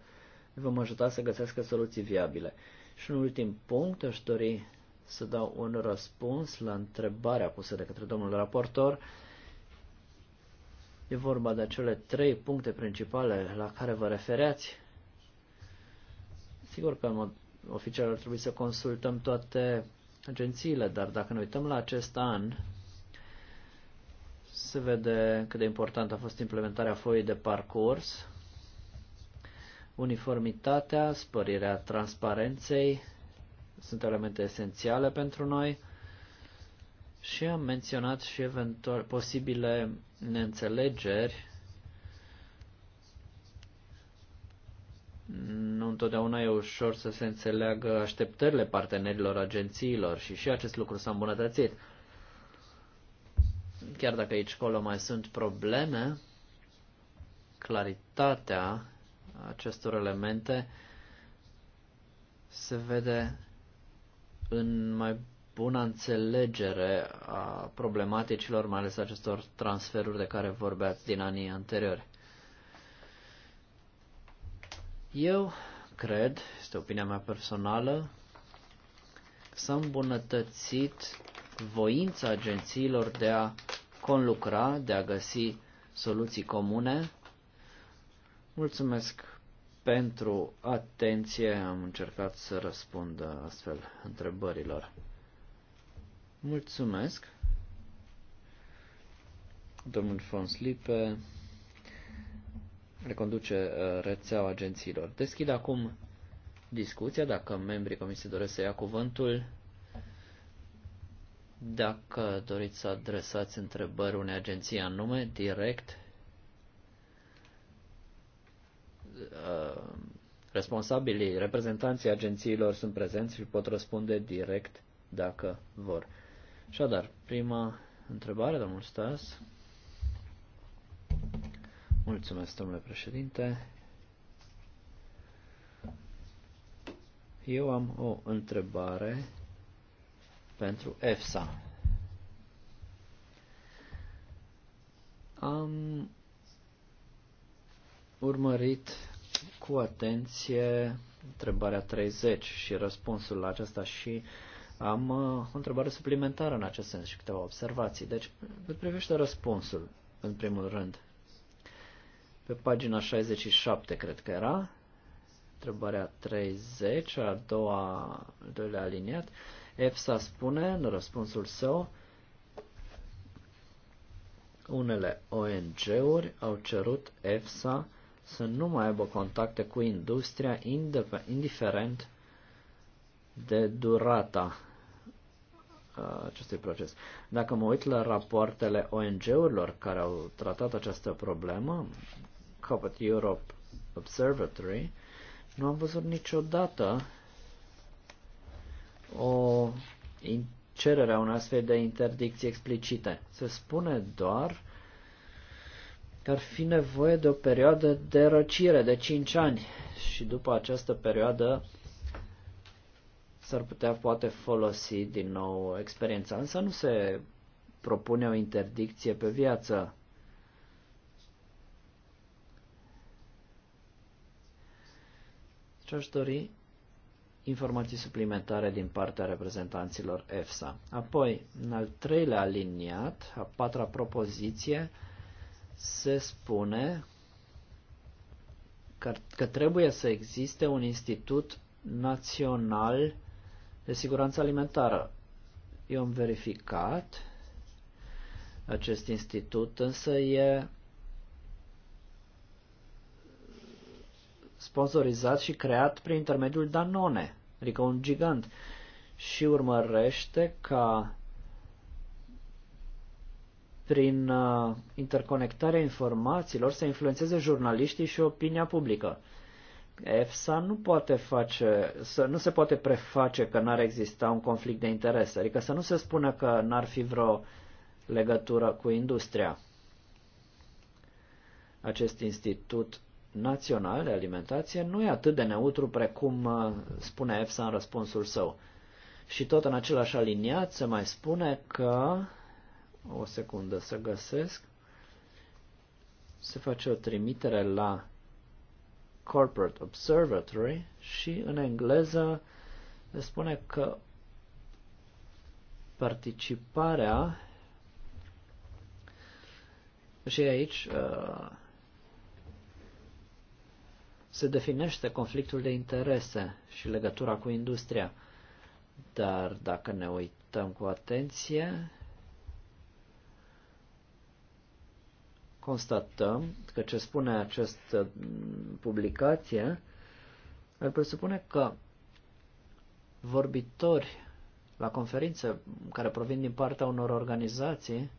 Speaker 3: vom ajuta să găsească soluții viabile. Și un ultim punct, aș dori să dau un răspuns la întrebarea pusă de către domnul raportor. E vorba de acele trei puncte principale la care vă refereați. Sigur că în mod oficial ar trebui să consultăm toate agențiile, dar dacă ne uităm la acest an, se vede cât de important a fost implementarea foii de parcurs, uniformitatea, spărirea transparenței, sunt elemente esențiale pentru noi și am menționat și eventual posibile neînțelegeri nu întotdeauna e ușor să se înțeleagă așteptările partenerilor agențiilor și și acest lucru s-a îmbunătățit. Chiar dacă aici colo mai sunt probleme, claritatea acestor elemente se vede în mai bună înțelegere a problematicilor, mai ales acestor transferuri de care vorbeați din anii anteriori. Eu cred, este opinia mea personală, că s-a îmbunătățit voința agențiilor de a conlucra, de a găsi soluții comune. Mulțumesc pentru atenție. Am încercat să răspund astfel întrebărilor. Mulțumesc. Domnul Fons Lipe reconduce uh, rețeaua agențiilor. Deschid acum discuția, dacă membrii comisiei doresc să ia cuvântul, dacă doriți să adresați întrebări unei agenții anume, direct, uh, responsabilii, reprezentanții agențiilor sunt prezenți și pot răspunde direct dacă vor. Așadar, prima întrebare, domnul Stas. Mulțumesc, domnule președinte. Eu am o întrebare pentru EFSA. Am urmărit cu atenție întrebarea 30 și răspunsul la aceasta și am uh, o întrebare suplimentară în acest sens și câteva observații. Deci, cât privește răspunsul, în primul rând, pe pagina 67, cred că era, întrebarea 30, a doua, al doilea aliniat, EFSA spune în răspunsul său, unele ONG-uri au cerut EFSA să nu mai aibă contacte cu industria indiferent de durata acestui proces. Dacă mă uit la rapoartele ONG-urilor care au tratat această problemă, Copet Europe Observatory, nu am văzut niciodată o cerere a unei astfel de interdicții explicite. Se spune doar că ar fi nevoie de o perioadă de răcire de 5 ani și după această perioadă s-ar putea poate folosi din nou experiența, însă nu se propune o interdicție pe viață. ce aș dori informații suplimentare din partea reprezentanților EFSA. Apoi, în al treilea aliniat, a patra propoziție, se spune că, că trebuie să existe un institut național de siguranță alimentară. Eu am verificat acest institut, însă e sponsorizat și creat prin intermediul Danone, adică un gigant, și urmărește ca prin uh, interconectarea informațiilor să influențeze jurnaliștii și opinia publică. EFSA nu poate face, să, nu se poate preface că n-ar exista un conflict de interese, adică să nu se spună că n-ar fi vreo legătură cu industria. Acest institut național de alimentație nu e atât de neutru precum uh, spune EFSA în răspunsul său. Și tot în același aliniat se mai spune că, o secundă să găsesc, se face o trimitere la Corporate Observatory și în engleză se spune că participarea și aici uh, se definește conflictul de interese și legătura cu industria. Dar dacă ne uităm cu atenție, constatăm că ce spune această publicație ar presupune că vorbitori la conferințe care provin din partea unor organizații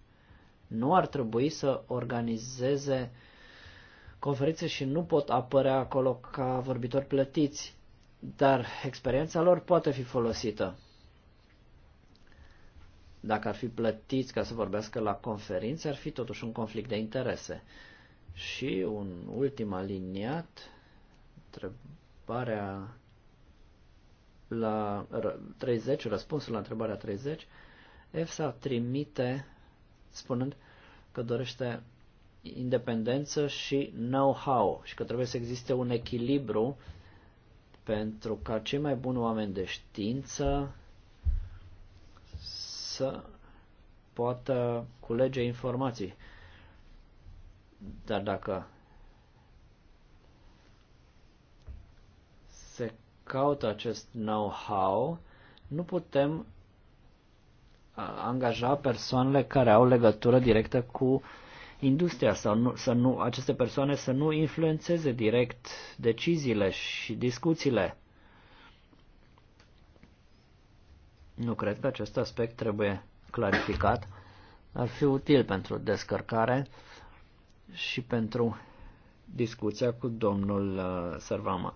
Speaker 3: nu ar trebui să organizeze uh, conferințe și nu pot apărea acolo ca vorbitori plătiți, dar experiența lor poate fi folosită. Dacă ar fi plătiți ca să vorbească la conferințe, ar fi totuși un conflict de interese. Și un ultim aliniat, întrebarea la 30, răspunsul la întrebarea 30, EFSA trimite spunând că dorește independență și know-how și că trebuie să existe un echilibru pentru ca cei mai buni oameni de știință să poată culege informații. Dar dacă se caută acest know-how, nu putem angaja persoanele care au legătură directă cu industria sau nu, să nu, aceste persoane să nu influențeze direct deciziile și discuțiile. Nu cred că acest aspect trebuie clarificat. Ar fi util pentru descărcare și pentru discuția cu domnul uh, Sarvama.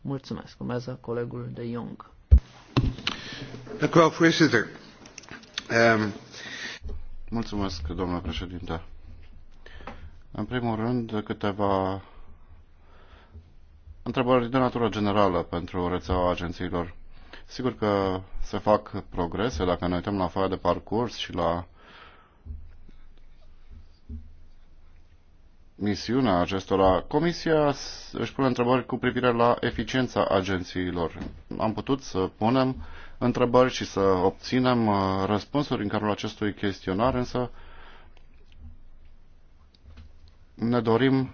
Speaker 3: Mulțumesc. Urmează colegul de Young.
Speaker 1: Dank u wel, voorzitter. Um, Mulțumesc, domnule președinte. În primul rând, câteva întrebări de natură generală pentru rețeaua agențiilor. Sigur că se fac progrese dacă ne uităm la foaia de parcurs și la misiunea acestora. Comisia își pune întrebări cu privire la eficiența agențiilor. Am putut să punem întrebări și să obținem uh, răspunsuri în cadrul acestui chestionar, însă ne dorim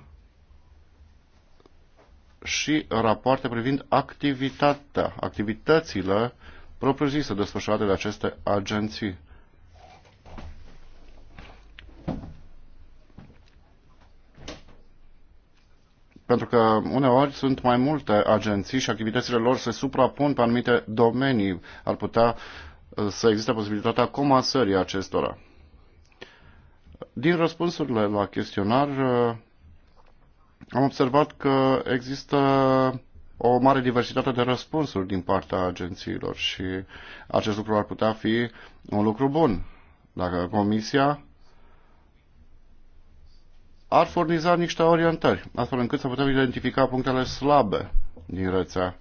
Speaker 1: și rapoarte privind activitatea, activitățile propriu-zise desfășurate de aceste agenții. pentru că uneori sunt mai multe agenții și activitățile lor se suprapun pe anumite domenii. Ar putea uh, să existe posibilitatea comasării acestora. Din răspunsurile la chestionar uh, am observat că există o mare diversitate de răspunsuri din partea agențiilor și acest lucru ar putea fi un lucru bun. Dacă Comisia ar furniza niște orientări, astfel încât să putem identifica punctele slabe din rețea.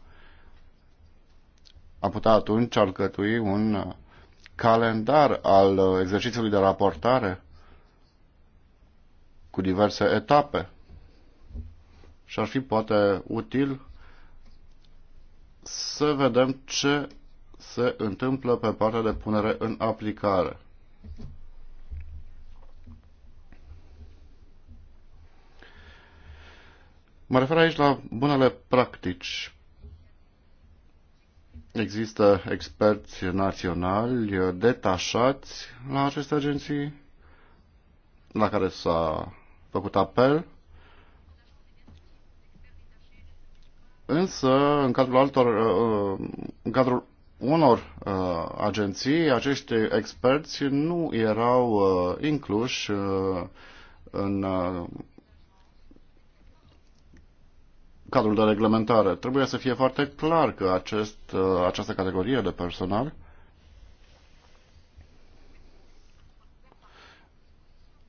Speaker 1: Am putea atunci alcătui un calendar al exercițiului de raportare cu diverse etape și ar fi poate util să vedem ce se întâmplă pe partea de punere în aplicare. Mă refer aici la bunele practici. Există experți naționali detașați la aceste agenții la care s-a făcut apel Însă, în cadrul, altor, uh, în cadrul unor uh, agenții, acești experți nu erau uh, incluși în cadrul de reglementare. Trebuie să fie foarte clar că acest, uh, această categorie de personal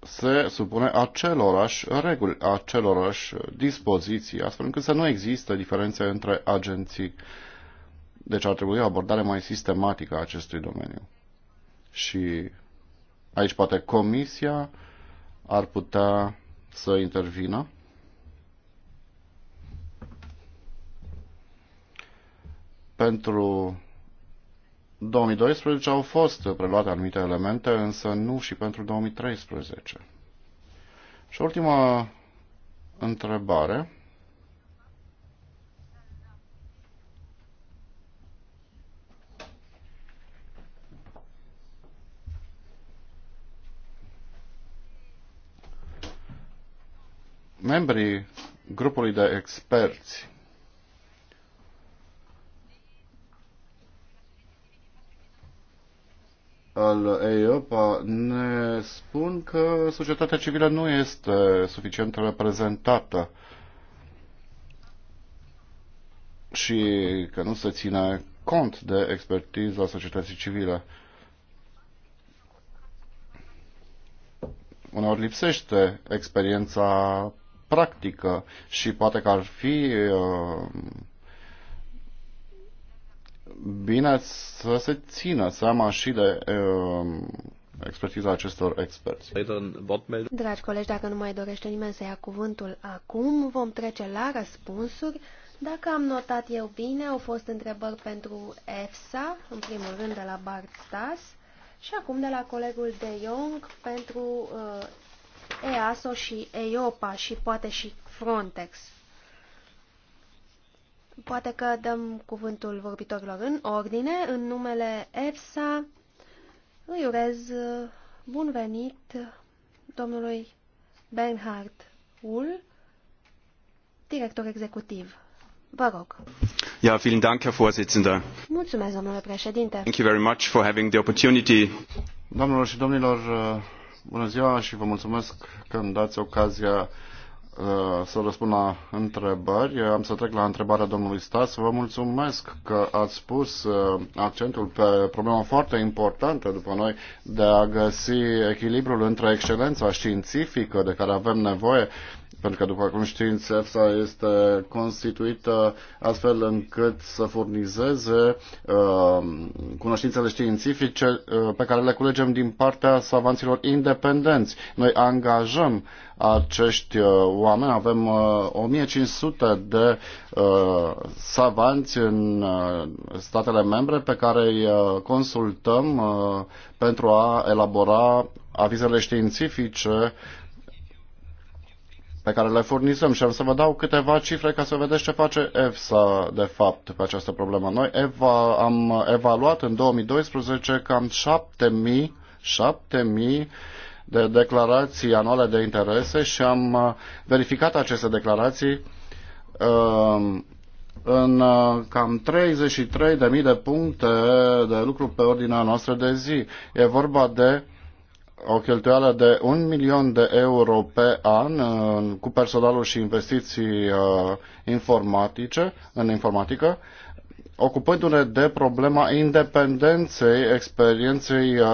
Speaker 1: se supune acelorași reguli, acelorași dispoziții, astfel încât să nu există diferențe între agenții. Deci ar trebui o abordare mai sistematică a acestui domeniu. Și aici poate comisia ar putea să intervină pentru 2012 au fost preluate anumite elemente, însă nu și pentru 2013. Și ultima întrebare. Membrii grupului de experți al EIOPA ne spun că societatea civilă nu este suficient reprezentată și că nu se ține cont de expertiza societății civile. Uneori lipsește experiența practică și poate că ar fi uh, bine să se țină seama și de uh, expertiza acestor experți.
Speaker 2: Dragi colegi, dacă nu mai dorește nimeni să ia cuvântul acum, vom trece la răspunsuri. Dacă am notat eu bine, au fost întrebări pentru EFSA, în primul rând de la Bart Stas, și acum de la colegul de Jong pentru uh, EASO și EIOPA și poate și Frontex. Poate că dăm cuvântul vorbitorilor în ordine. În numele EFSA îi urez uh, bun venit domnului Bernhard Uhl, director executiv. Vă rog.
Speaker 1: Ja, vielen Dank, Herr Vorsitzender.
Speaker 2: Mulțumesc, domnule președinte. Thank
Speaker 1: you very much for having the opportunity. Domnilor și domnilor, uh, bună ziua și vă mulțumesc că îmi dați ocazia Uh, să răspund la întrebări. Am să trec la întrebarea domnului Stas. Vă mulțumesc că ați pus uh, accentul pe problema foarte importantă după noi de a găsi echilibrul între excelența științifică de care avem nevoie pentru că, după cum știți, EFSA este constituită astfel încât să furnizeze uh, cunoștințele științifice uh, pe care le culegem din partea savanților independenți. Noi angajăm acești uh, oameni, avem uh, 1500 de uh, savanți în uh, statele membre pe care îi uh, consultăm uh, pentru a elabora avizele științifice pe care le furnizăm și am să vă dau câteva cifre ca să vedeți ce face EFSA de fapt pe această problemă. Noi eva, am evaluat în 2012 cam 7000, 7000 de declarații anuale de interese și am uh, verificat aceste declarații uh, în uh, cam 33.000 de puncte de lucru pe ordinea noastră de zi. E vorba de o cheltuială de un milion de euro pe an uh, cu personalul și investiții uh, informatice, în informatică, ocupându-ne de problema independenței experienței uh,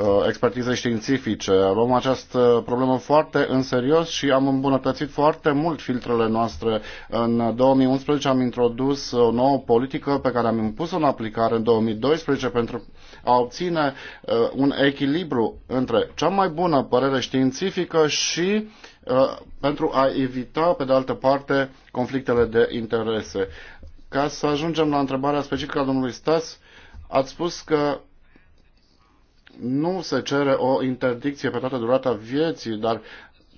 Speaker 1: Uh, expertize științifice. Luăm această problemă foarte în serios și am îmbunătățit foarte mult filtrele noastre. În 2011 am introdus o nouă politică pe care am impus-o în aplicare în 2012 pentru a obține uh, un echilibru între cea mai bună părere științifică și uh, pentru a evita, pe de altă parte, conflictele de interese. Ca să ajungem la întrebarea specifică a domnului Stas, ați spus că nu se cere o interdicție pe toată durata vieții, dar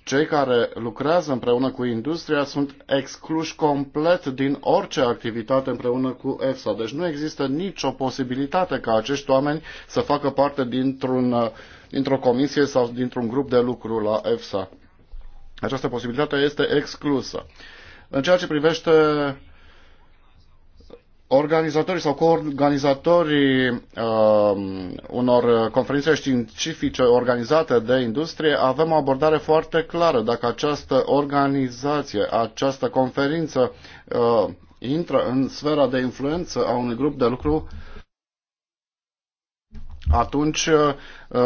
Speaker 1: cei care lucrează împreună cu industria sunt excluși complet din orice activitate împreună cu EFSA. Deci nu există nicio posibilitate ca acești oameni să facă parte dintr-un, dintr-o comisie sau dintr-un grup de lucru la EFSA. Această posibilitate este exclusă. În ceea ce privește organizatorii sau coorganizatorii uh, unor conferințe științifice organizate de industrie avem o abordare foarte clară. Dacă această organizație, această conferință uh, intră în sfera de influență a unui grup de lucru, atunci uh,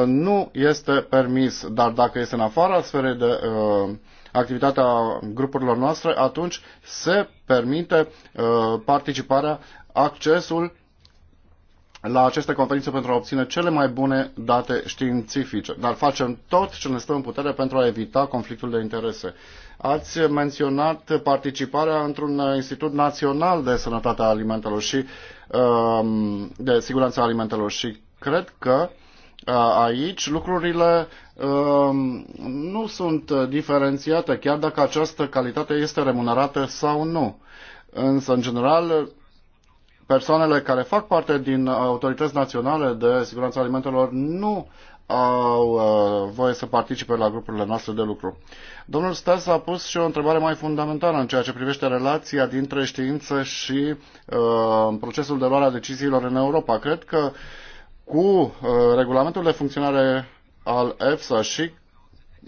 Speaker 1: nu este permis. Dar dacă este în afara sferei de uh, activitatea grupurilor noastre, atunci se permite uh, participarea, accesul la aceste conferințe pentru a obține cele mai bune date științifice. Dar facem tot ce ne stă în putere pentru a evita conflictul de interese. Ați menționat participarea într-un Institut Național de Sănătate a Alimentelor și um, de Siguranță Alimentelor și cred că uh, aici lucrurile Ehm, nu sunt uh, diferențiate, chiar dacă această calitate este remunerată sau nu. Însă, în general, persoanele care fac parte din autorități naționale de siguranță alimentelor nu au uh, voie să participe la grupurile noastre de lucru. Domnul Stas a pus și o întrebare mai fundamentală în ceea ce privește relația dintre știință și uh, procesul de luare a deciziilor în Europa. Cred că cu uh, regulamentul de funcționare al EFSA și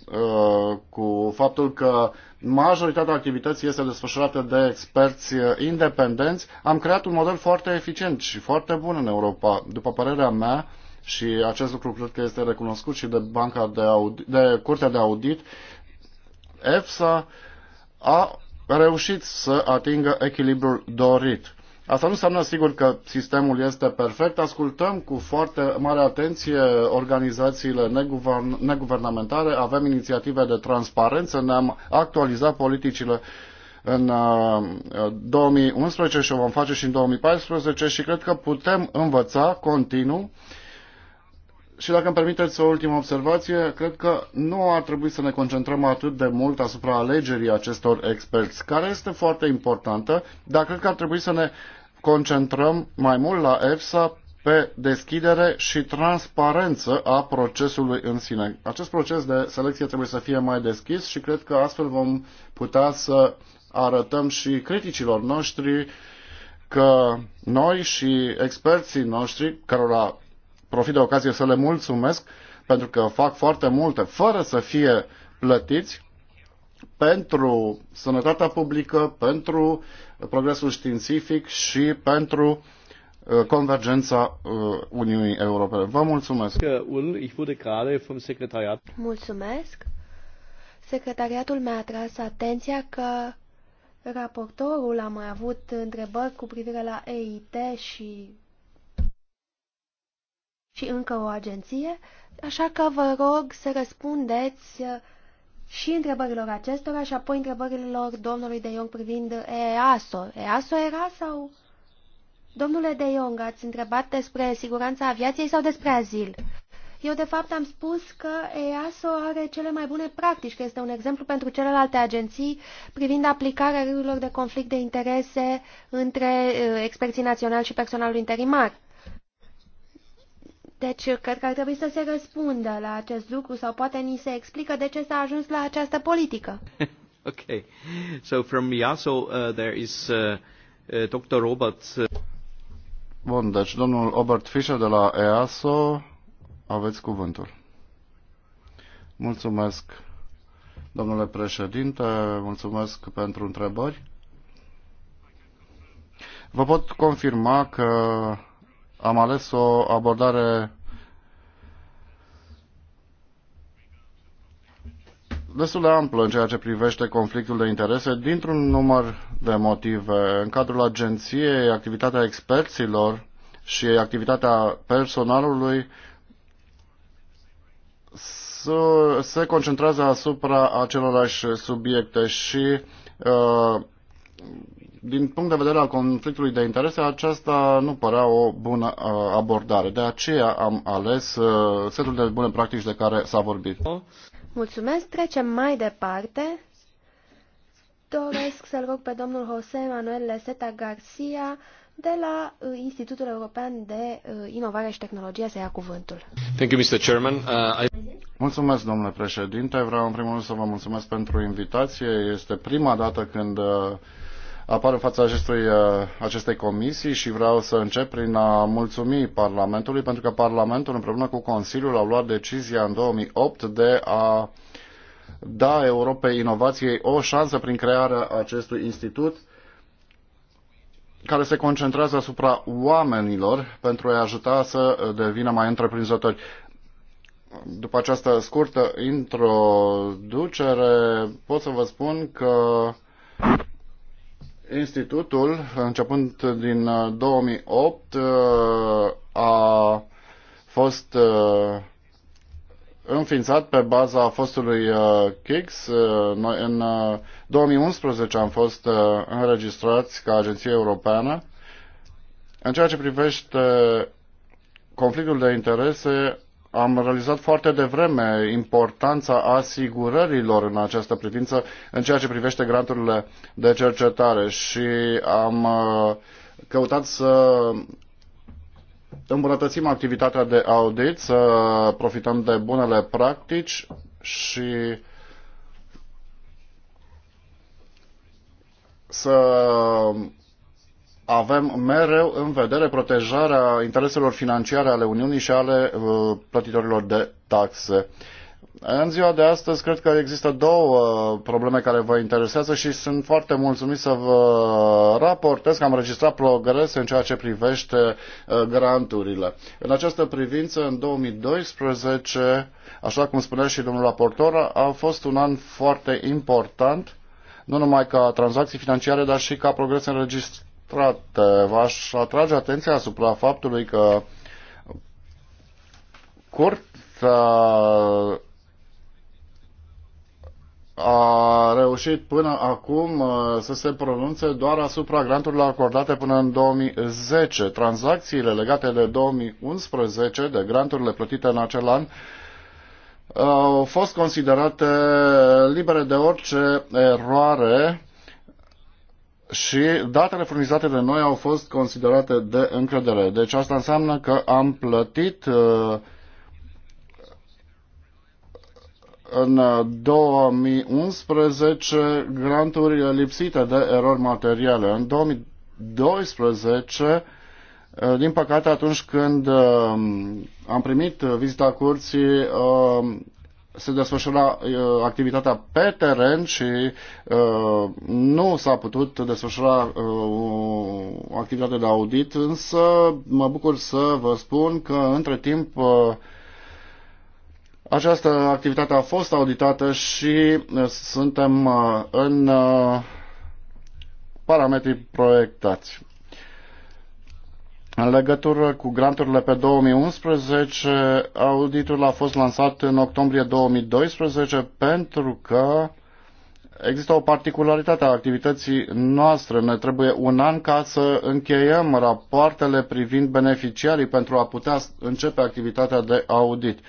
Speaker 1: uh, cu faptul că majoritatea activității este desfășurată de experți uh, independenți, am creat un model foarte eficient și foarte bun în Europa. După părerea mea, și acest lucru cred că este recunoscut și de, banca de, audit, de Curtea de Audit, EFSA a reușit să atingă echilibrul dorit. Asta nu înseamnă sigur că sistemul este perfect. Ascultăm cu foarte mare atenție organizațiile neguvern neguvernamentare, avem inițiative de transparență, ne-am actualizat politicile în 2011 uh, uh, și o vom face și în 2014 și cred că putem învăța continuu. Și dacă îmi permiteți o ultimă observație, cred că nu ar trebui să ne concentrăm atât de mult asupra alegerii acestor experți, care este foarte importantă, dar cred că ar trebui să ne uh, concentrăm mai mult la EFSA pe deschidere și transparență a procesului în sine. Acest proces de selecție trebuie să fie mai deschis și cred că astfel vom putea să arătăm și criticilor noștri că noi și experții noștri, cărora profit de ocazie să le mulțumesc, pentru că fac foarte multe, fără să fie plătiți, pentru sănătatea publică, pentru progresul științific și pentru uh, convergența uh, Uniunii Europene. Vă mulțumesc! Mulțumesc!
Speaker 2: Secretariatul mi-a atras atenția că raportorul a mai avut întrebări cu privire la EIT și, și încă o agenție, așa că vă rog să răspundeți și întrebărilor acestora și apoi întrebărilor domnului De Jong privind EASO. EASO era sau... Domnule De Jong, ați întrebat despre siguranța aviației sau despre azil? Eu, de fapt, am spus că EASO are cele mai bune practici, că este un exemplu pentru celelalte agenții privind aplicarea râurilor de conflict de interese între uh, experții naționali și personalul interimar. Deci, cred că ar trebui să se răspundă la acest lucru sau poate ni se explică de ce s-a ajuns la această politică. ok. So from IASO uh, there is uh, uh, Dr. Robert. Uh,
Speaker 1: Bun, deci domnul Robert Fischer de la EASO, aveți cuvântul. Mulțumesc, domnule președinte, mulțumesc pentru întrebări. Vă pot confirma că am ales o abordare destul de amplă în ceea ce privește conflictul de interese dintr-un număr de motive. În cadrul agenției, activitatea experților și activitatea personalului se concentrează asupra acelorași subiecte și uh, din punct de vedere al conflictului de interese, aceasta nu părea o bună uh, abordare. De aceea am ales uh, setul de bune practici de care s-a vorbit.
Speaker 2: Mulțumesc. Trecem mai departe. Doresc să-l rog pe domnul José Manuel Leseta Garcia de la uh, Institutul European de Inovare și Tehnologie să ia cuvântul.
Speaker 1: Thank you, Mr. Chairman. Uh, I... Mulțumesc, domnule președinte. Vreau în primul rând să vă mulțumesc pentru invitație. Este prima dată când apar în fața acestui, uh, acestei comisii și vreau să încep prin a mulțumi Parlamentului pentru că Parlamentul împreună cu Consiliul a luat decizia în 2008 de a da Europei Inovației o șansă prin crearea acestui institut care se concentrează asupra oamenilor pentru a-i ajuta să devină mai întreprinzători. După această scurtă introducere pot să vă spun că Institutul, începând din 2008, uh, uh, a fost uh, înființat pe baza fostului KIX. Noi în 2011 am fost înregistrați ca agenție europeană. În ceea ce privește conflictul de interese, am realizat foarte devreme importanța asigurărilor în această privință în ceea ce privește granturile de cercetare și am uh, căutat să îmbunătățim activitatea de audit, să profităm de bunele practici și să avem mereu în vedere protejarea intereselor financiare ale Uniunii și ale uh, plătitorilor de taxe. În ziua de astăzi cred că există două uh, probleme care vă interesează și sunt foarte mulțumit să vă raportez că am registrat progrese în ceea ce privește uh, granturile. În această privință, în 2012, așa cum spunea și domnul raportor, a fost un an foarte important, nu numai ca tranzacții financiare, dar și ca progrese înregistrate trate. V-aș atrage atenția asupra faptului că Curtea a reușit până acum uh, să se pronunțe doar asupra granturilor acordate până în 2010. Tranzacțiile legate de 2011, de granturile plătite în acel an, au fost considerate libere de orice eroare și datele furnizate de noi au fost considerate de încredere. Deci asta înseamnă că am plătit uh, în 2011 granturi lipsite de erori materiale. În 2012 uh, din păcate, atunci când uh, am primit vizita curții, se desfășura uh, activitatea pe teren și uh, nu s-a putut desfășura uh, activitatea de audit, însă mă bucur să vă spun că între timp uh, această activitate a fost auditată și uh, suntem uh, în uh, parametrii proiectați. În legătură cu granturile pe 2011, auditul a fost lansat în octombrie 2012 pentru că există o particularitate a activității noastre. Ne trebuie un an ca să încheiem rapoartele privind beneficiarii pentru a putea începe activitatea de audit.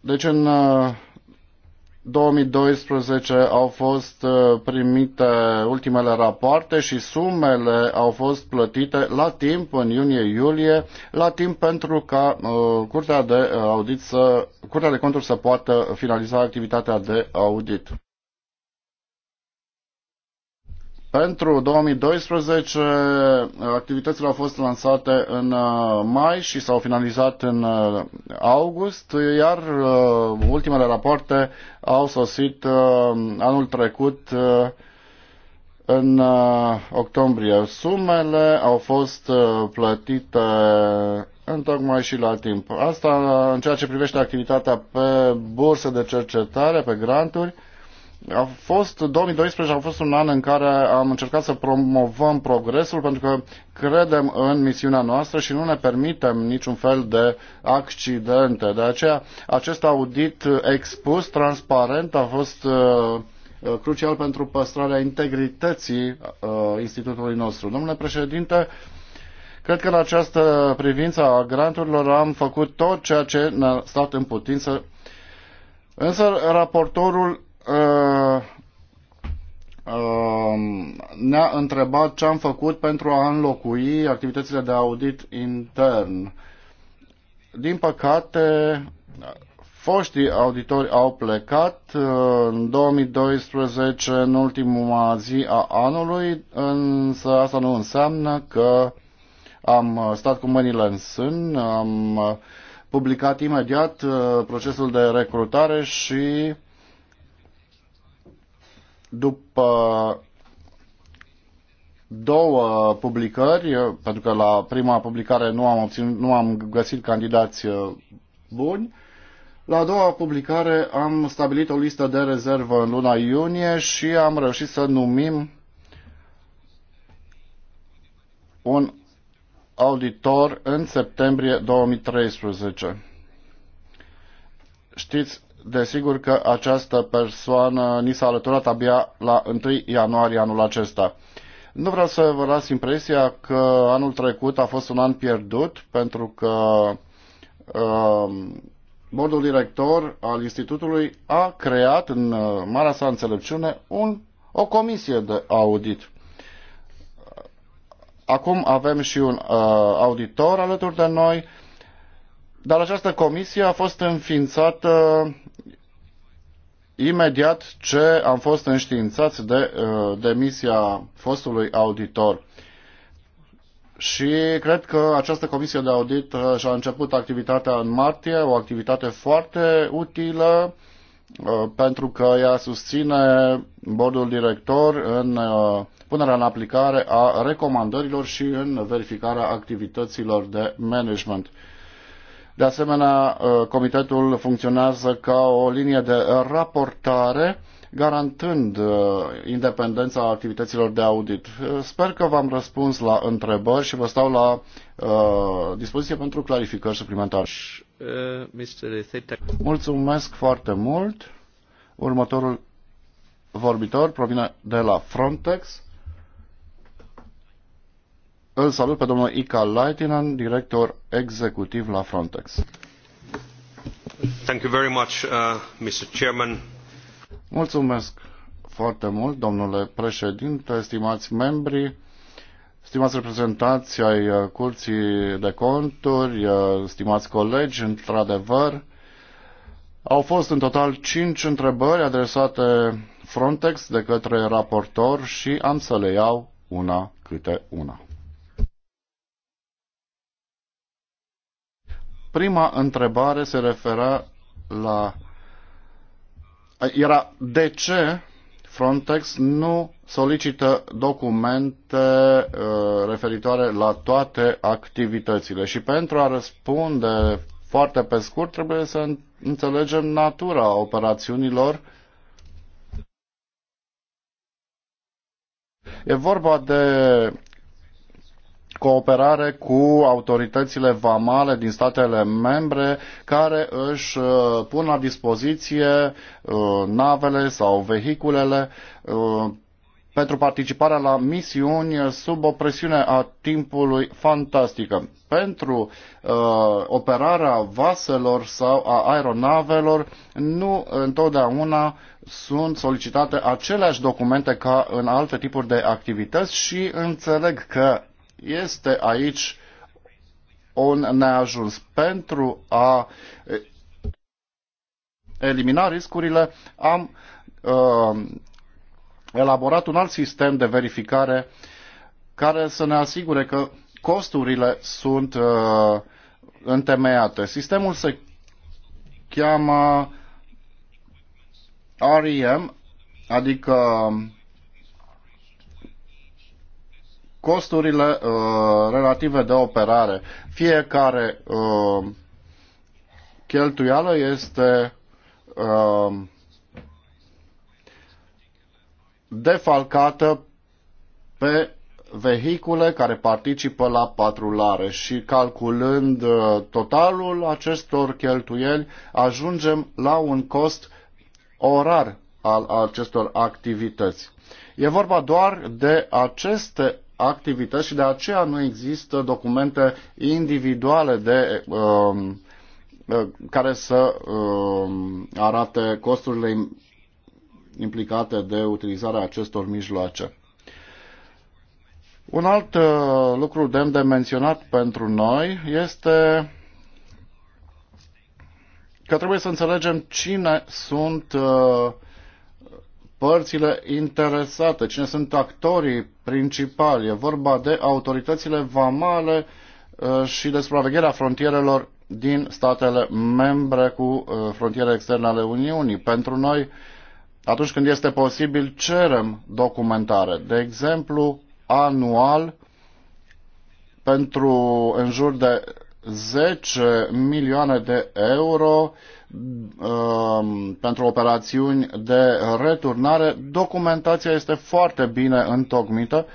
Speaker 1: Deci în 2012 au fost uh, primite ultimele rapoarte și sumele au fost plătite la timp, în iunie-iulie, la timp pentru ca uh, Curtea de, audit să, Curtea de Conturi să poată finaliza activitatea de audit. Pentru 2012, activitățile au fost lansate în uh, mai și s-au finalizat în uh, august, iar uh, ultimele rapoarte au sosit anul trecut în octombrie. Sumele au fost plătite în tocmai și la timp. Asta în ceea ce privește activitatea pe bursă de cercetare, pe granturi, a fost, 2012 a fost un an în care am încercat să promovăm progresul pentru că credem în misiunea noastră și nu ne permitem niciun fel de accidente. De aceea acest audit expus, transparent, a fost uh, uh crucial pentru păstrarea integrității uh, institutului nostru. Domnule președinte, cred că în această privință a granturilor am făcut tot ceea ce ne-a stat în putință. Însă raportorul Uh, um, ne-a întrebat ce am făcut pentru a înlocui activitățile de audit intern. Din păcate, foștii auditori au plecat uh, în 2012, în ultima zi a anului, însă asta nu înseamnă că am uh, stat cu mâinile în sân, am publicat imediat procesul de recrutare și după două publicări, pentru că la prima publicare nu am, obținut, nu am găsit candidați uh, buni, la a doua publicare am stabilit o listă de rezervă în luna iunie și am reușit să numim un auditor în septembrie 2013. Știți desigur că această persoană ni s-a alăturat abia la 1 ianuarie anul acesta. Nu vreau să vă las impresia că anul trecut a fost un an pierdut, pentru că uh, bordul director al institutului a creat în uh, marea sa înțelepciune un, o comisie de audit. Acum avem și un uh, auditor alături de noi, uh, dar această comisie a fost înființată imediat ce am fost înștiințați de uh, demisia fostului auditor. Și cred că această comisie de audit uh, și-a început activitatea în martie, o activitate foarte utilă uh, pentru că ea susține bordul director în punerea în aplicare a recomandărilor și în verificarea activităților de management. De asemenea, uh, comitetul funcționează ca o linie de raportare garantând uh, independența activităților de audit. Uh, sper că v-am răspuns la întrebări și vă stau la uh, dispoziție pentru clarificări suplimentare. Mulțumesc foarte mult. Următorul vorbitor provine de la Frontex. Îl salut pe domnul Ica Laitinen, director executiv la Frontex.
Speaker 2: Thank you very much, uh, Mr. Chairman.
Speaker 1: Mulțumesc foarte mult, domnule președinte, stimați membri, stimați reprezentanți ai uh, Curții de Conturi, uh, stimați colegi, într-adevăr, au fost în total cinci întrebări adresate Frontex de către raportor și am să le iau una câte una. Prima întrebare se refera la era de ce Frontex nu solicită documente uh, referitoare la toate activitățile și pentru a răspunde foarte pe scurt trebuie să înțelegem natura operațiunilor. E vorba de cooperare cu autoritățile vamale din statele membre care își uh, pun la dispoziție uh, navele sau vehiculele uh, pentru participarea la misiuni sub o presiune a timpului fantastică. Pentru uh, operarea vaselor sau a aeronavelor nu întotdeauna sunt solicitate aceleași documente ca în alte tipuri de activități și înțeleg că este aici un neajuns. Pentru a elimina riscurile, am uh, elaborat un alt sistem de verificare care să ne asigure că costurile sunt uh, întemeiate. Sistemul se cheamă REM, adică costurile uh, relative de operare. Fiecare uh, cheltuială este uh, defalcată pe vehicule care participă la patrulare și calculând uh, totalul acestor cheltuieli ajungem la un cost orar al acestor activități. E vorba doar de aceste activități și de aceea nu există documente individuale de, um, uh, care să uh, arate costurile implicate de utilizarea acestor mijloace. Un alt uh, lucru demn de menționat pentru noi este că trebuie să înțelegem cine sunt uh, părțile interesate, cine sunt actorii principali. E vorba de autoritățile vamale uh, și de supravegherea frontierelor din statele membre cu uh, frontiere externe ale Uniunii. Pentru noi, atunci când este posibil, cerem documentare. De exemplu, anual, pentru în jur de 10 milioane de euro, uh, Um, pentru operațiuni de returnare, documentația este foarte bine întocmită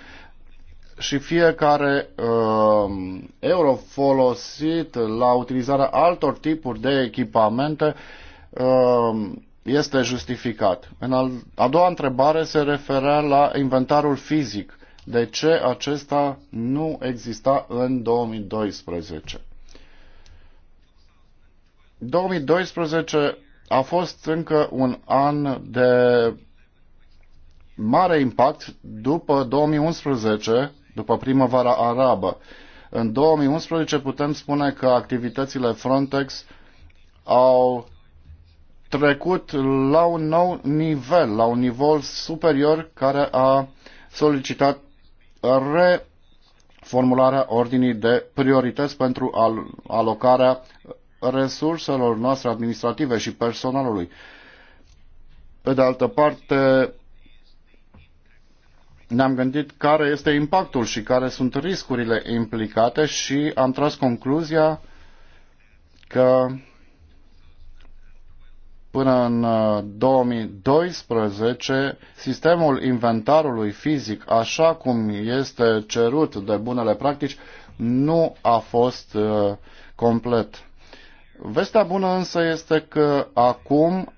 Speaker 1: și fiecare uh, euro folosit la utilizarea altor tipuri de echipamente uh, este justificat. În al, a doua întrebare se referea la inventarul fizic. De ce acesta nu exista în 2012? 2012 a fost încă un an de mare impact după 2011, după primăvara arabă. În 2011 putem spune că activitățile Frontex au trecut la un nou nivel, la un nivel superior care a solicitat reformularea ordinii de priorități pentru alocarea resurselor noastre administrative și personalului. Pe de altă parte, ne-am gândit care este impactul și care sunt riscurile implicate și am tras concluzia că până în 2012 uh, sistemul inventarului fizic, așa cum este cerut de bunele practici, nu a fost uh, complet Vestea bună însă este că acum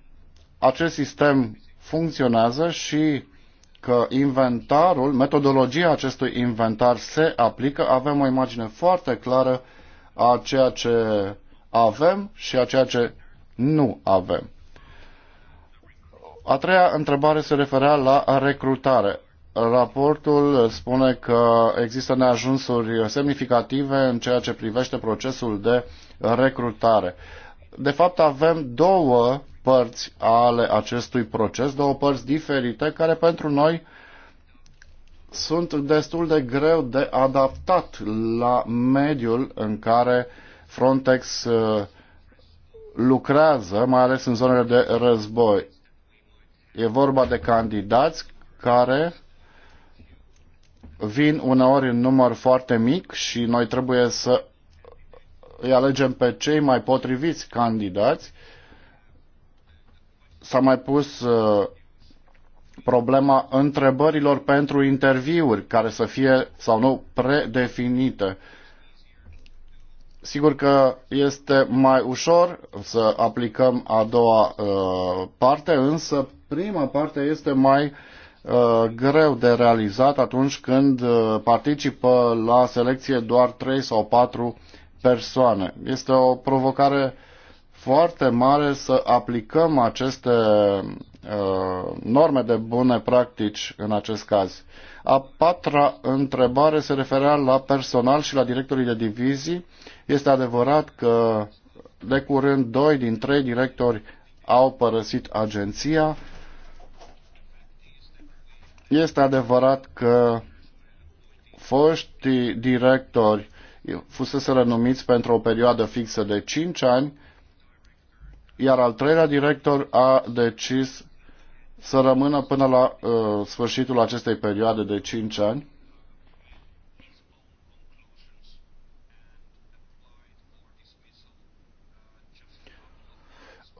Speaker 1: acest sistem funcționează și că inventarul, metodologia acestui inventar se aplică, avem o imagine foarte clară a ceea ce avem și a ceea ce nu avem. A treia întrebare se referea la recrutare. Raportul spune că există neajunsuri semnificative în ceea ce privește procesul de recrutare. De fapt, avem două părți ale acestui proces, două părți diferite, care pentru noi sunt destul de greu de adaptat la mediul în care Frontex uh, lucrează, mai ales în zonele de război. E vorba de candidați care vin uneori în număr foarte mic și noi trebuie să îi alegem pe cei mai potriviți candidați. S-a mai pus uh, problema întrebărilor pentru interviuri care să fie sau nu predefinite. Sigur că este mai ușor să aplicăm a doua uh, parte, însă prima parte este mai uh, greu de realizat atunci când uh, participă la selecție doar 3 sau 4 persoane. Este o provocare foarte mare să aplicăm aceste uh, norme de bune practici în acest caz. A patra întrebare se referea la personal și la directorii de divizii. Este adevărat că de curând doi din trei directori au părăsit agenția. Este adevărat că foștii directori fusese renumiți pentru o perioadă fixă de 5 ani, iar al treilea director a decis să rămână până la uh, sfârșitul acestei perioade de 5 ani.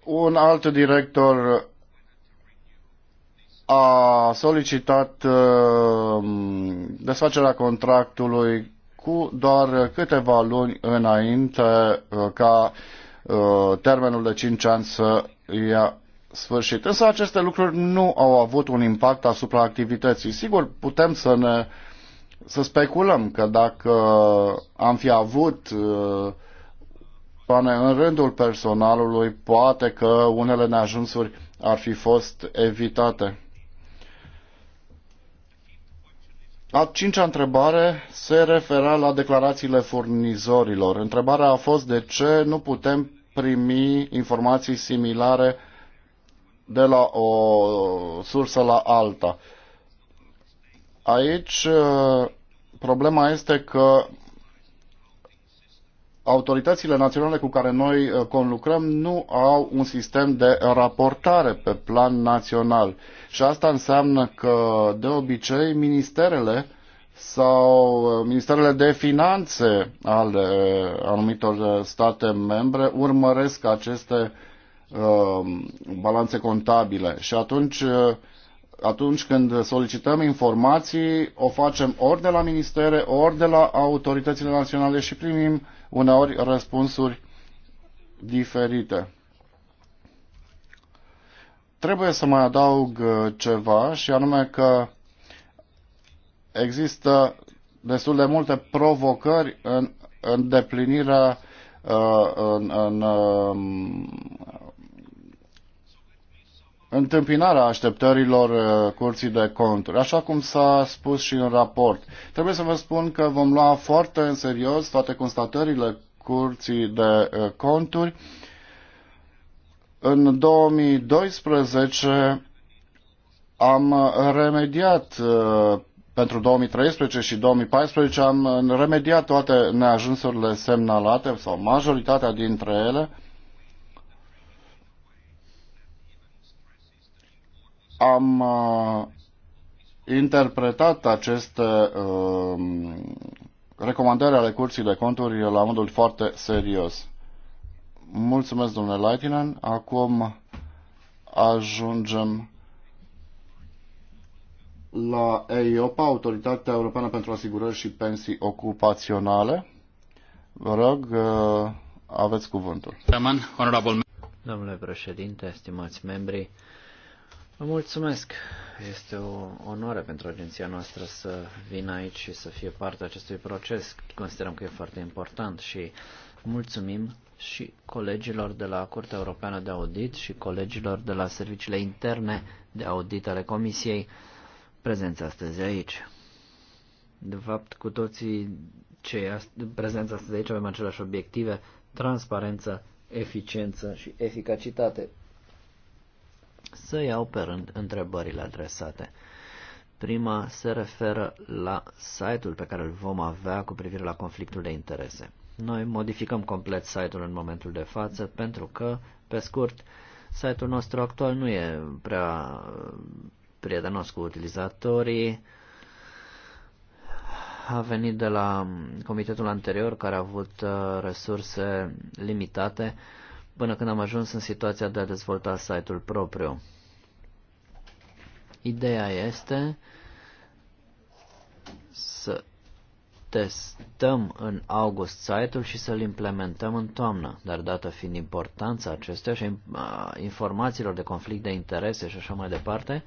Speaker 1: Un alt director a solicitat uh, desfacerea contractului cu doar câteva luni înainte uh, ca uh, termenul de 5 ani să ia sfârșit. Însă aceste lucruri nu au avut un impact asupra activității. Sigur, putem să ne să speculăm că dacă am fi avut uh, pane în rândul personalului, poate că unele neajunsuri ar fi fost evitate. A cincea întrebare se refera la declarațiile furnizorilor. Întrebarea a fost de ce nu putem primi informații similare de la o sursă la alta. Aici uh, problema este că autoritățile naționale cu care noi uh, conlucrăm nu au un sistem de raportare pe plan național. Și asta înseamnă că, de obicei, ministerele sau uh, ministerele de finanțe ale uh, anumitor state membre urmăresc aceste uh, balanțe contabile și atunci atunci când solicităm informații, o facem ori de la ministere, ori de la autoritățile naționale și primim uneori răspunsuri diferite. Trebuie să mai adaug uh, ceva și anume că există destul de multe provocări în îndeplinirea uh, în, în, um, întâmpinarea așteptărilor uh, curții de conturi. Așa cum s-a spus și în raport. Trebuie să vă spun că vom lua foarte în serios toate constatările curții de uh, conturi. În 2012 am remediat uh, pentru 2013 și 2014 am remediat toate neajunsurile semnalate sau majoritatea dintre ele am uh, interpretat aceste uh, recomandări ale Curții de Conturi la modul foarte serios. Mulțumesc, domnule Leitinen. Acum ajungem la EIOPA, Autoritatea Europeană pentru Asigurări și Pensii Ocupaționale. Vă rog, uh, aveți cuvântul.
Speaker 3: Domnule președinte, estimați membri, Vă mulțumesc! Este o onoare pentru agenția noastră să vină aici și să fie parte a acestui proces. Considerăm că e foarte important și mulțumim și colegilor de la Curtea Europeană de Audit și colegilor de la Serviciile Interne de Audit ale Comisiei prezenți astăzi aici. De fapt, cu toții cei prezenți astăzi aici avem aceleași obiective, transparență, eficiență și eficacitate să iau pe rând întrebările adresate. Prima se referă la site-ul pe care îl vom avea cu privire la conflictul de interese. Noi modificăm complet site-ul în momentul de față pentru că, pe scurt, site-ul nostru actual nu e prea uh, prietenos cu utilizatorii. A venit de la comitetul anterior care a avut uh, resurse limitate până când am ajuns în situația de a dezvolta site-ul propriu. Ideea este să testăm în august site-ul și să-l implementăm în toamnă, dar dată fiind importanța acestea și informațiilor de conflict de interese și așa mai departe,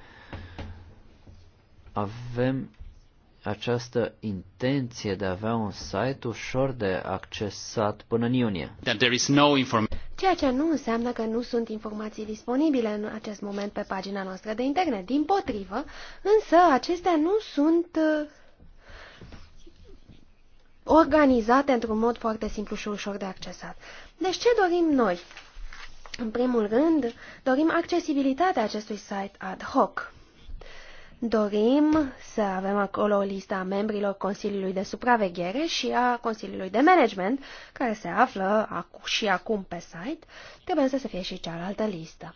Speaker 3: avem această intenție de a avea un site ușor de accesat până în iunie
Speaker 2: ceea ce nu înseamnă că nu sunt informații disponibile în acest moment pe pagina noastră de internet. Din potrivă, însă acestea nu sunt uh, organizate într-un mod foarte simplu și ușor de accesat. Deci ce dorim noi? În primul rând, dorim accesibilitatea acestui site ad hoc. Dorim să avem acolo lista membrilor Consiliului de Supraveghere și a Consiliului de Management, care se află și acum pe site. Trebuie să se fie și cealaltă listă.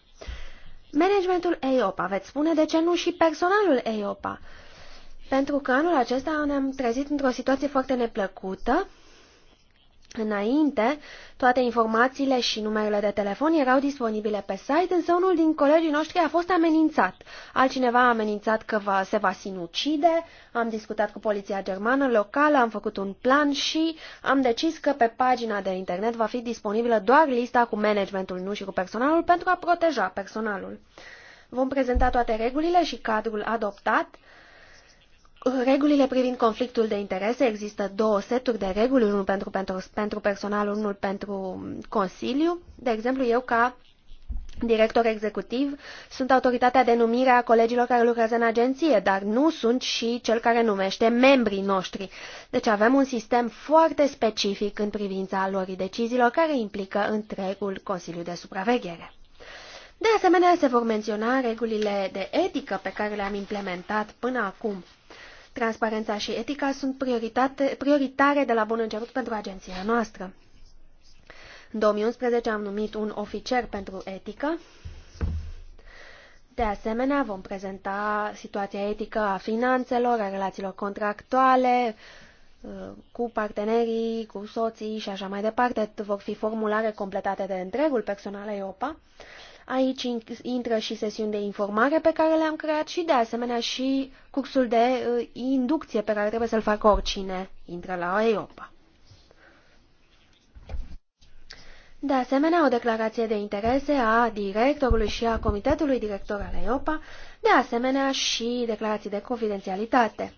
Speaker 2: Managementul EIOPA, veți spune de ce nu și personalul EIOPA? Pentru că anul acesta ne-am trezit într-o situație foarte neplăcută Înainte, toate informațiile și numerele de telefon erau disponibile pe site, însă unul din colegii noștri a fost amenințat. Altcineva a amenințat că va, se va sinucide, am discutat cu poliția germană locală, am făcut un plan și am decis că pe pagina de internet va fi disponibilă doar lista cu managementul, nu și cu personalul, pentru a proteja personalul. Vom prezenta toate regulile și cadrul adoptat Regulile privind conflictul de interese, există două seturi de reguli, unul pentru, pentru, pentru personal, unul pentru Consiliu. De exemplu, eu ca director executiv sunt autoritatea de numire a colegilor care lucrează în agenție, dar nu sunt și cel care numește membrii noștri. Deci avem un sistem foarte specific în privința luării deciziilor care implică întregul Consiliu de Supraveghere. De asemenea, se vor menționa regulile de etică pe care le-am implementat până acum Transparența și etica sunt prioritare de la bun început pentru agenția noastră. În 2011 am numit un oficer pentru etică. De asemenea, vom prezenta situația etică a finanțelor, a relațiilor contractuale, uh, cu partenerii, cu soții și așa mai departe. Vor fi formulare completate de întregul personal EOPA Aici intră și sesiuni de informare pe care le-am creat și de asemenea și cursul de uh, inducție pe care trebuie să-l facă oricine intră la EIOPA. De asemenea, o declarație de interese a directorului și a comitetului director al EIOPA, de asemenea și declarații de confidențialitate.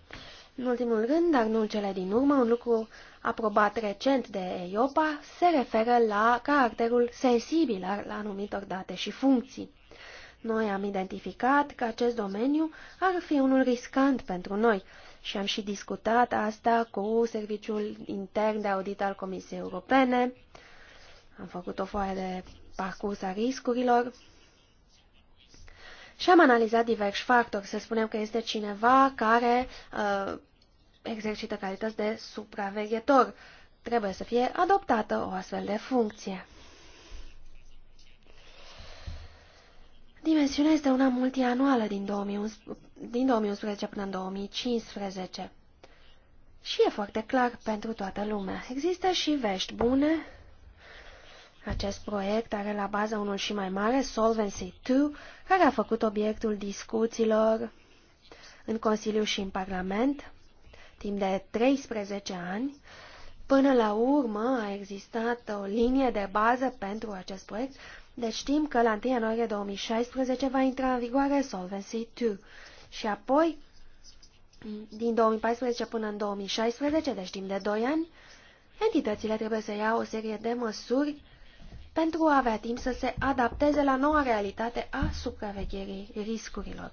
Speaker 2: În ultimul rând, dar nu în cele din urmă, un lucru aprobat recent de EIOPA se referă la caracterul sensibil al anumitor date și funcții. Noi am identificat că acest domeniu ar fi unul riscant pentru noi și am și discutat asta cu Serviciul Intern de Audit al Comisiei Europene. Am făcut o foaie de parcurs a riscurilor și am analizat diversi factori. Să spunem că este cineva care uh, exercită calități de supraveghetor. Trebuie să fie adoptată o astfel de funcție. Dimensiunea este una multianuală din 2011, din 2011 până în 2015. Și e foarte clar pentru toată lumea. Există și vești bune. Acest proiect are la bază unul și mai mare, Solvency 2, care a făcut obiectul discuțiilor în Consiliu și în Parlament timp de 13 ani. Până la urmă a existat o linie de bază pentru acest proiect, deci știm că la 1 ianuarie 2016 va intra în vigoare Solvency 2 și apoi din 2014 până în 2016, deci timp de 2 ani, entitățile trebuie să ia o serie de măsuri pentru a avea timp să se adapteze la noua realitate a supravegherii riscurilor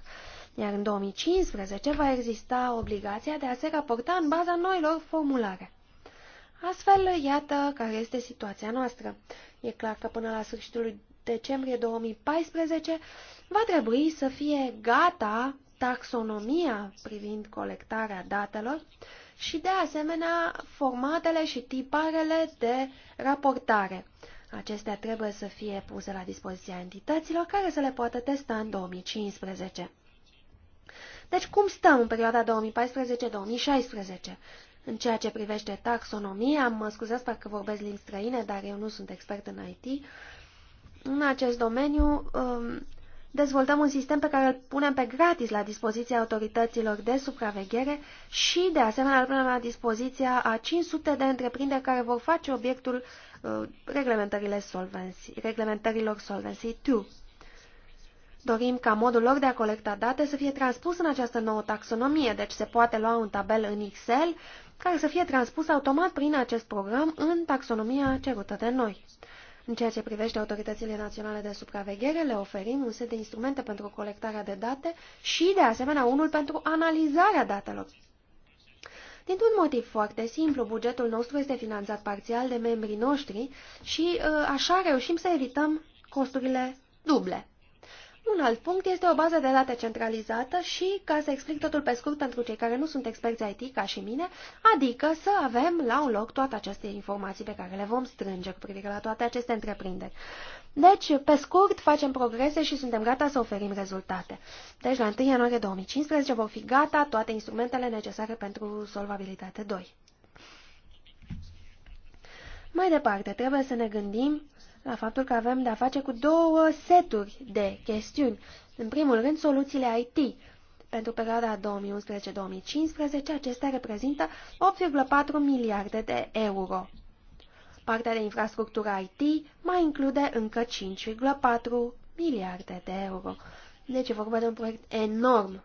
Speaker 2: iar în 2015 va exista obligația de a se raporta în baza noilor formulare. Astfel, iată care este situația noastră. E clar că până la sfârșitul decembrie 2014 va trebui să fie gata taxonomia privind colectarea datelor și, de asemenea, formatele și tiparele de raportare. Acestea trebuie să fie puse la dispoziția entităților care să le poată testa în 2015. Deci cum stăm în perioada 2014-2016? În ceea ce privește taxonomia, mă scuzați dacă vorbesc limbi străine, dar eu nu sunt expert în IT, în acest domeniu um, dezvoltăm un sistem pe care îl punem pe gratis la dispoziția autorităților de supraveghere și, de asemenea, îl punem la dispoziția a 500 de întreprinderi care vor face obiectul uh, reglementările solvenții, reglementărilor Solvency 2. Dorim ca modul lor de a colecta date să fie transpus în această nouă taxonomie, deci se poate lua un tabel în Excel care să fie transpus automat prin acest program în taxonomia cerută de noi. În ceea ce privește autoritățile naționale de supraveghere, le oferim un set de instrumente pentru colectarea de date și, de asemenea, unul pentru analizarea datelor. Dintr-un motiv foarte simplu, bugetul nostru este finanțat parțial de membrii noștri și uh, așa reușim să evităm costurile duble. Un alt punct este o bază de date centralizată și, ca să explic totul pe scurt pentru cei care nu sunt experți IT ca și mine, adică să avem la un loc toate aceste informații pe care le vom strânge cu privire la toate aceste întreprinderi. Deci, pe scurt, facem progrese și suntem gata să oferim rezultate. Deci, la 1 ianuarie 2015 vor fi gata toate instrumentele necesare pentru solvabilitate 2. Mai departe, trebuie să ne gândim la faptul că avem de-a face cu două seturi de chestiuni. În primul rând, soluțiile IT. Pentru perioada 2011-2015, acestea reprezintă 8,4 miliarde de euro. Partea de infrastructură IT mai include încă 5,4 miliarde de euro. Deci e vorba de un proiect enorm.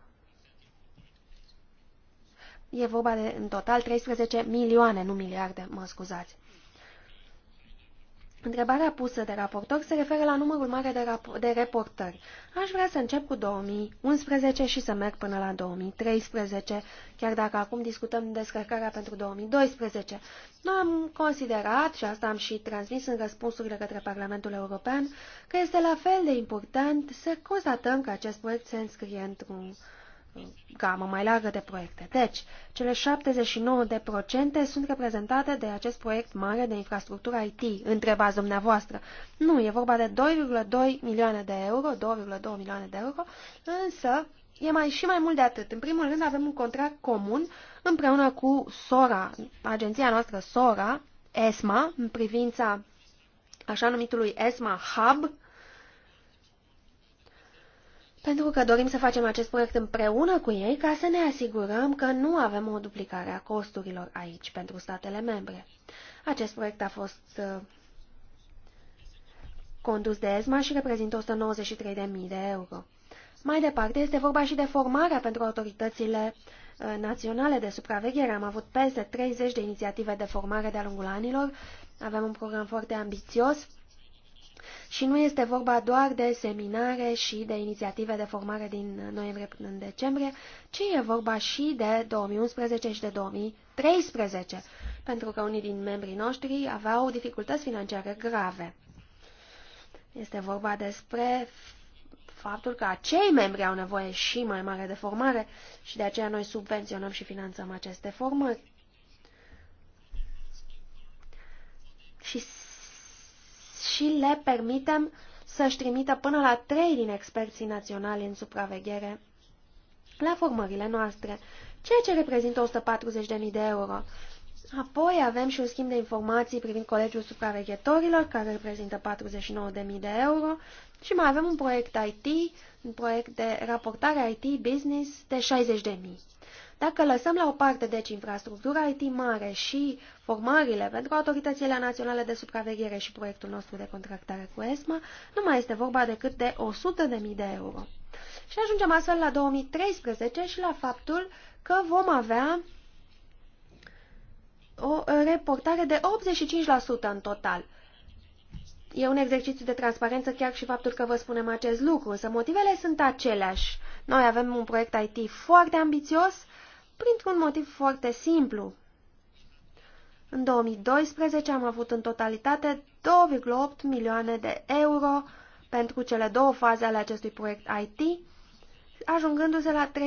Speaker 2: E vorba de, în total, 13 milioane, nu miliarde, mă scuzați. Întrebarea pusă de raportor se referă la numărul mare de, de reportări. Aș vrea să încep cu 2011 și să merg până la 2013, chiar dacă acum discutăm descărcarea pentru 2012. Nu am considerat, și asta am și transmis în răspunsurile către Parlamentul European, că este la fel de important să constatăm că acest proiect se înscrie într-un gamă mai largă de proiecte. Deci, cele 79% de procente sunt reprezentate de acest proiect mare de infrastructură IT, întrebați dumneavoastră. Nu, e vorba de 2,2 milioane de euro, 2,2 milioane de euro, însă e mai și mai mult de atât. În primul rând avem un contract comun împreună cu SORA, agenția noastră SORA, ESMA, în privința așa numitului ESMA Hub, pentru că dorim să facem acest proiect împreună cu ei ca să ne asigurăm că nu avem o duplicare a costurilor aici pentru statele membre. Acest proiect a fost uh, condus de ESMA și reprezintă 193.000 de euro. Mai departe, este vorba și de formarea pentru autoritățile uh, naționale de supraveghere. Am avut peste 30 de inițiative de formare de-a lungul anilor. Avem un program foarte ambițios și nu este vorba doar de seminare și de inițiative de formare din noiembrie până în decembrie, ci e vorba și de 2011 și de 2013, pentru că unii din membrii noștri aveau dificultăți financiare grave. Este vorba despre faptul că acei membri au nevoie și mai mare de formare și de aceea noi subvenționăm și finanțăm aceste formări. Și și le permitem să-și trimită până la trei din experții naționali în supraveghere la formările noastre, ceea ce reprezintă 140.000 de euro. Apoi avem și un schimb de informații privind Colegiul Supraveghetorilor, care reprezintă 49.000 de euro, și mai avem un proiect IT, un proiect de raportare IT business de 60.000. Dacă lăsăm la o parte, deci, infrastructura IT mare și formările pentru autoritățile naționale de supraveghere și proiectul nostru de contractare cu ESMA, nu mai este vorba decât de 100.000 de euro. Și ajungem astfel la 2013 și la faptul că vom avea o reportare de 85% în total. E un exercițiu de transparență chiar și faptul că vă spunem acest lucru, însă motivele sunt aceleași. Noi avem un proiect IT foarte ambițios printr-un motiv foarte simplu. În 2012 am avut în totalitate 2,8 milioane de euro pentru cele două faze ale acestui proiect IT, ajungându-se la 3,8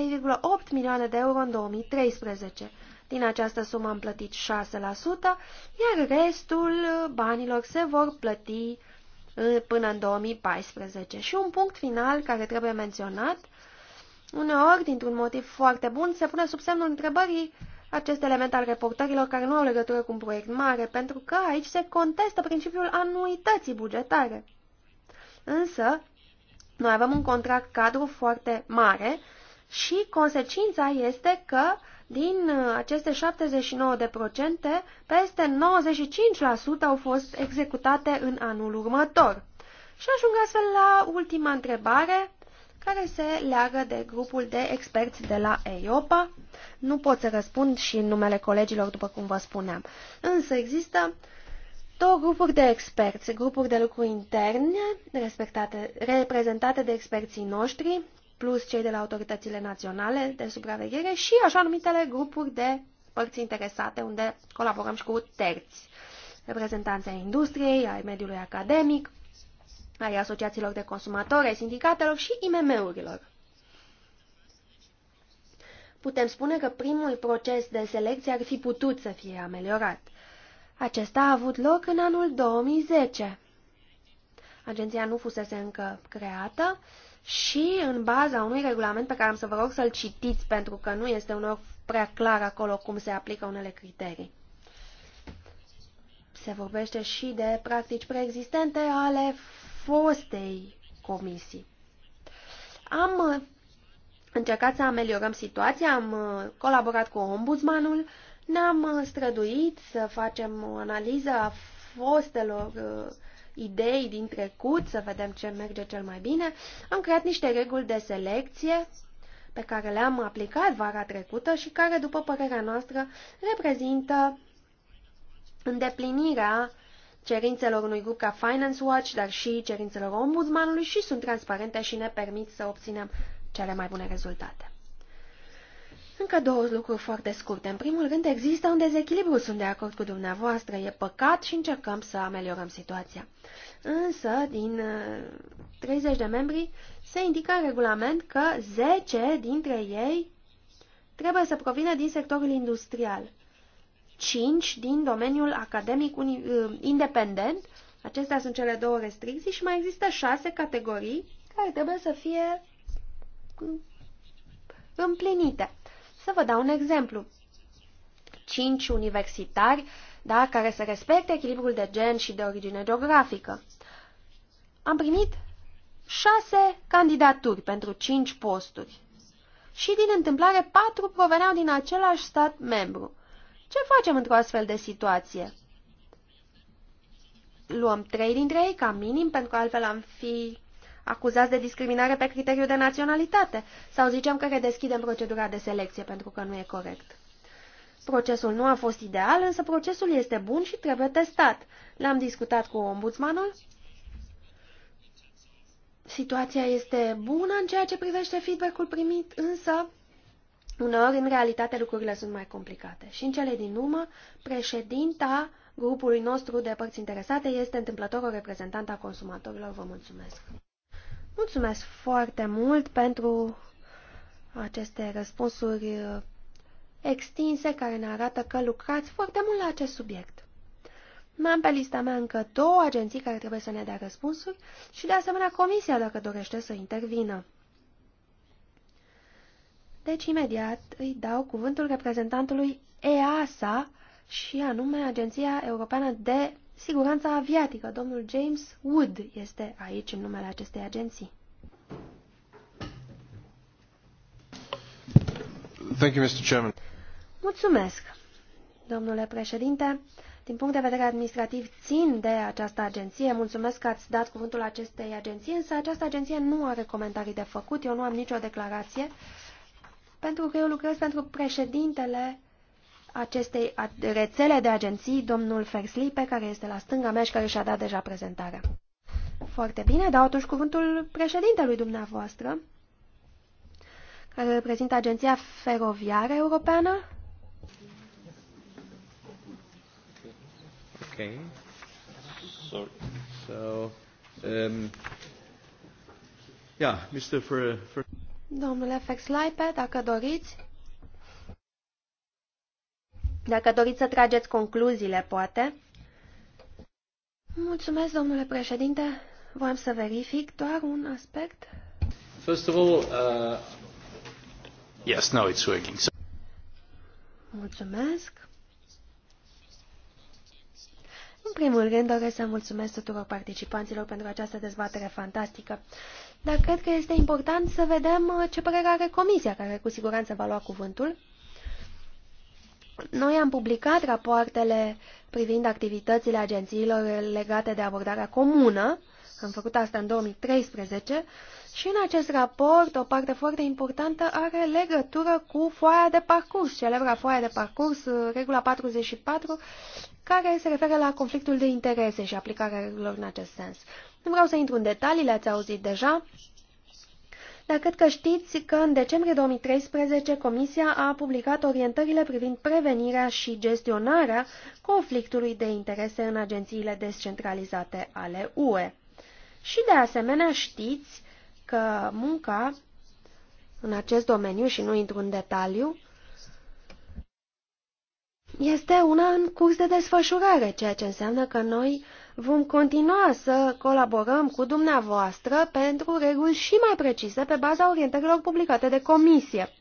Speaker 2: milioane de euro în 2013. Din această sumă am plătit 6%, iar restul banilor se vor plăti uh, până în 2014. Și un punct final care trebuie menționat Uneori, dintr-un motiv foarte bun, se pune sub semnul întrebării acest element al reportărilor care nu au legătură cu un proiect mare, pentru că aici se contestă principiul anuității bugetare. Însă, noi avem un contract cadru foarte mare și consecința este că din uh, aceste 79 de procente, peste 95% au fost executate în anul următor. Și ajung astfel la ultima întrebare, care se leagă de grupul de experți de la EIOPA. Nu pot să răspund și în numele colegilor, după cum vă spuneam. Însă există două grupuri de experți, grupuri de lucru interne, reprezentate de experții noștri, plus cei de la autoritățile naționale de supraveghere și așa numitele grupuri de părți interesate, unde colaborăm și cu terți, reprezentanții industriei, ai mediului academic, ai asociațiilor de consumatori, ai sindicatelor și IMM-urilor. Putem spune că primul proces de selecție ar fi putut să fie ameliorat. Acesta a avut loc în anul 2010. Agenția nu fusese încă creată și în baza unui regulament pe care am să vă rog să-l citiți pentru că nu este unor prea clar acolo cum se aplică unele criterii. Se vorbește și de practici preexistente ale fostei comisii. Am uh, încercat să ameliorăm situația, am uh, colaborat cu ombudsmanul, ne-am uh, străduit să facem o analiză a fostelor idei din trecut, să vedem ce merge cel mai bine. Am creat niște reguli de selecție pe care le-am aplicat vara trecută și care, după părerea noastră, reprezintă îndeplinirea cerințelor unui grup ca Finance Watch, dar și cerințelor ombudsmanului și sunt transparente și ne permit să obținem cele mai bune rezultate. Încă două lucruri foarte scurte. În primul rând, există un dezechilibru, sunt de acord cu dumneavoastră, e păcat și încercăm să ameliorăm situația. Însă, din 30 uh, de membri, se indică în regulament că 10 dintre ei trebuie să provină din sectorul industrial. 5 din domeniul academic ă, independent. Acestea sunt cele două restricții și mai există 6 categorii care trebuie să fie mm, împlinite. Să vă dau un exemplu. 5 universitari da, care să respecte echilibrul de gen și de origine geografică. Am primit 6 candidaturi pentru 5 posturi și din întâmplare patru proveneau din același stat membru. Ce facem într-o astfel de situație? Luăm trei dintre ei ca minim, pentru că altfel am fi acuzați de discriminare pe criteriu de naționalitate, sau zicem că redeschidem procedura de selecție pentru că nu e corect. Procesul nu a fost ideal, însă procesul este bun și trebuie testat. L-am discutat cu ombudsmanul. Situația este bună în ceea ce privește feedback-ul primit, însă Uneori, în realitate, lucrurile sunt mai complicate. Și în cele din urmă, președinta grupului nostru de părți interesate este întâmplător o reprezentantă a consumatorilor. Vă mulțumesc! Mulțumesc foarte mult pentru aceste răspunsuri uh, extinse care ne arată că lucrați foarte mult la acest subiect. Mai am pe lista mea încă două agenții care trebuie să ne dea răspunsuri și de asemenea comisia dacă dorește să intervină. Deci, imediat îi dau cuvântul reprezentantului EASA și anume Agenția Europeană de Siguranță Aviatică. Domnul James Wood este aici în numele acestei agenții. Thank you, Mr. Chairman. Mulțumesc, domnule președinte. Din punct de vedere administrativ, țin de această agenție. Mulțumesc că ați dat cuvântul acestei agenții, însă această agenție nu are comentarii de făcut. Eu nu am nicio declarație pentru că eu lucrez pentru președintele acestei rețele de agenții, domnul Ferslipe, care este la stânga mea și care și-a dat deja prezentarea. Foarte bine, dau atunci cuvântul președintelui dumneavoastră, care reprezintă Agenția Feroviară Europeană. Ok. So, so um, yeah, Mr. Fer, Fer Domnule Fexlaipe, dacă doriți... Dacă doriți să trageți concluziile, poate. Mulțumesc, domnule președinte. Voiam să verific doar un aspect.
Speaker 1: First of all, uh, yes, now it's working. So...
Speaker 2: Mulțumesc. În primul rând doresc să mulțumesc tuturor participanților pentru această dezbatere fantastică dar cred că este important să vedem uh, ce părere are Comisia, care cu siguranță va lua cuvântul. Noi am publicat rapoartele privind activitățile agențiilor legate de abordarea comună, am făcut asta în 2013, și în acest raport o parte foarte importantă are legătură cu foaia de parcurs, celebra foaia de parcurs, uh, regula 44, care se referă la conflictul de interese și aplicarea regulilor în acest sens. Nu vreau să intru în detalii, le-ați auzit deja, dar cred că știți că în decembrie 2013 Comisia a publicat orientările privind prevenirea și gestionarea conflictului de interese în agențiile descentralizate ale UE. Și de asemenea știți că munca în acest domeniu, și nu intru în detaliu, este una în curs de desfășurare, ceea ce înseamnă că noi Vom continua să colaborăm cu dumneavoastră pentru reguli și mai precise pe baza orientărilor publicate de comisie.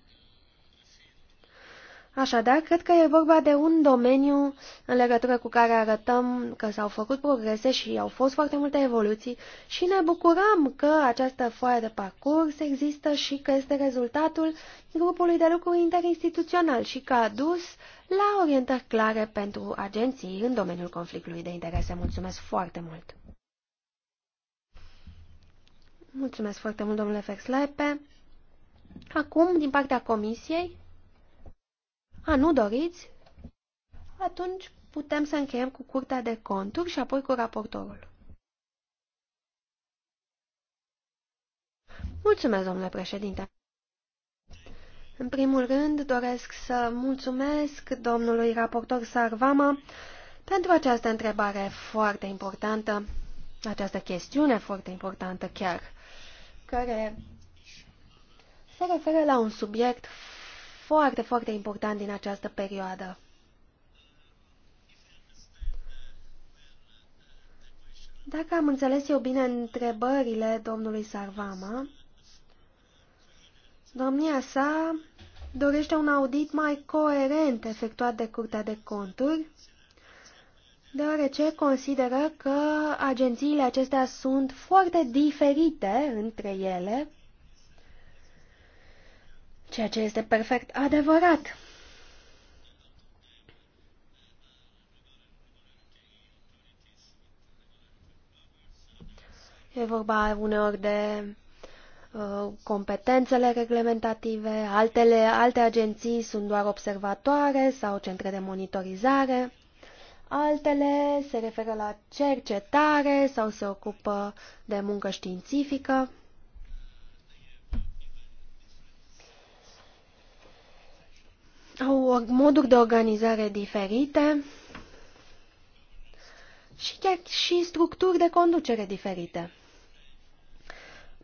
Speaker 2: Așadar, cred că e vorba de un domeniu în legătură cu care arătăm că s-au făcut progrese și au fost foarte multe evoluții și ne bucurăm că această foaie de parcurs există și că este rezultatul grupului de lucru interinstituțional și că a dus la orientări clare pentru agenții în domeniul conflictului de interese. Mulțumesc foarte mult! Mulțumesc foarte mult, domnule Fexlepe. Acum, din partea comisiei, a, nu doriți? Atunci putem să încheiem cu curtea de conturi și apoi cu raportorul. Mulțumesc, domnule președinte. În primul rând, doresc să mulțumesc domnului raportor Sarvama pentru această întrebare foarte importantă, această chestiune foarte importantă chiar, care se referă la un subiect foarte, foarte important din această perioadă. Dacă am înțeles eu bine întrebările domnului Sarvama, Domnia sa dorește un audit mai coerent efectuat de Curtea de Conturi, deoarece consideră că agențiile acestea sunt foarte diferite între ele, ceea ce este perfect adevărat. E vorba uneori de Uh, competențele reglementative, altele, alte agenții sunt doar observatoare sau centre de monitorizare, altele se referă la cercetare sau se ocupă de muncă științifică. Au moduri de organizare diferite și chiar și structuri de conducere diferite.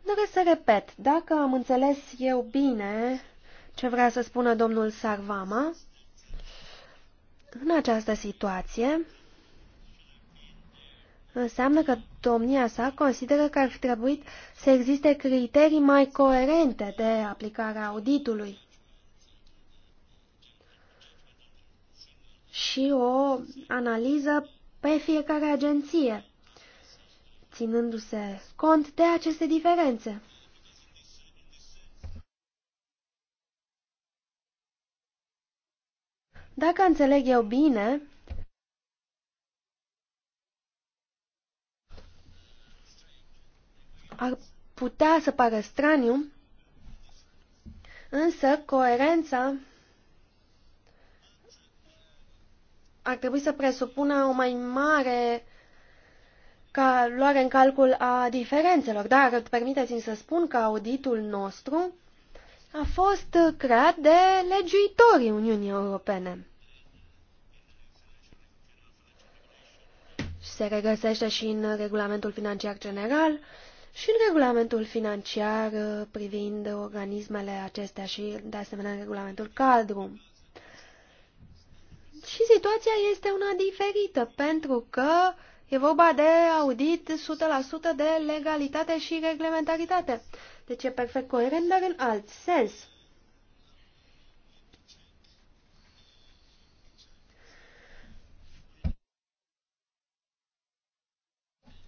Speaker 2: Doresc să repet, dacă am înțeles eu bine ce vrea să spună domnul Sarvama, în această situație înseamnă că domnia sa consideră că ar fi trebuit să existe criterii mai coerente de aplicare a auditului și o analiză pe fiecare agenție ținându-se cont de aceste diferențe. Dacă înțeleg eu bine, ar putea să pară straniu, însă coerența ar trebui să presupună o mai mare ca luare în calcul a diferențelor, dar permiteți-mi să spun că auditul nostru a fost creat de legiuitorii Uniunii Europene. Se regăsește și în regulamentul financiar general și în regulamentul financiar privind organismele acestea și, de asemenea, în regulamentul cadru. Și situația este una diferită, pentru că uh, E vorba de audit 100% de legalitate și reglementaritate. Deci e perfect coerent, dar în alt sens.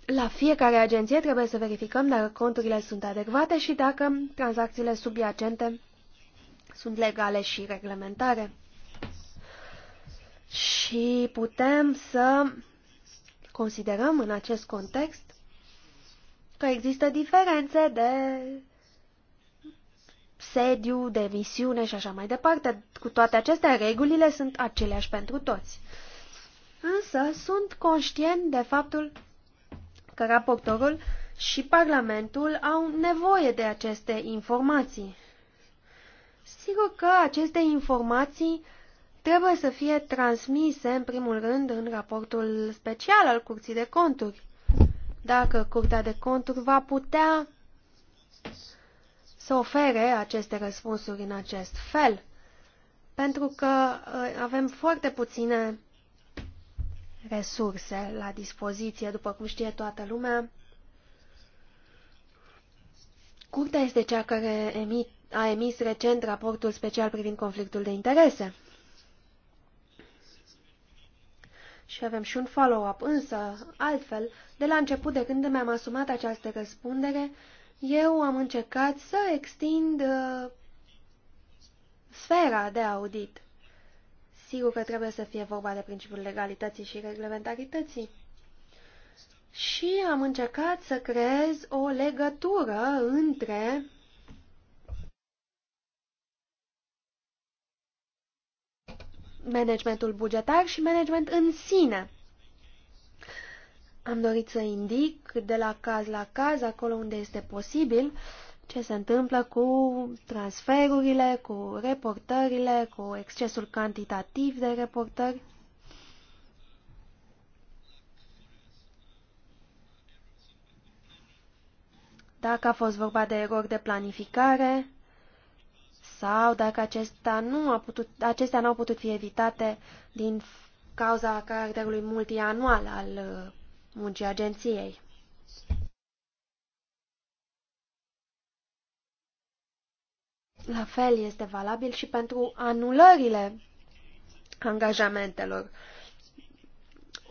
Speaker 2: La fiecare agenție trebuie să verificăm dacă conturile sunt adecvate și dacă tranzacțiile subiacente sunt legale și reglementare. Și putem să Considerăm în acest context că există diferențe de sediu, de misiune și așa mai departe. Cu toate acestea, regulile sunt aceleași pentru toți. Însă sunt conștient de faptul că raportorul și Parlamentul au nevoie de aceste informații. Sigur că aceste informații uh, trebuie să fie transmise, în primul rând, în raportul special al Curții de Conturi. Dacă Curtea de Conturi va putea să ofere aceste răspunsuri în acest fel, pentru că uh, avem foarte puține resurse la dispoziție, după cum știe toată lumea. Curtea este cea care emit, a emis recent raportul special privind conflictul de interese. și avem și un follow-up, însă, altfel, de la început, de când mi-am asumat această răspundere, eu am încercat să extind uh, sfera de audit. Sigur că trebuie să fie vorba de principiul legalității și reglementarității. Și am încercat să creez o legătură între managementul bugetar și management în sine. Am dorit să indic de la caz la caz, acolo unde este posibil, ce se întâmplă cu transferurile, cu reportările, cu excesul cantitativ de reportări. Dacă a fost vorba de erori de planificare, sau dacă acesta nu a putut, acestea nu au putut fi evitate din cauza caracterului multianual al uh, muncii agenției. La fel este valabil și pentru anulările angajamentelor.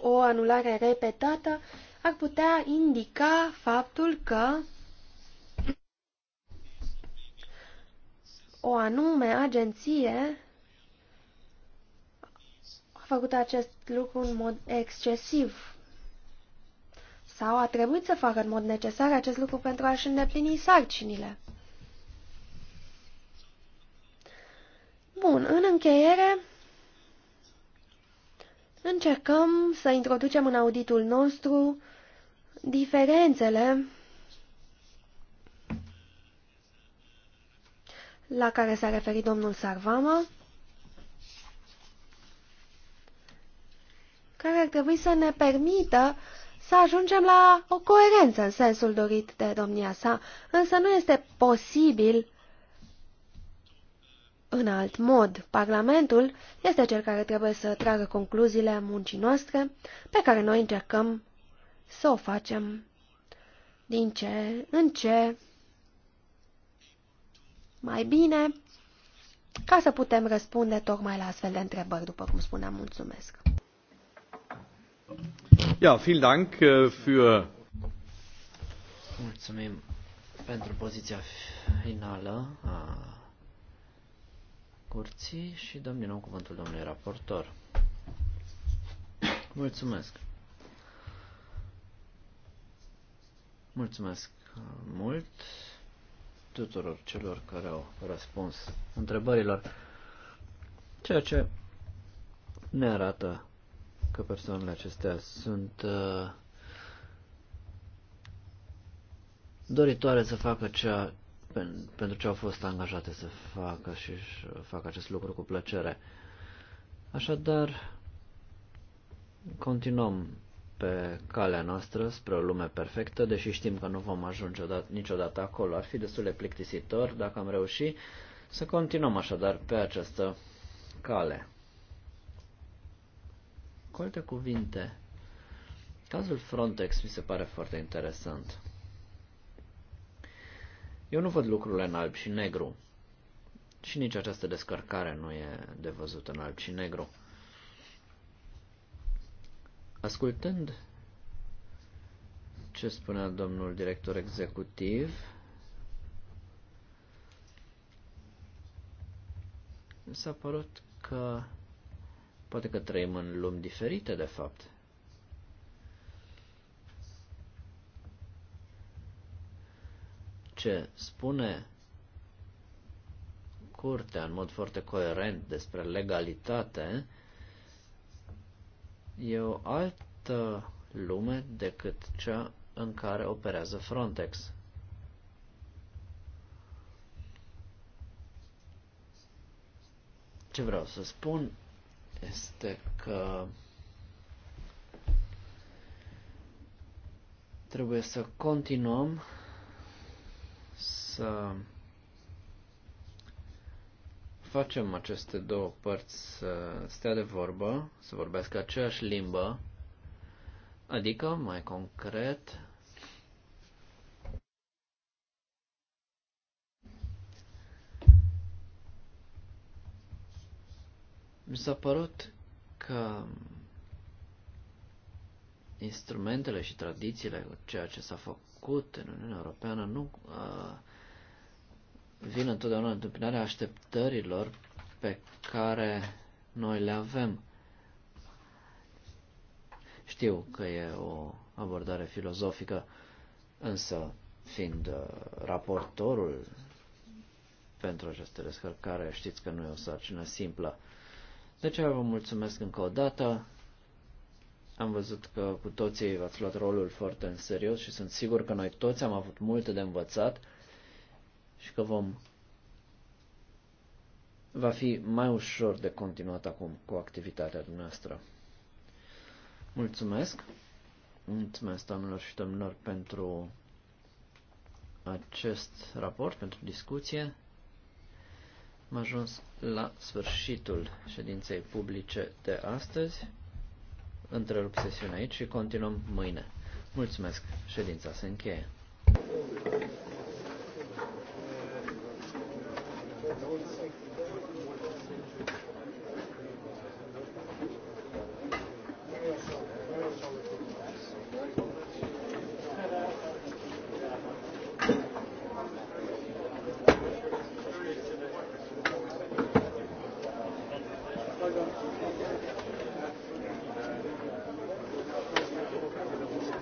Speaker 2: O anulare repetată ar putea indica faptul că o anume agenție a făcut acest lucru în mod excesiv sau a trebuit să facă în mod necesar acest lucru pentru a-și îndeplini sarcinile. Bun, în încheiere încercăm să introducem în auditul nostru diferențele la care s-a referit domnul Sarvama, care ar trebui să ne permită să ajungem la o coerență în sensul dorit de domnia sa, însă nu este posibil în alt mod. Parlamentul este cel care trebuie să tragă concluziile muncii noastre, pe care noi încercăm să o facem din ce în ce mai bine ca să putem răspunde tocmai la astfel de întrebări, după cum spuneam. Mulțumesc!
Speaker 1: Ja, vielen Dank äh, für
Speaker 3: Mulțumim pentru poziția finală a curții și dăm din nou cuvântul domnului raportor. Mulțumesc! Mulțumesc mult! tuturor celor care au răspuns întrebărilor, ceea ce ne arată că persoanele acestea sunt uh, doritoare să facă cea pen, pentru ce au fost angajate să facă și fac acest lucru cu plăcere. Așadar, continuăm pe calea noastră spre o lume perfectă, deși știm că nu vom ajunge niciodată acolo. Ar fi destul de plictisitor dacă am reușit să continuăm așadar pe această cale. Cu alte cuvinte, cazul Frontex mi se pare foarte interesant. Eu nu văd lucrurile în alb și negru. Și nici această descărcare nu e de văzut în alb și negru. Ascultând ce spunea domnul director executiv, mi s-a părut că poate că trăim în lumi diferite, de fapt. Ce spune curtea în mod foarte coerent despre legalitate e o altă lume decât cea în care operează Frontex. Ce vreau să spun este că trebuie să continuăm să facem aceste două părți să stea de vorbă, să vorbească aceeași limbă, adică, mai concret, mi s-a părut că instrumentele și tradițiile, ceea ce s-a făcut în Uniunea Europeană, nu uh, vin întotdeauna întâmpinarea așteptărilor pe care noi le avem. Știu că e o abordare filozofică, însă fiind uh, raportorul pentru această descărcare, știți că nu e o sarcină simplă. De aceea vă mulțumesc încă o dată. Am văzut că cu toții v-ați luat rolul foarte în serios și sunt sigur că noi toți am avut multe de învățat și că vom va fi mai ușor de continuat acum cu activitatea dumneavoastră. Mulțumesc! Mulțumesc, doamnelor și domnilor, pentru acest raport, pentru discuție. Am ajuns la sfârșitul ședinței publice de astăzi. Întrerup sesiunea aici și continuăm mâine. Mulțumesc! Ședința se încheie.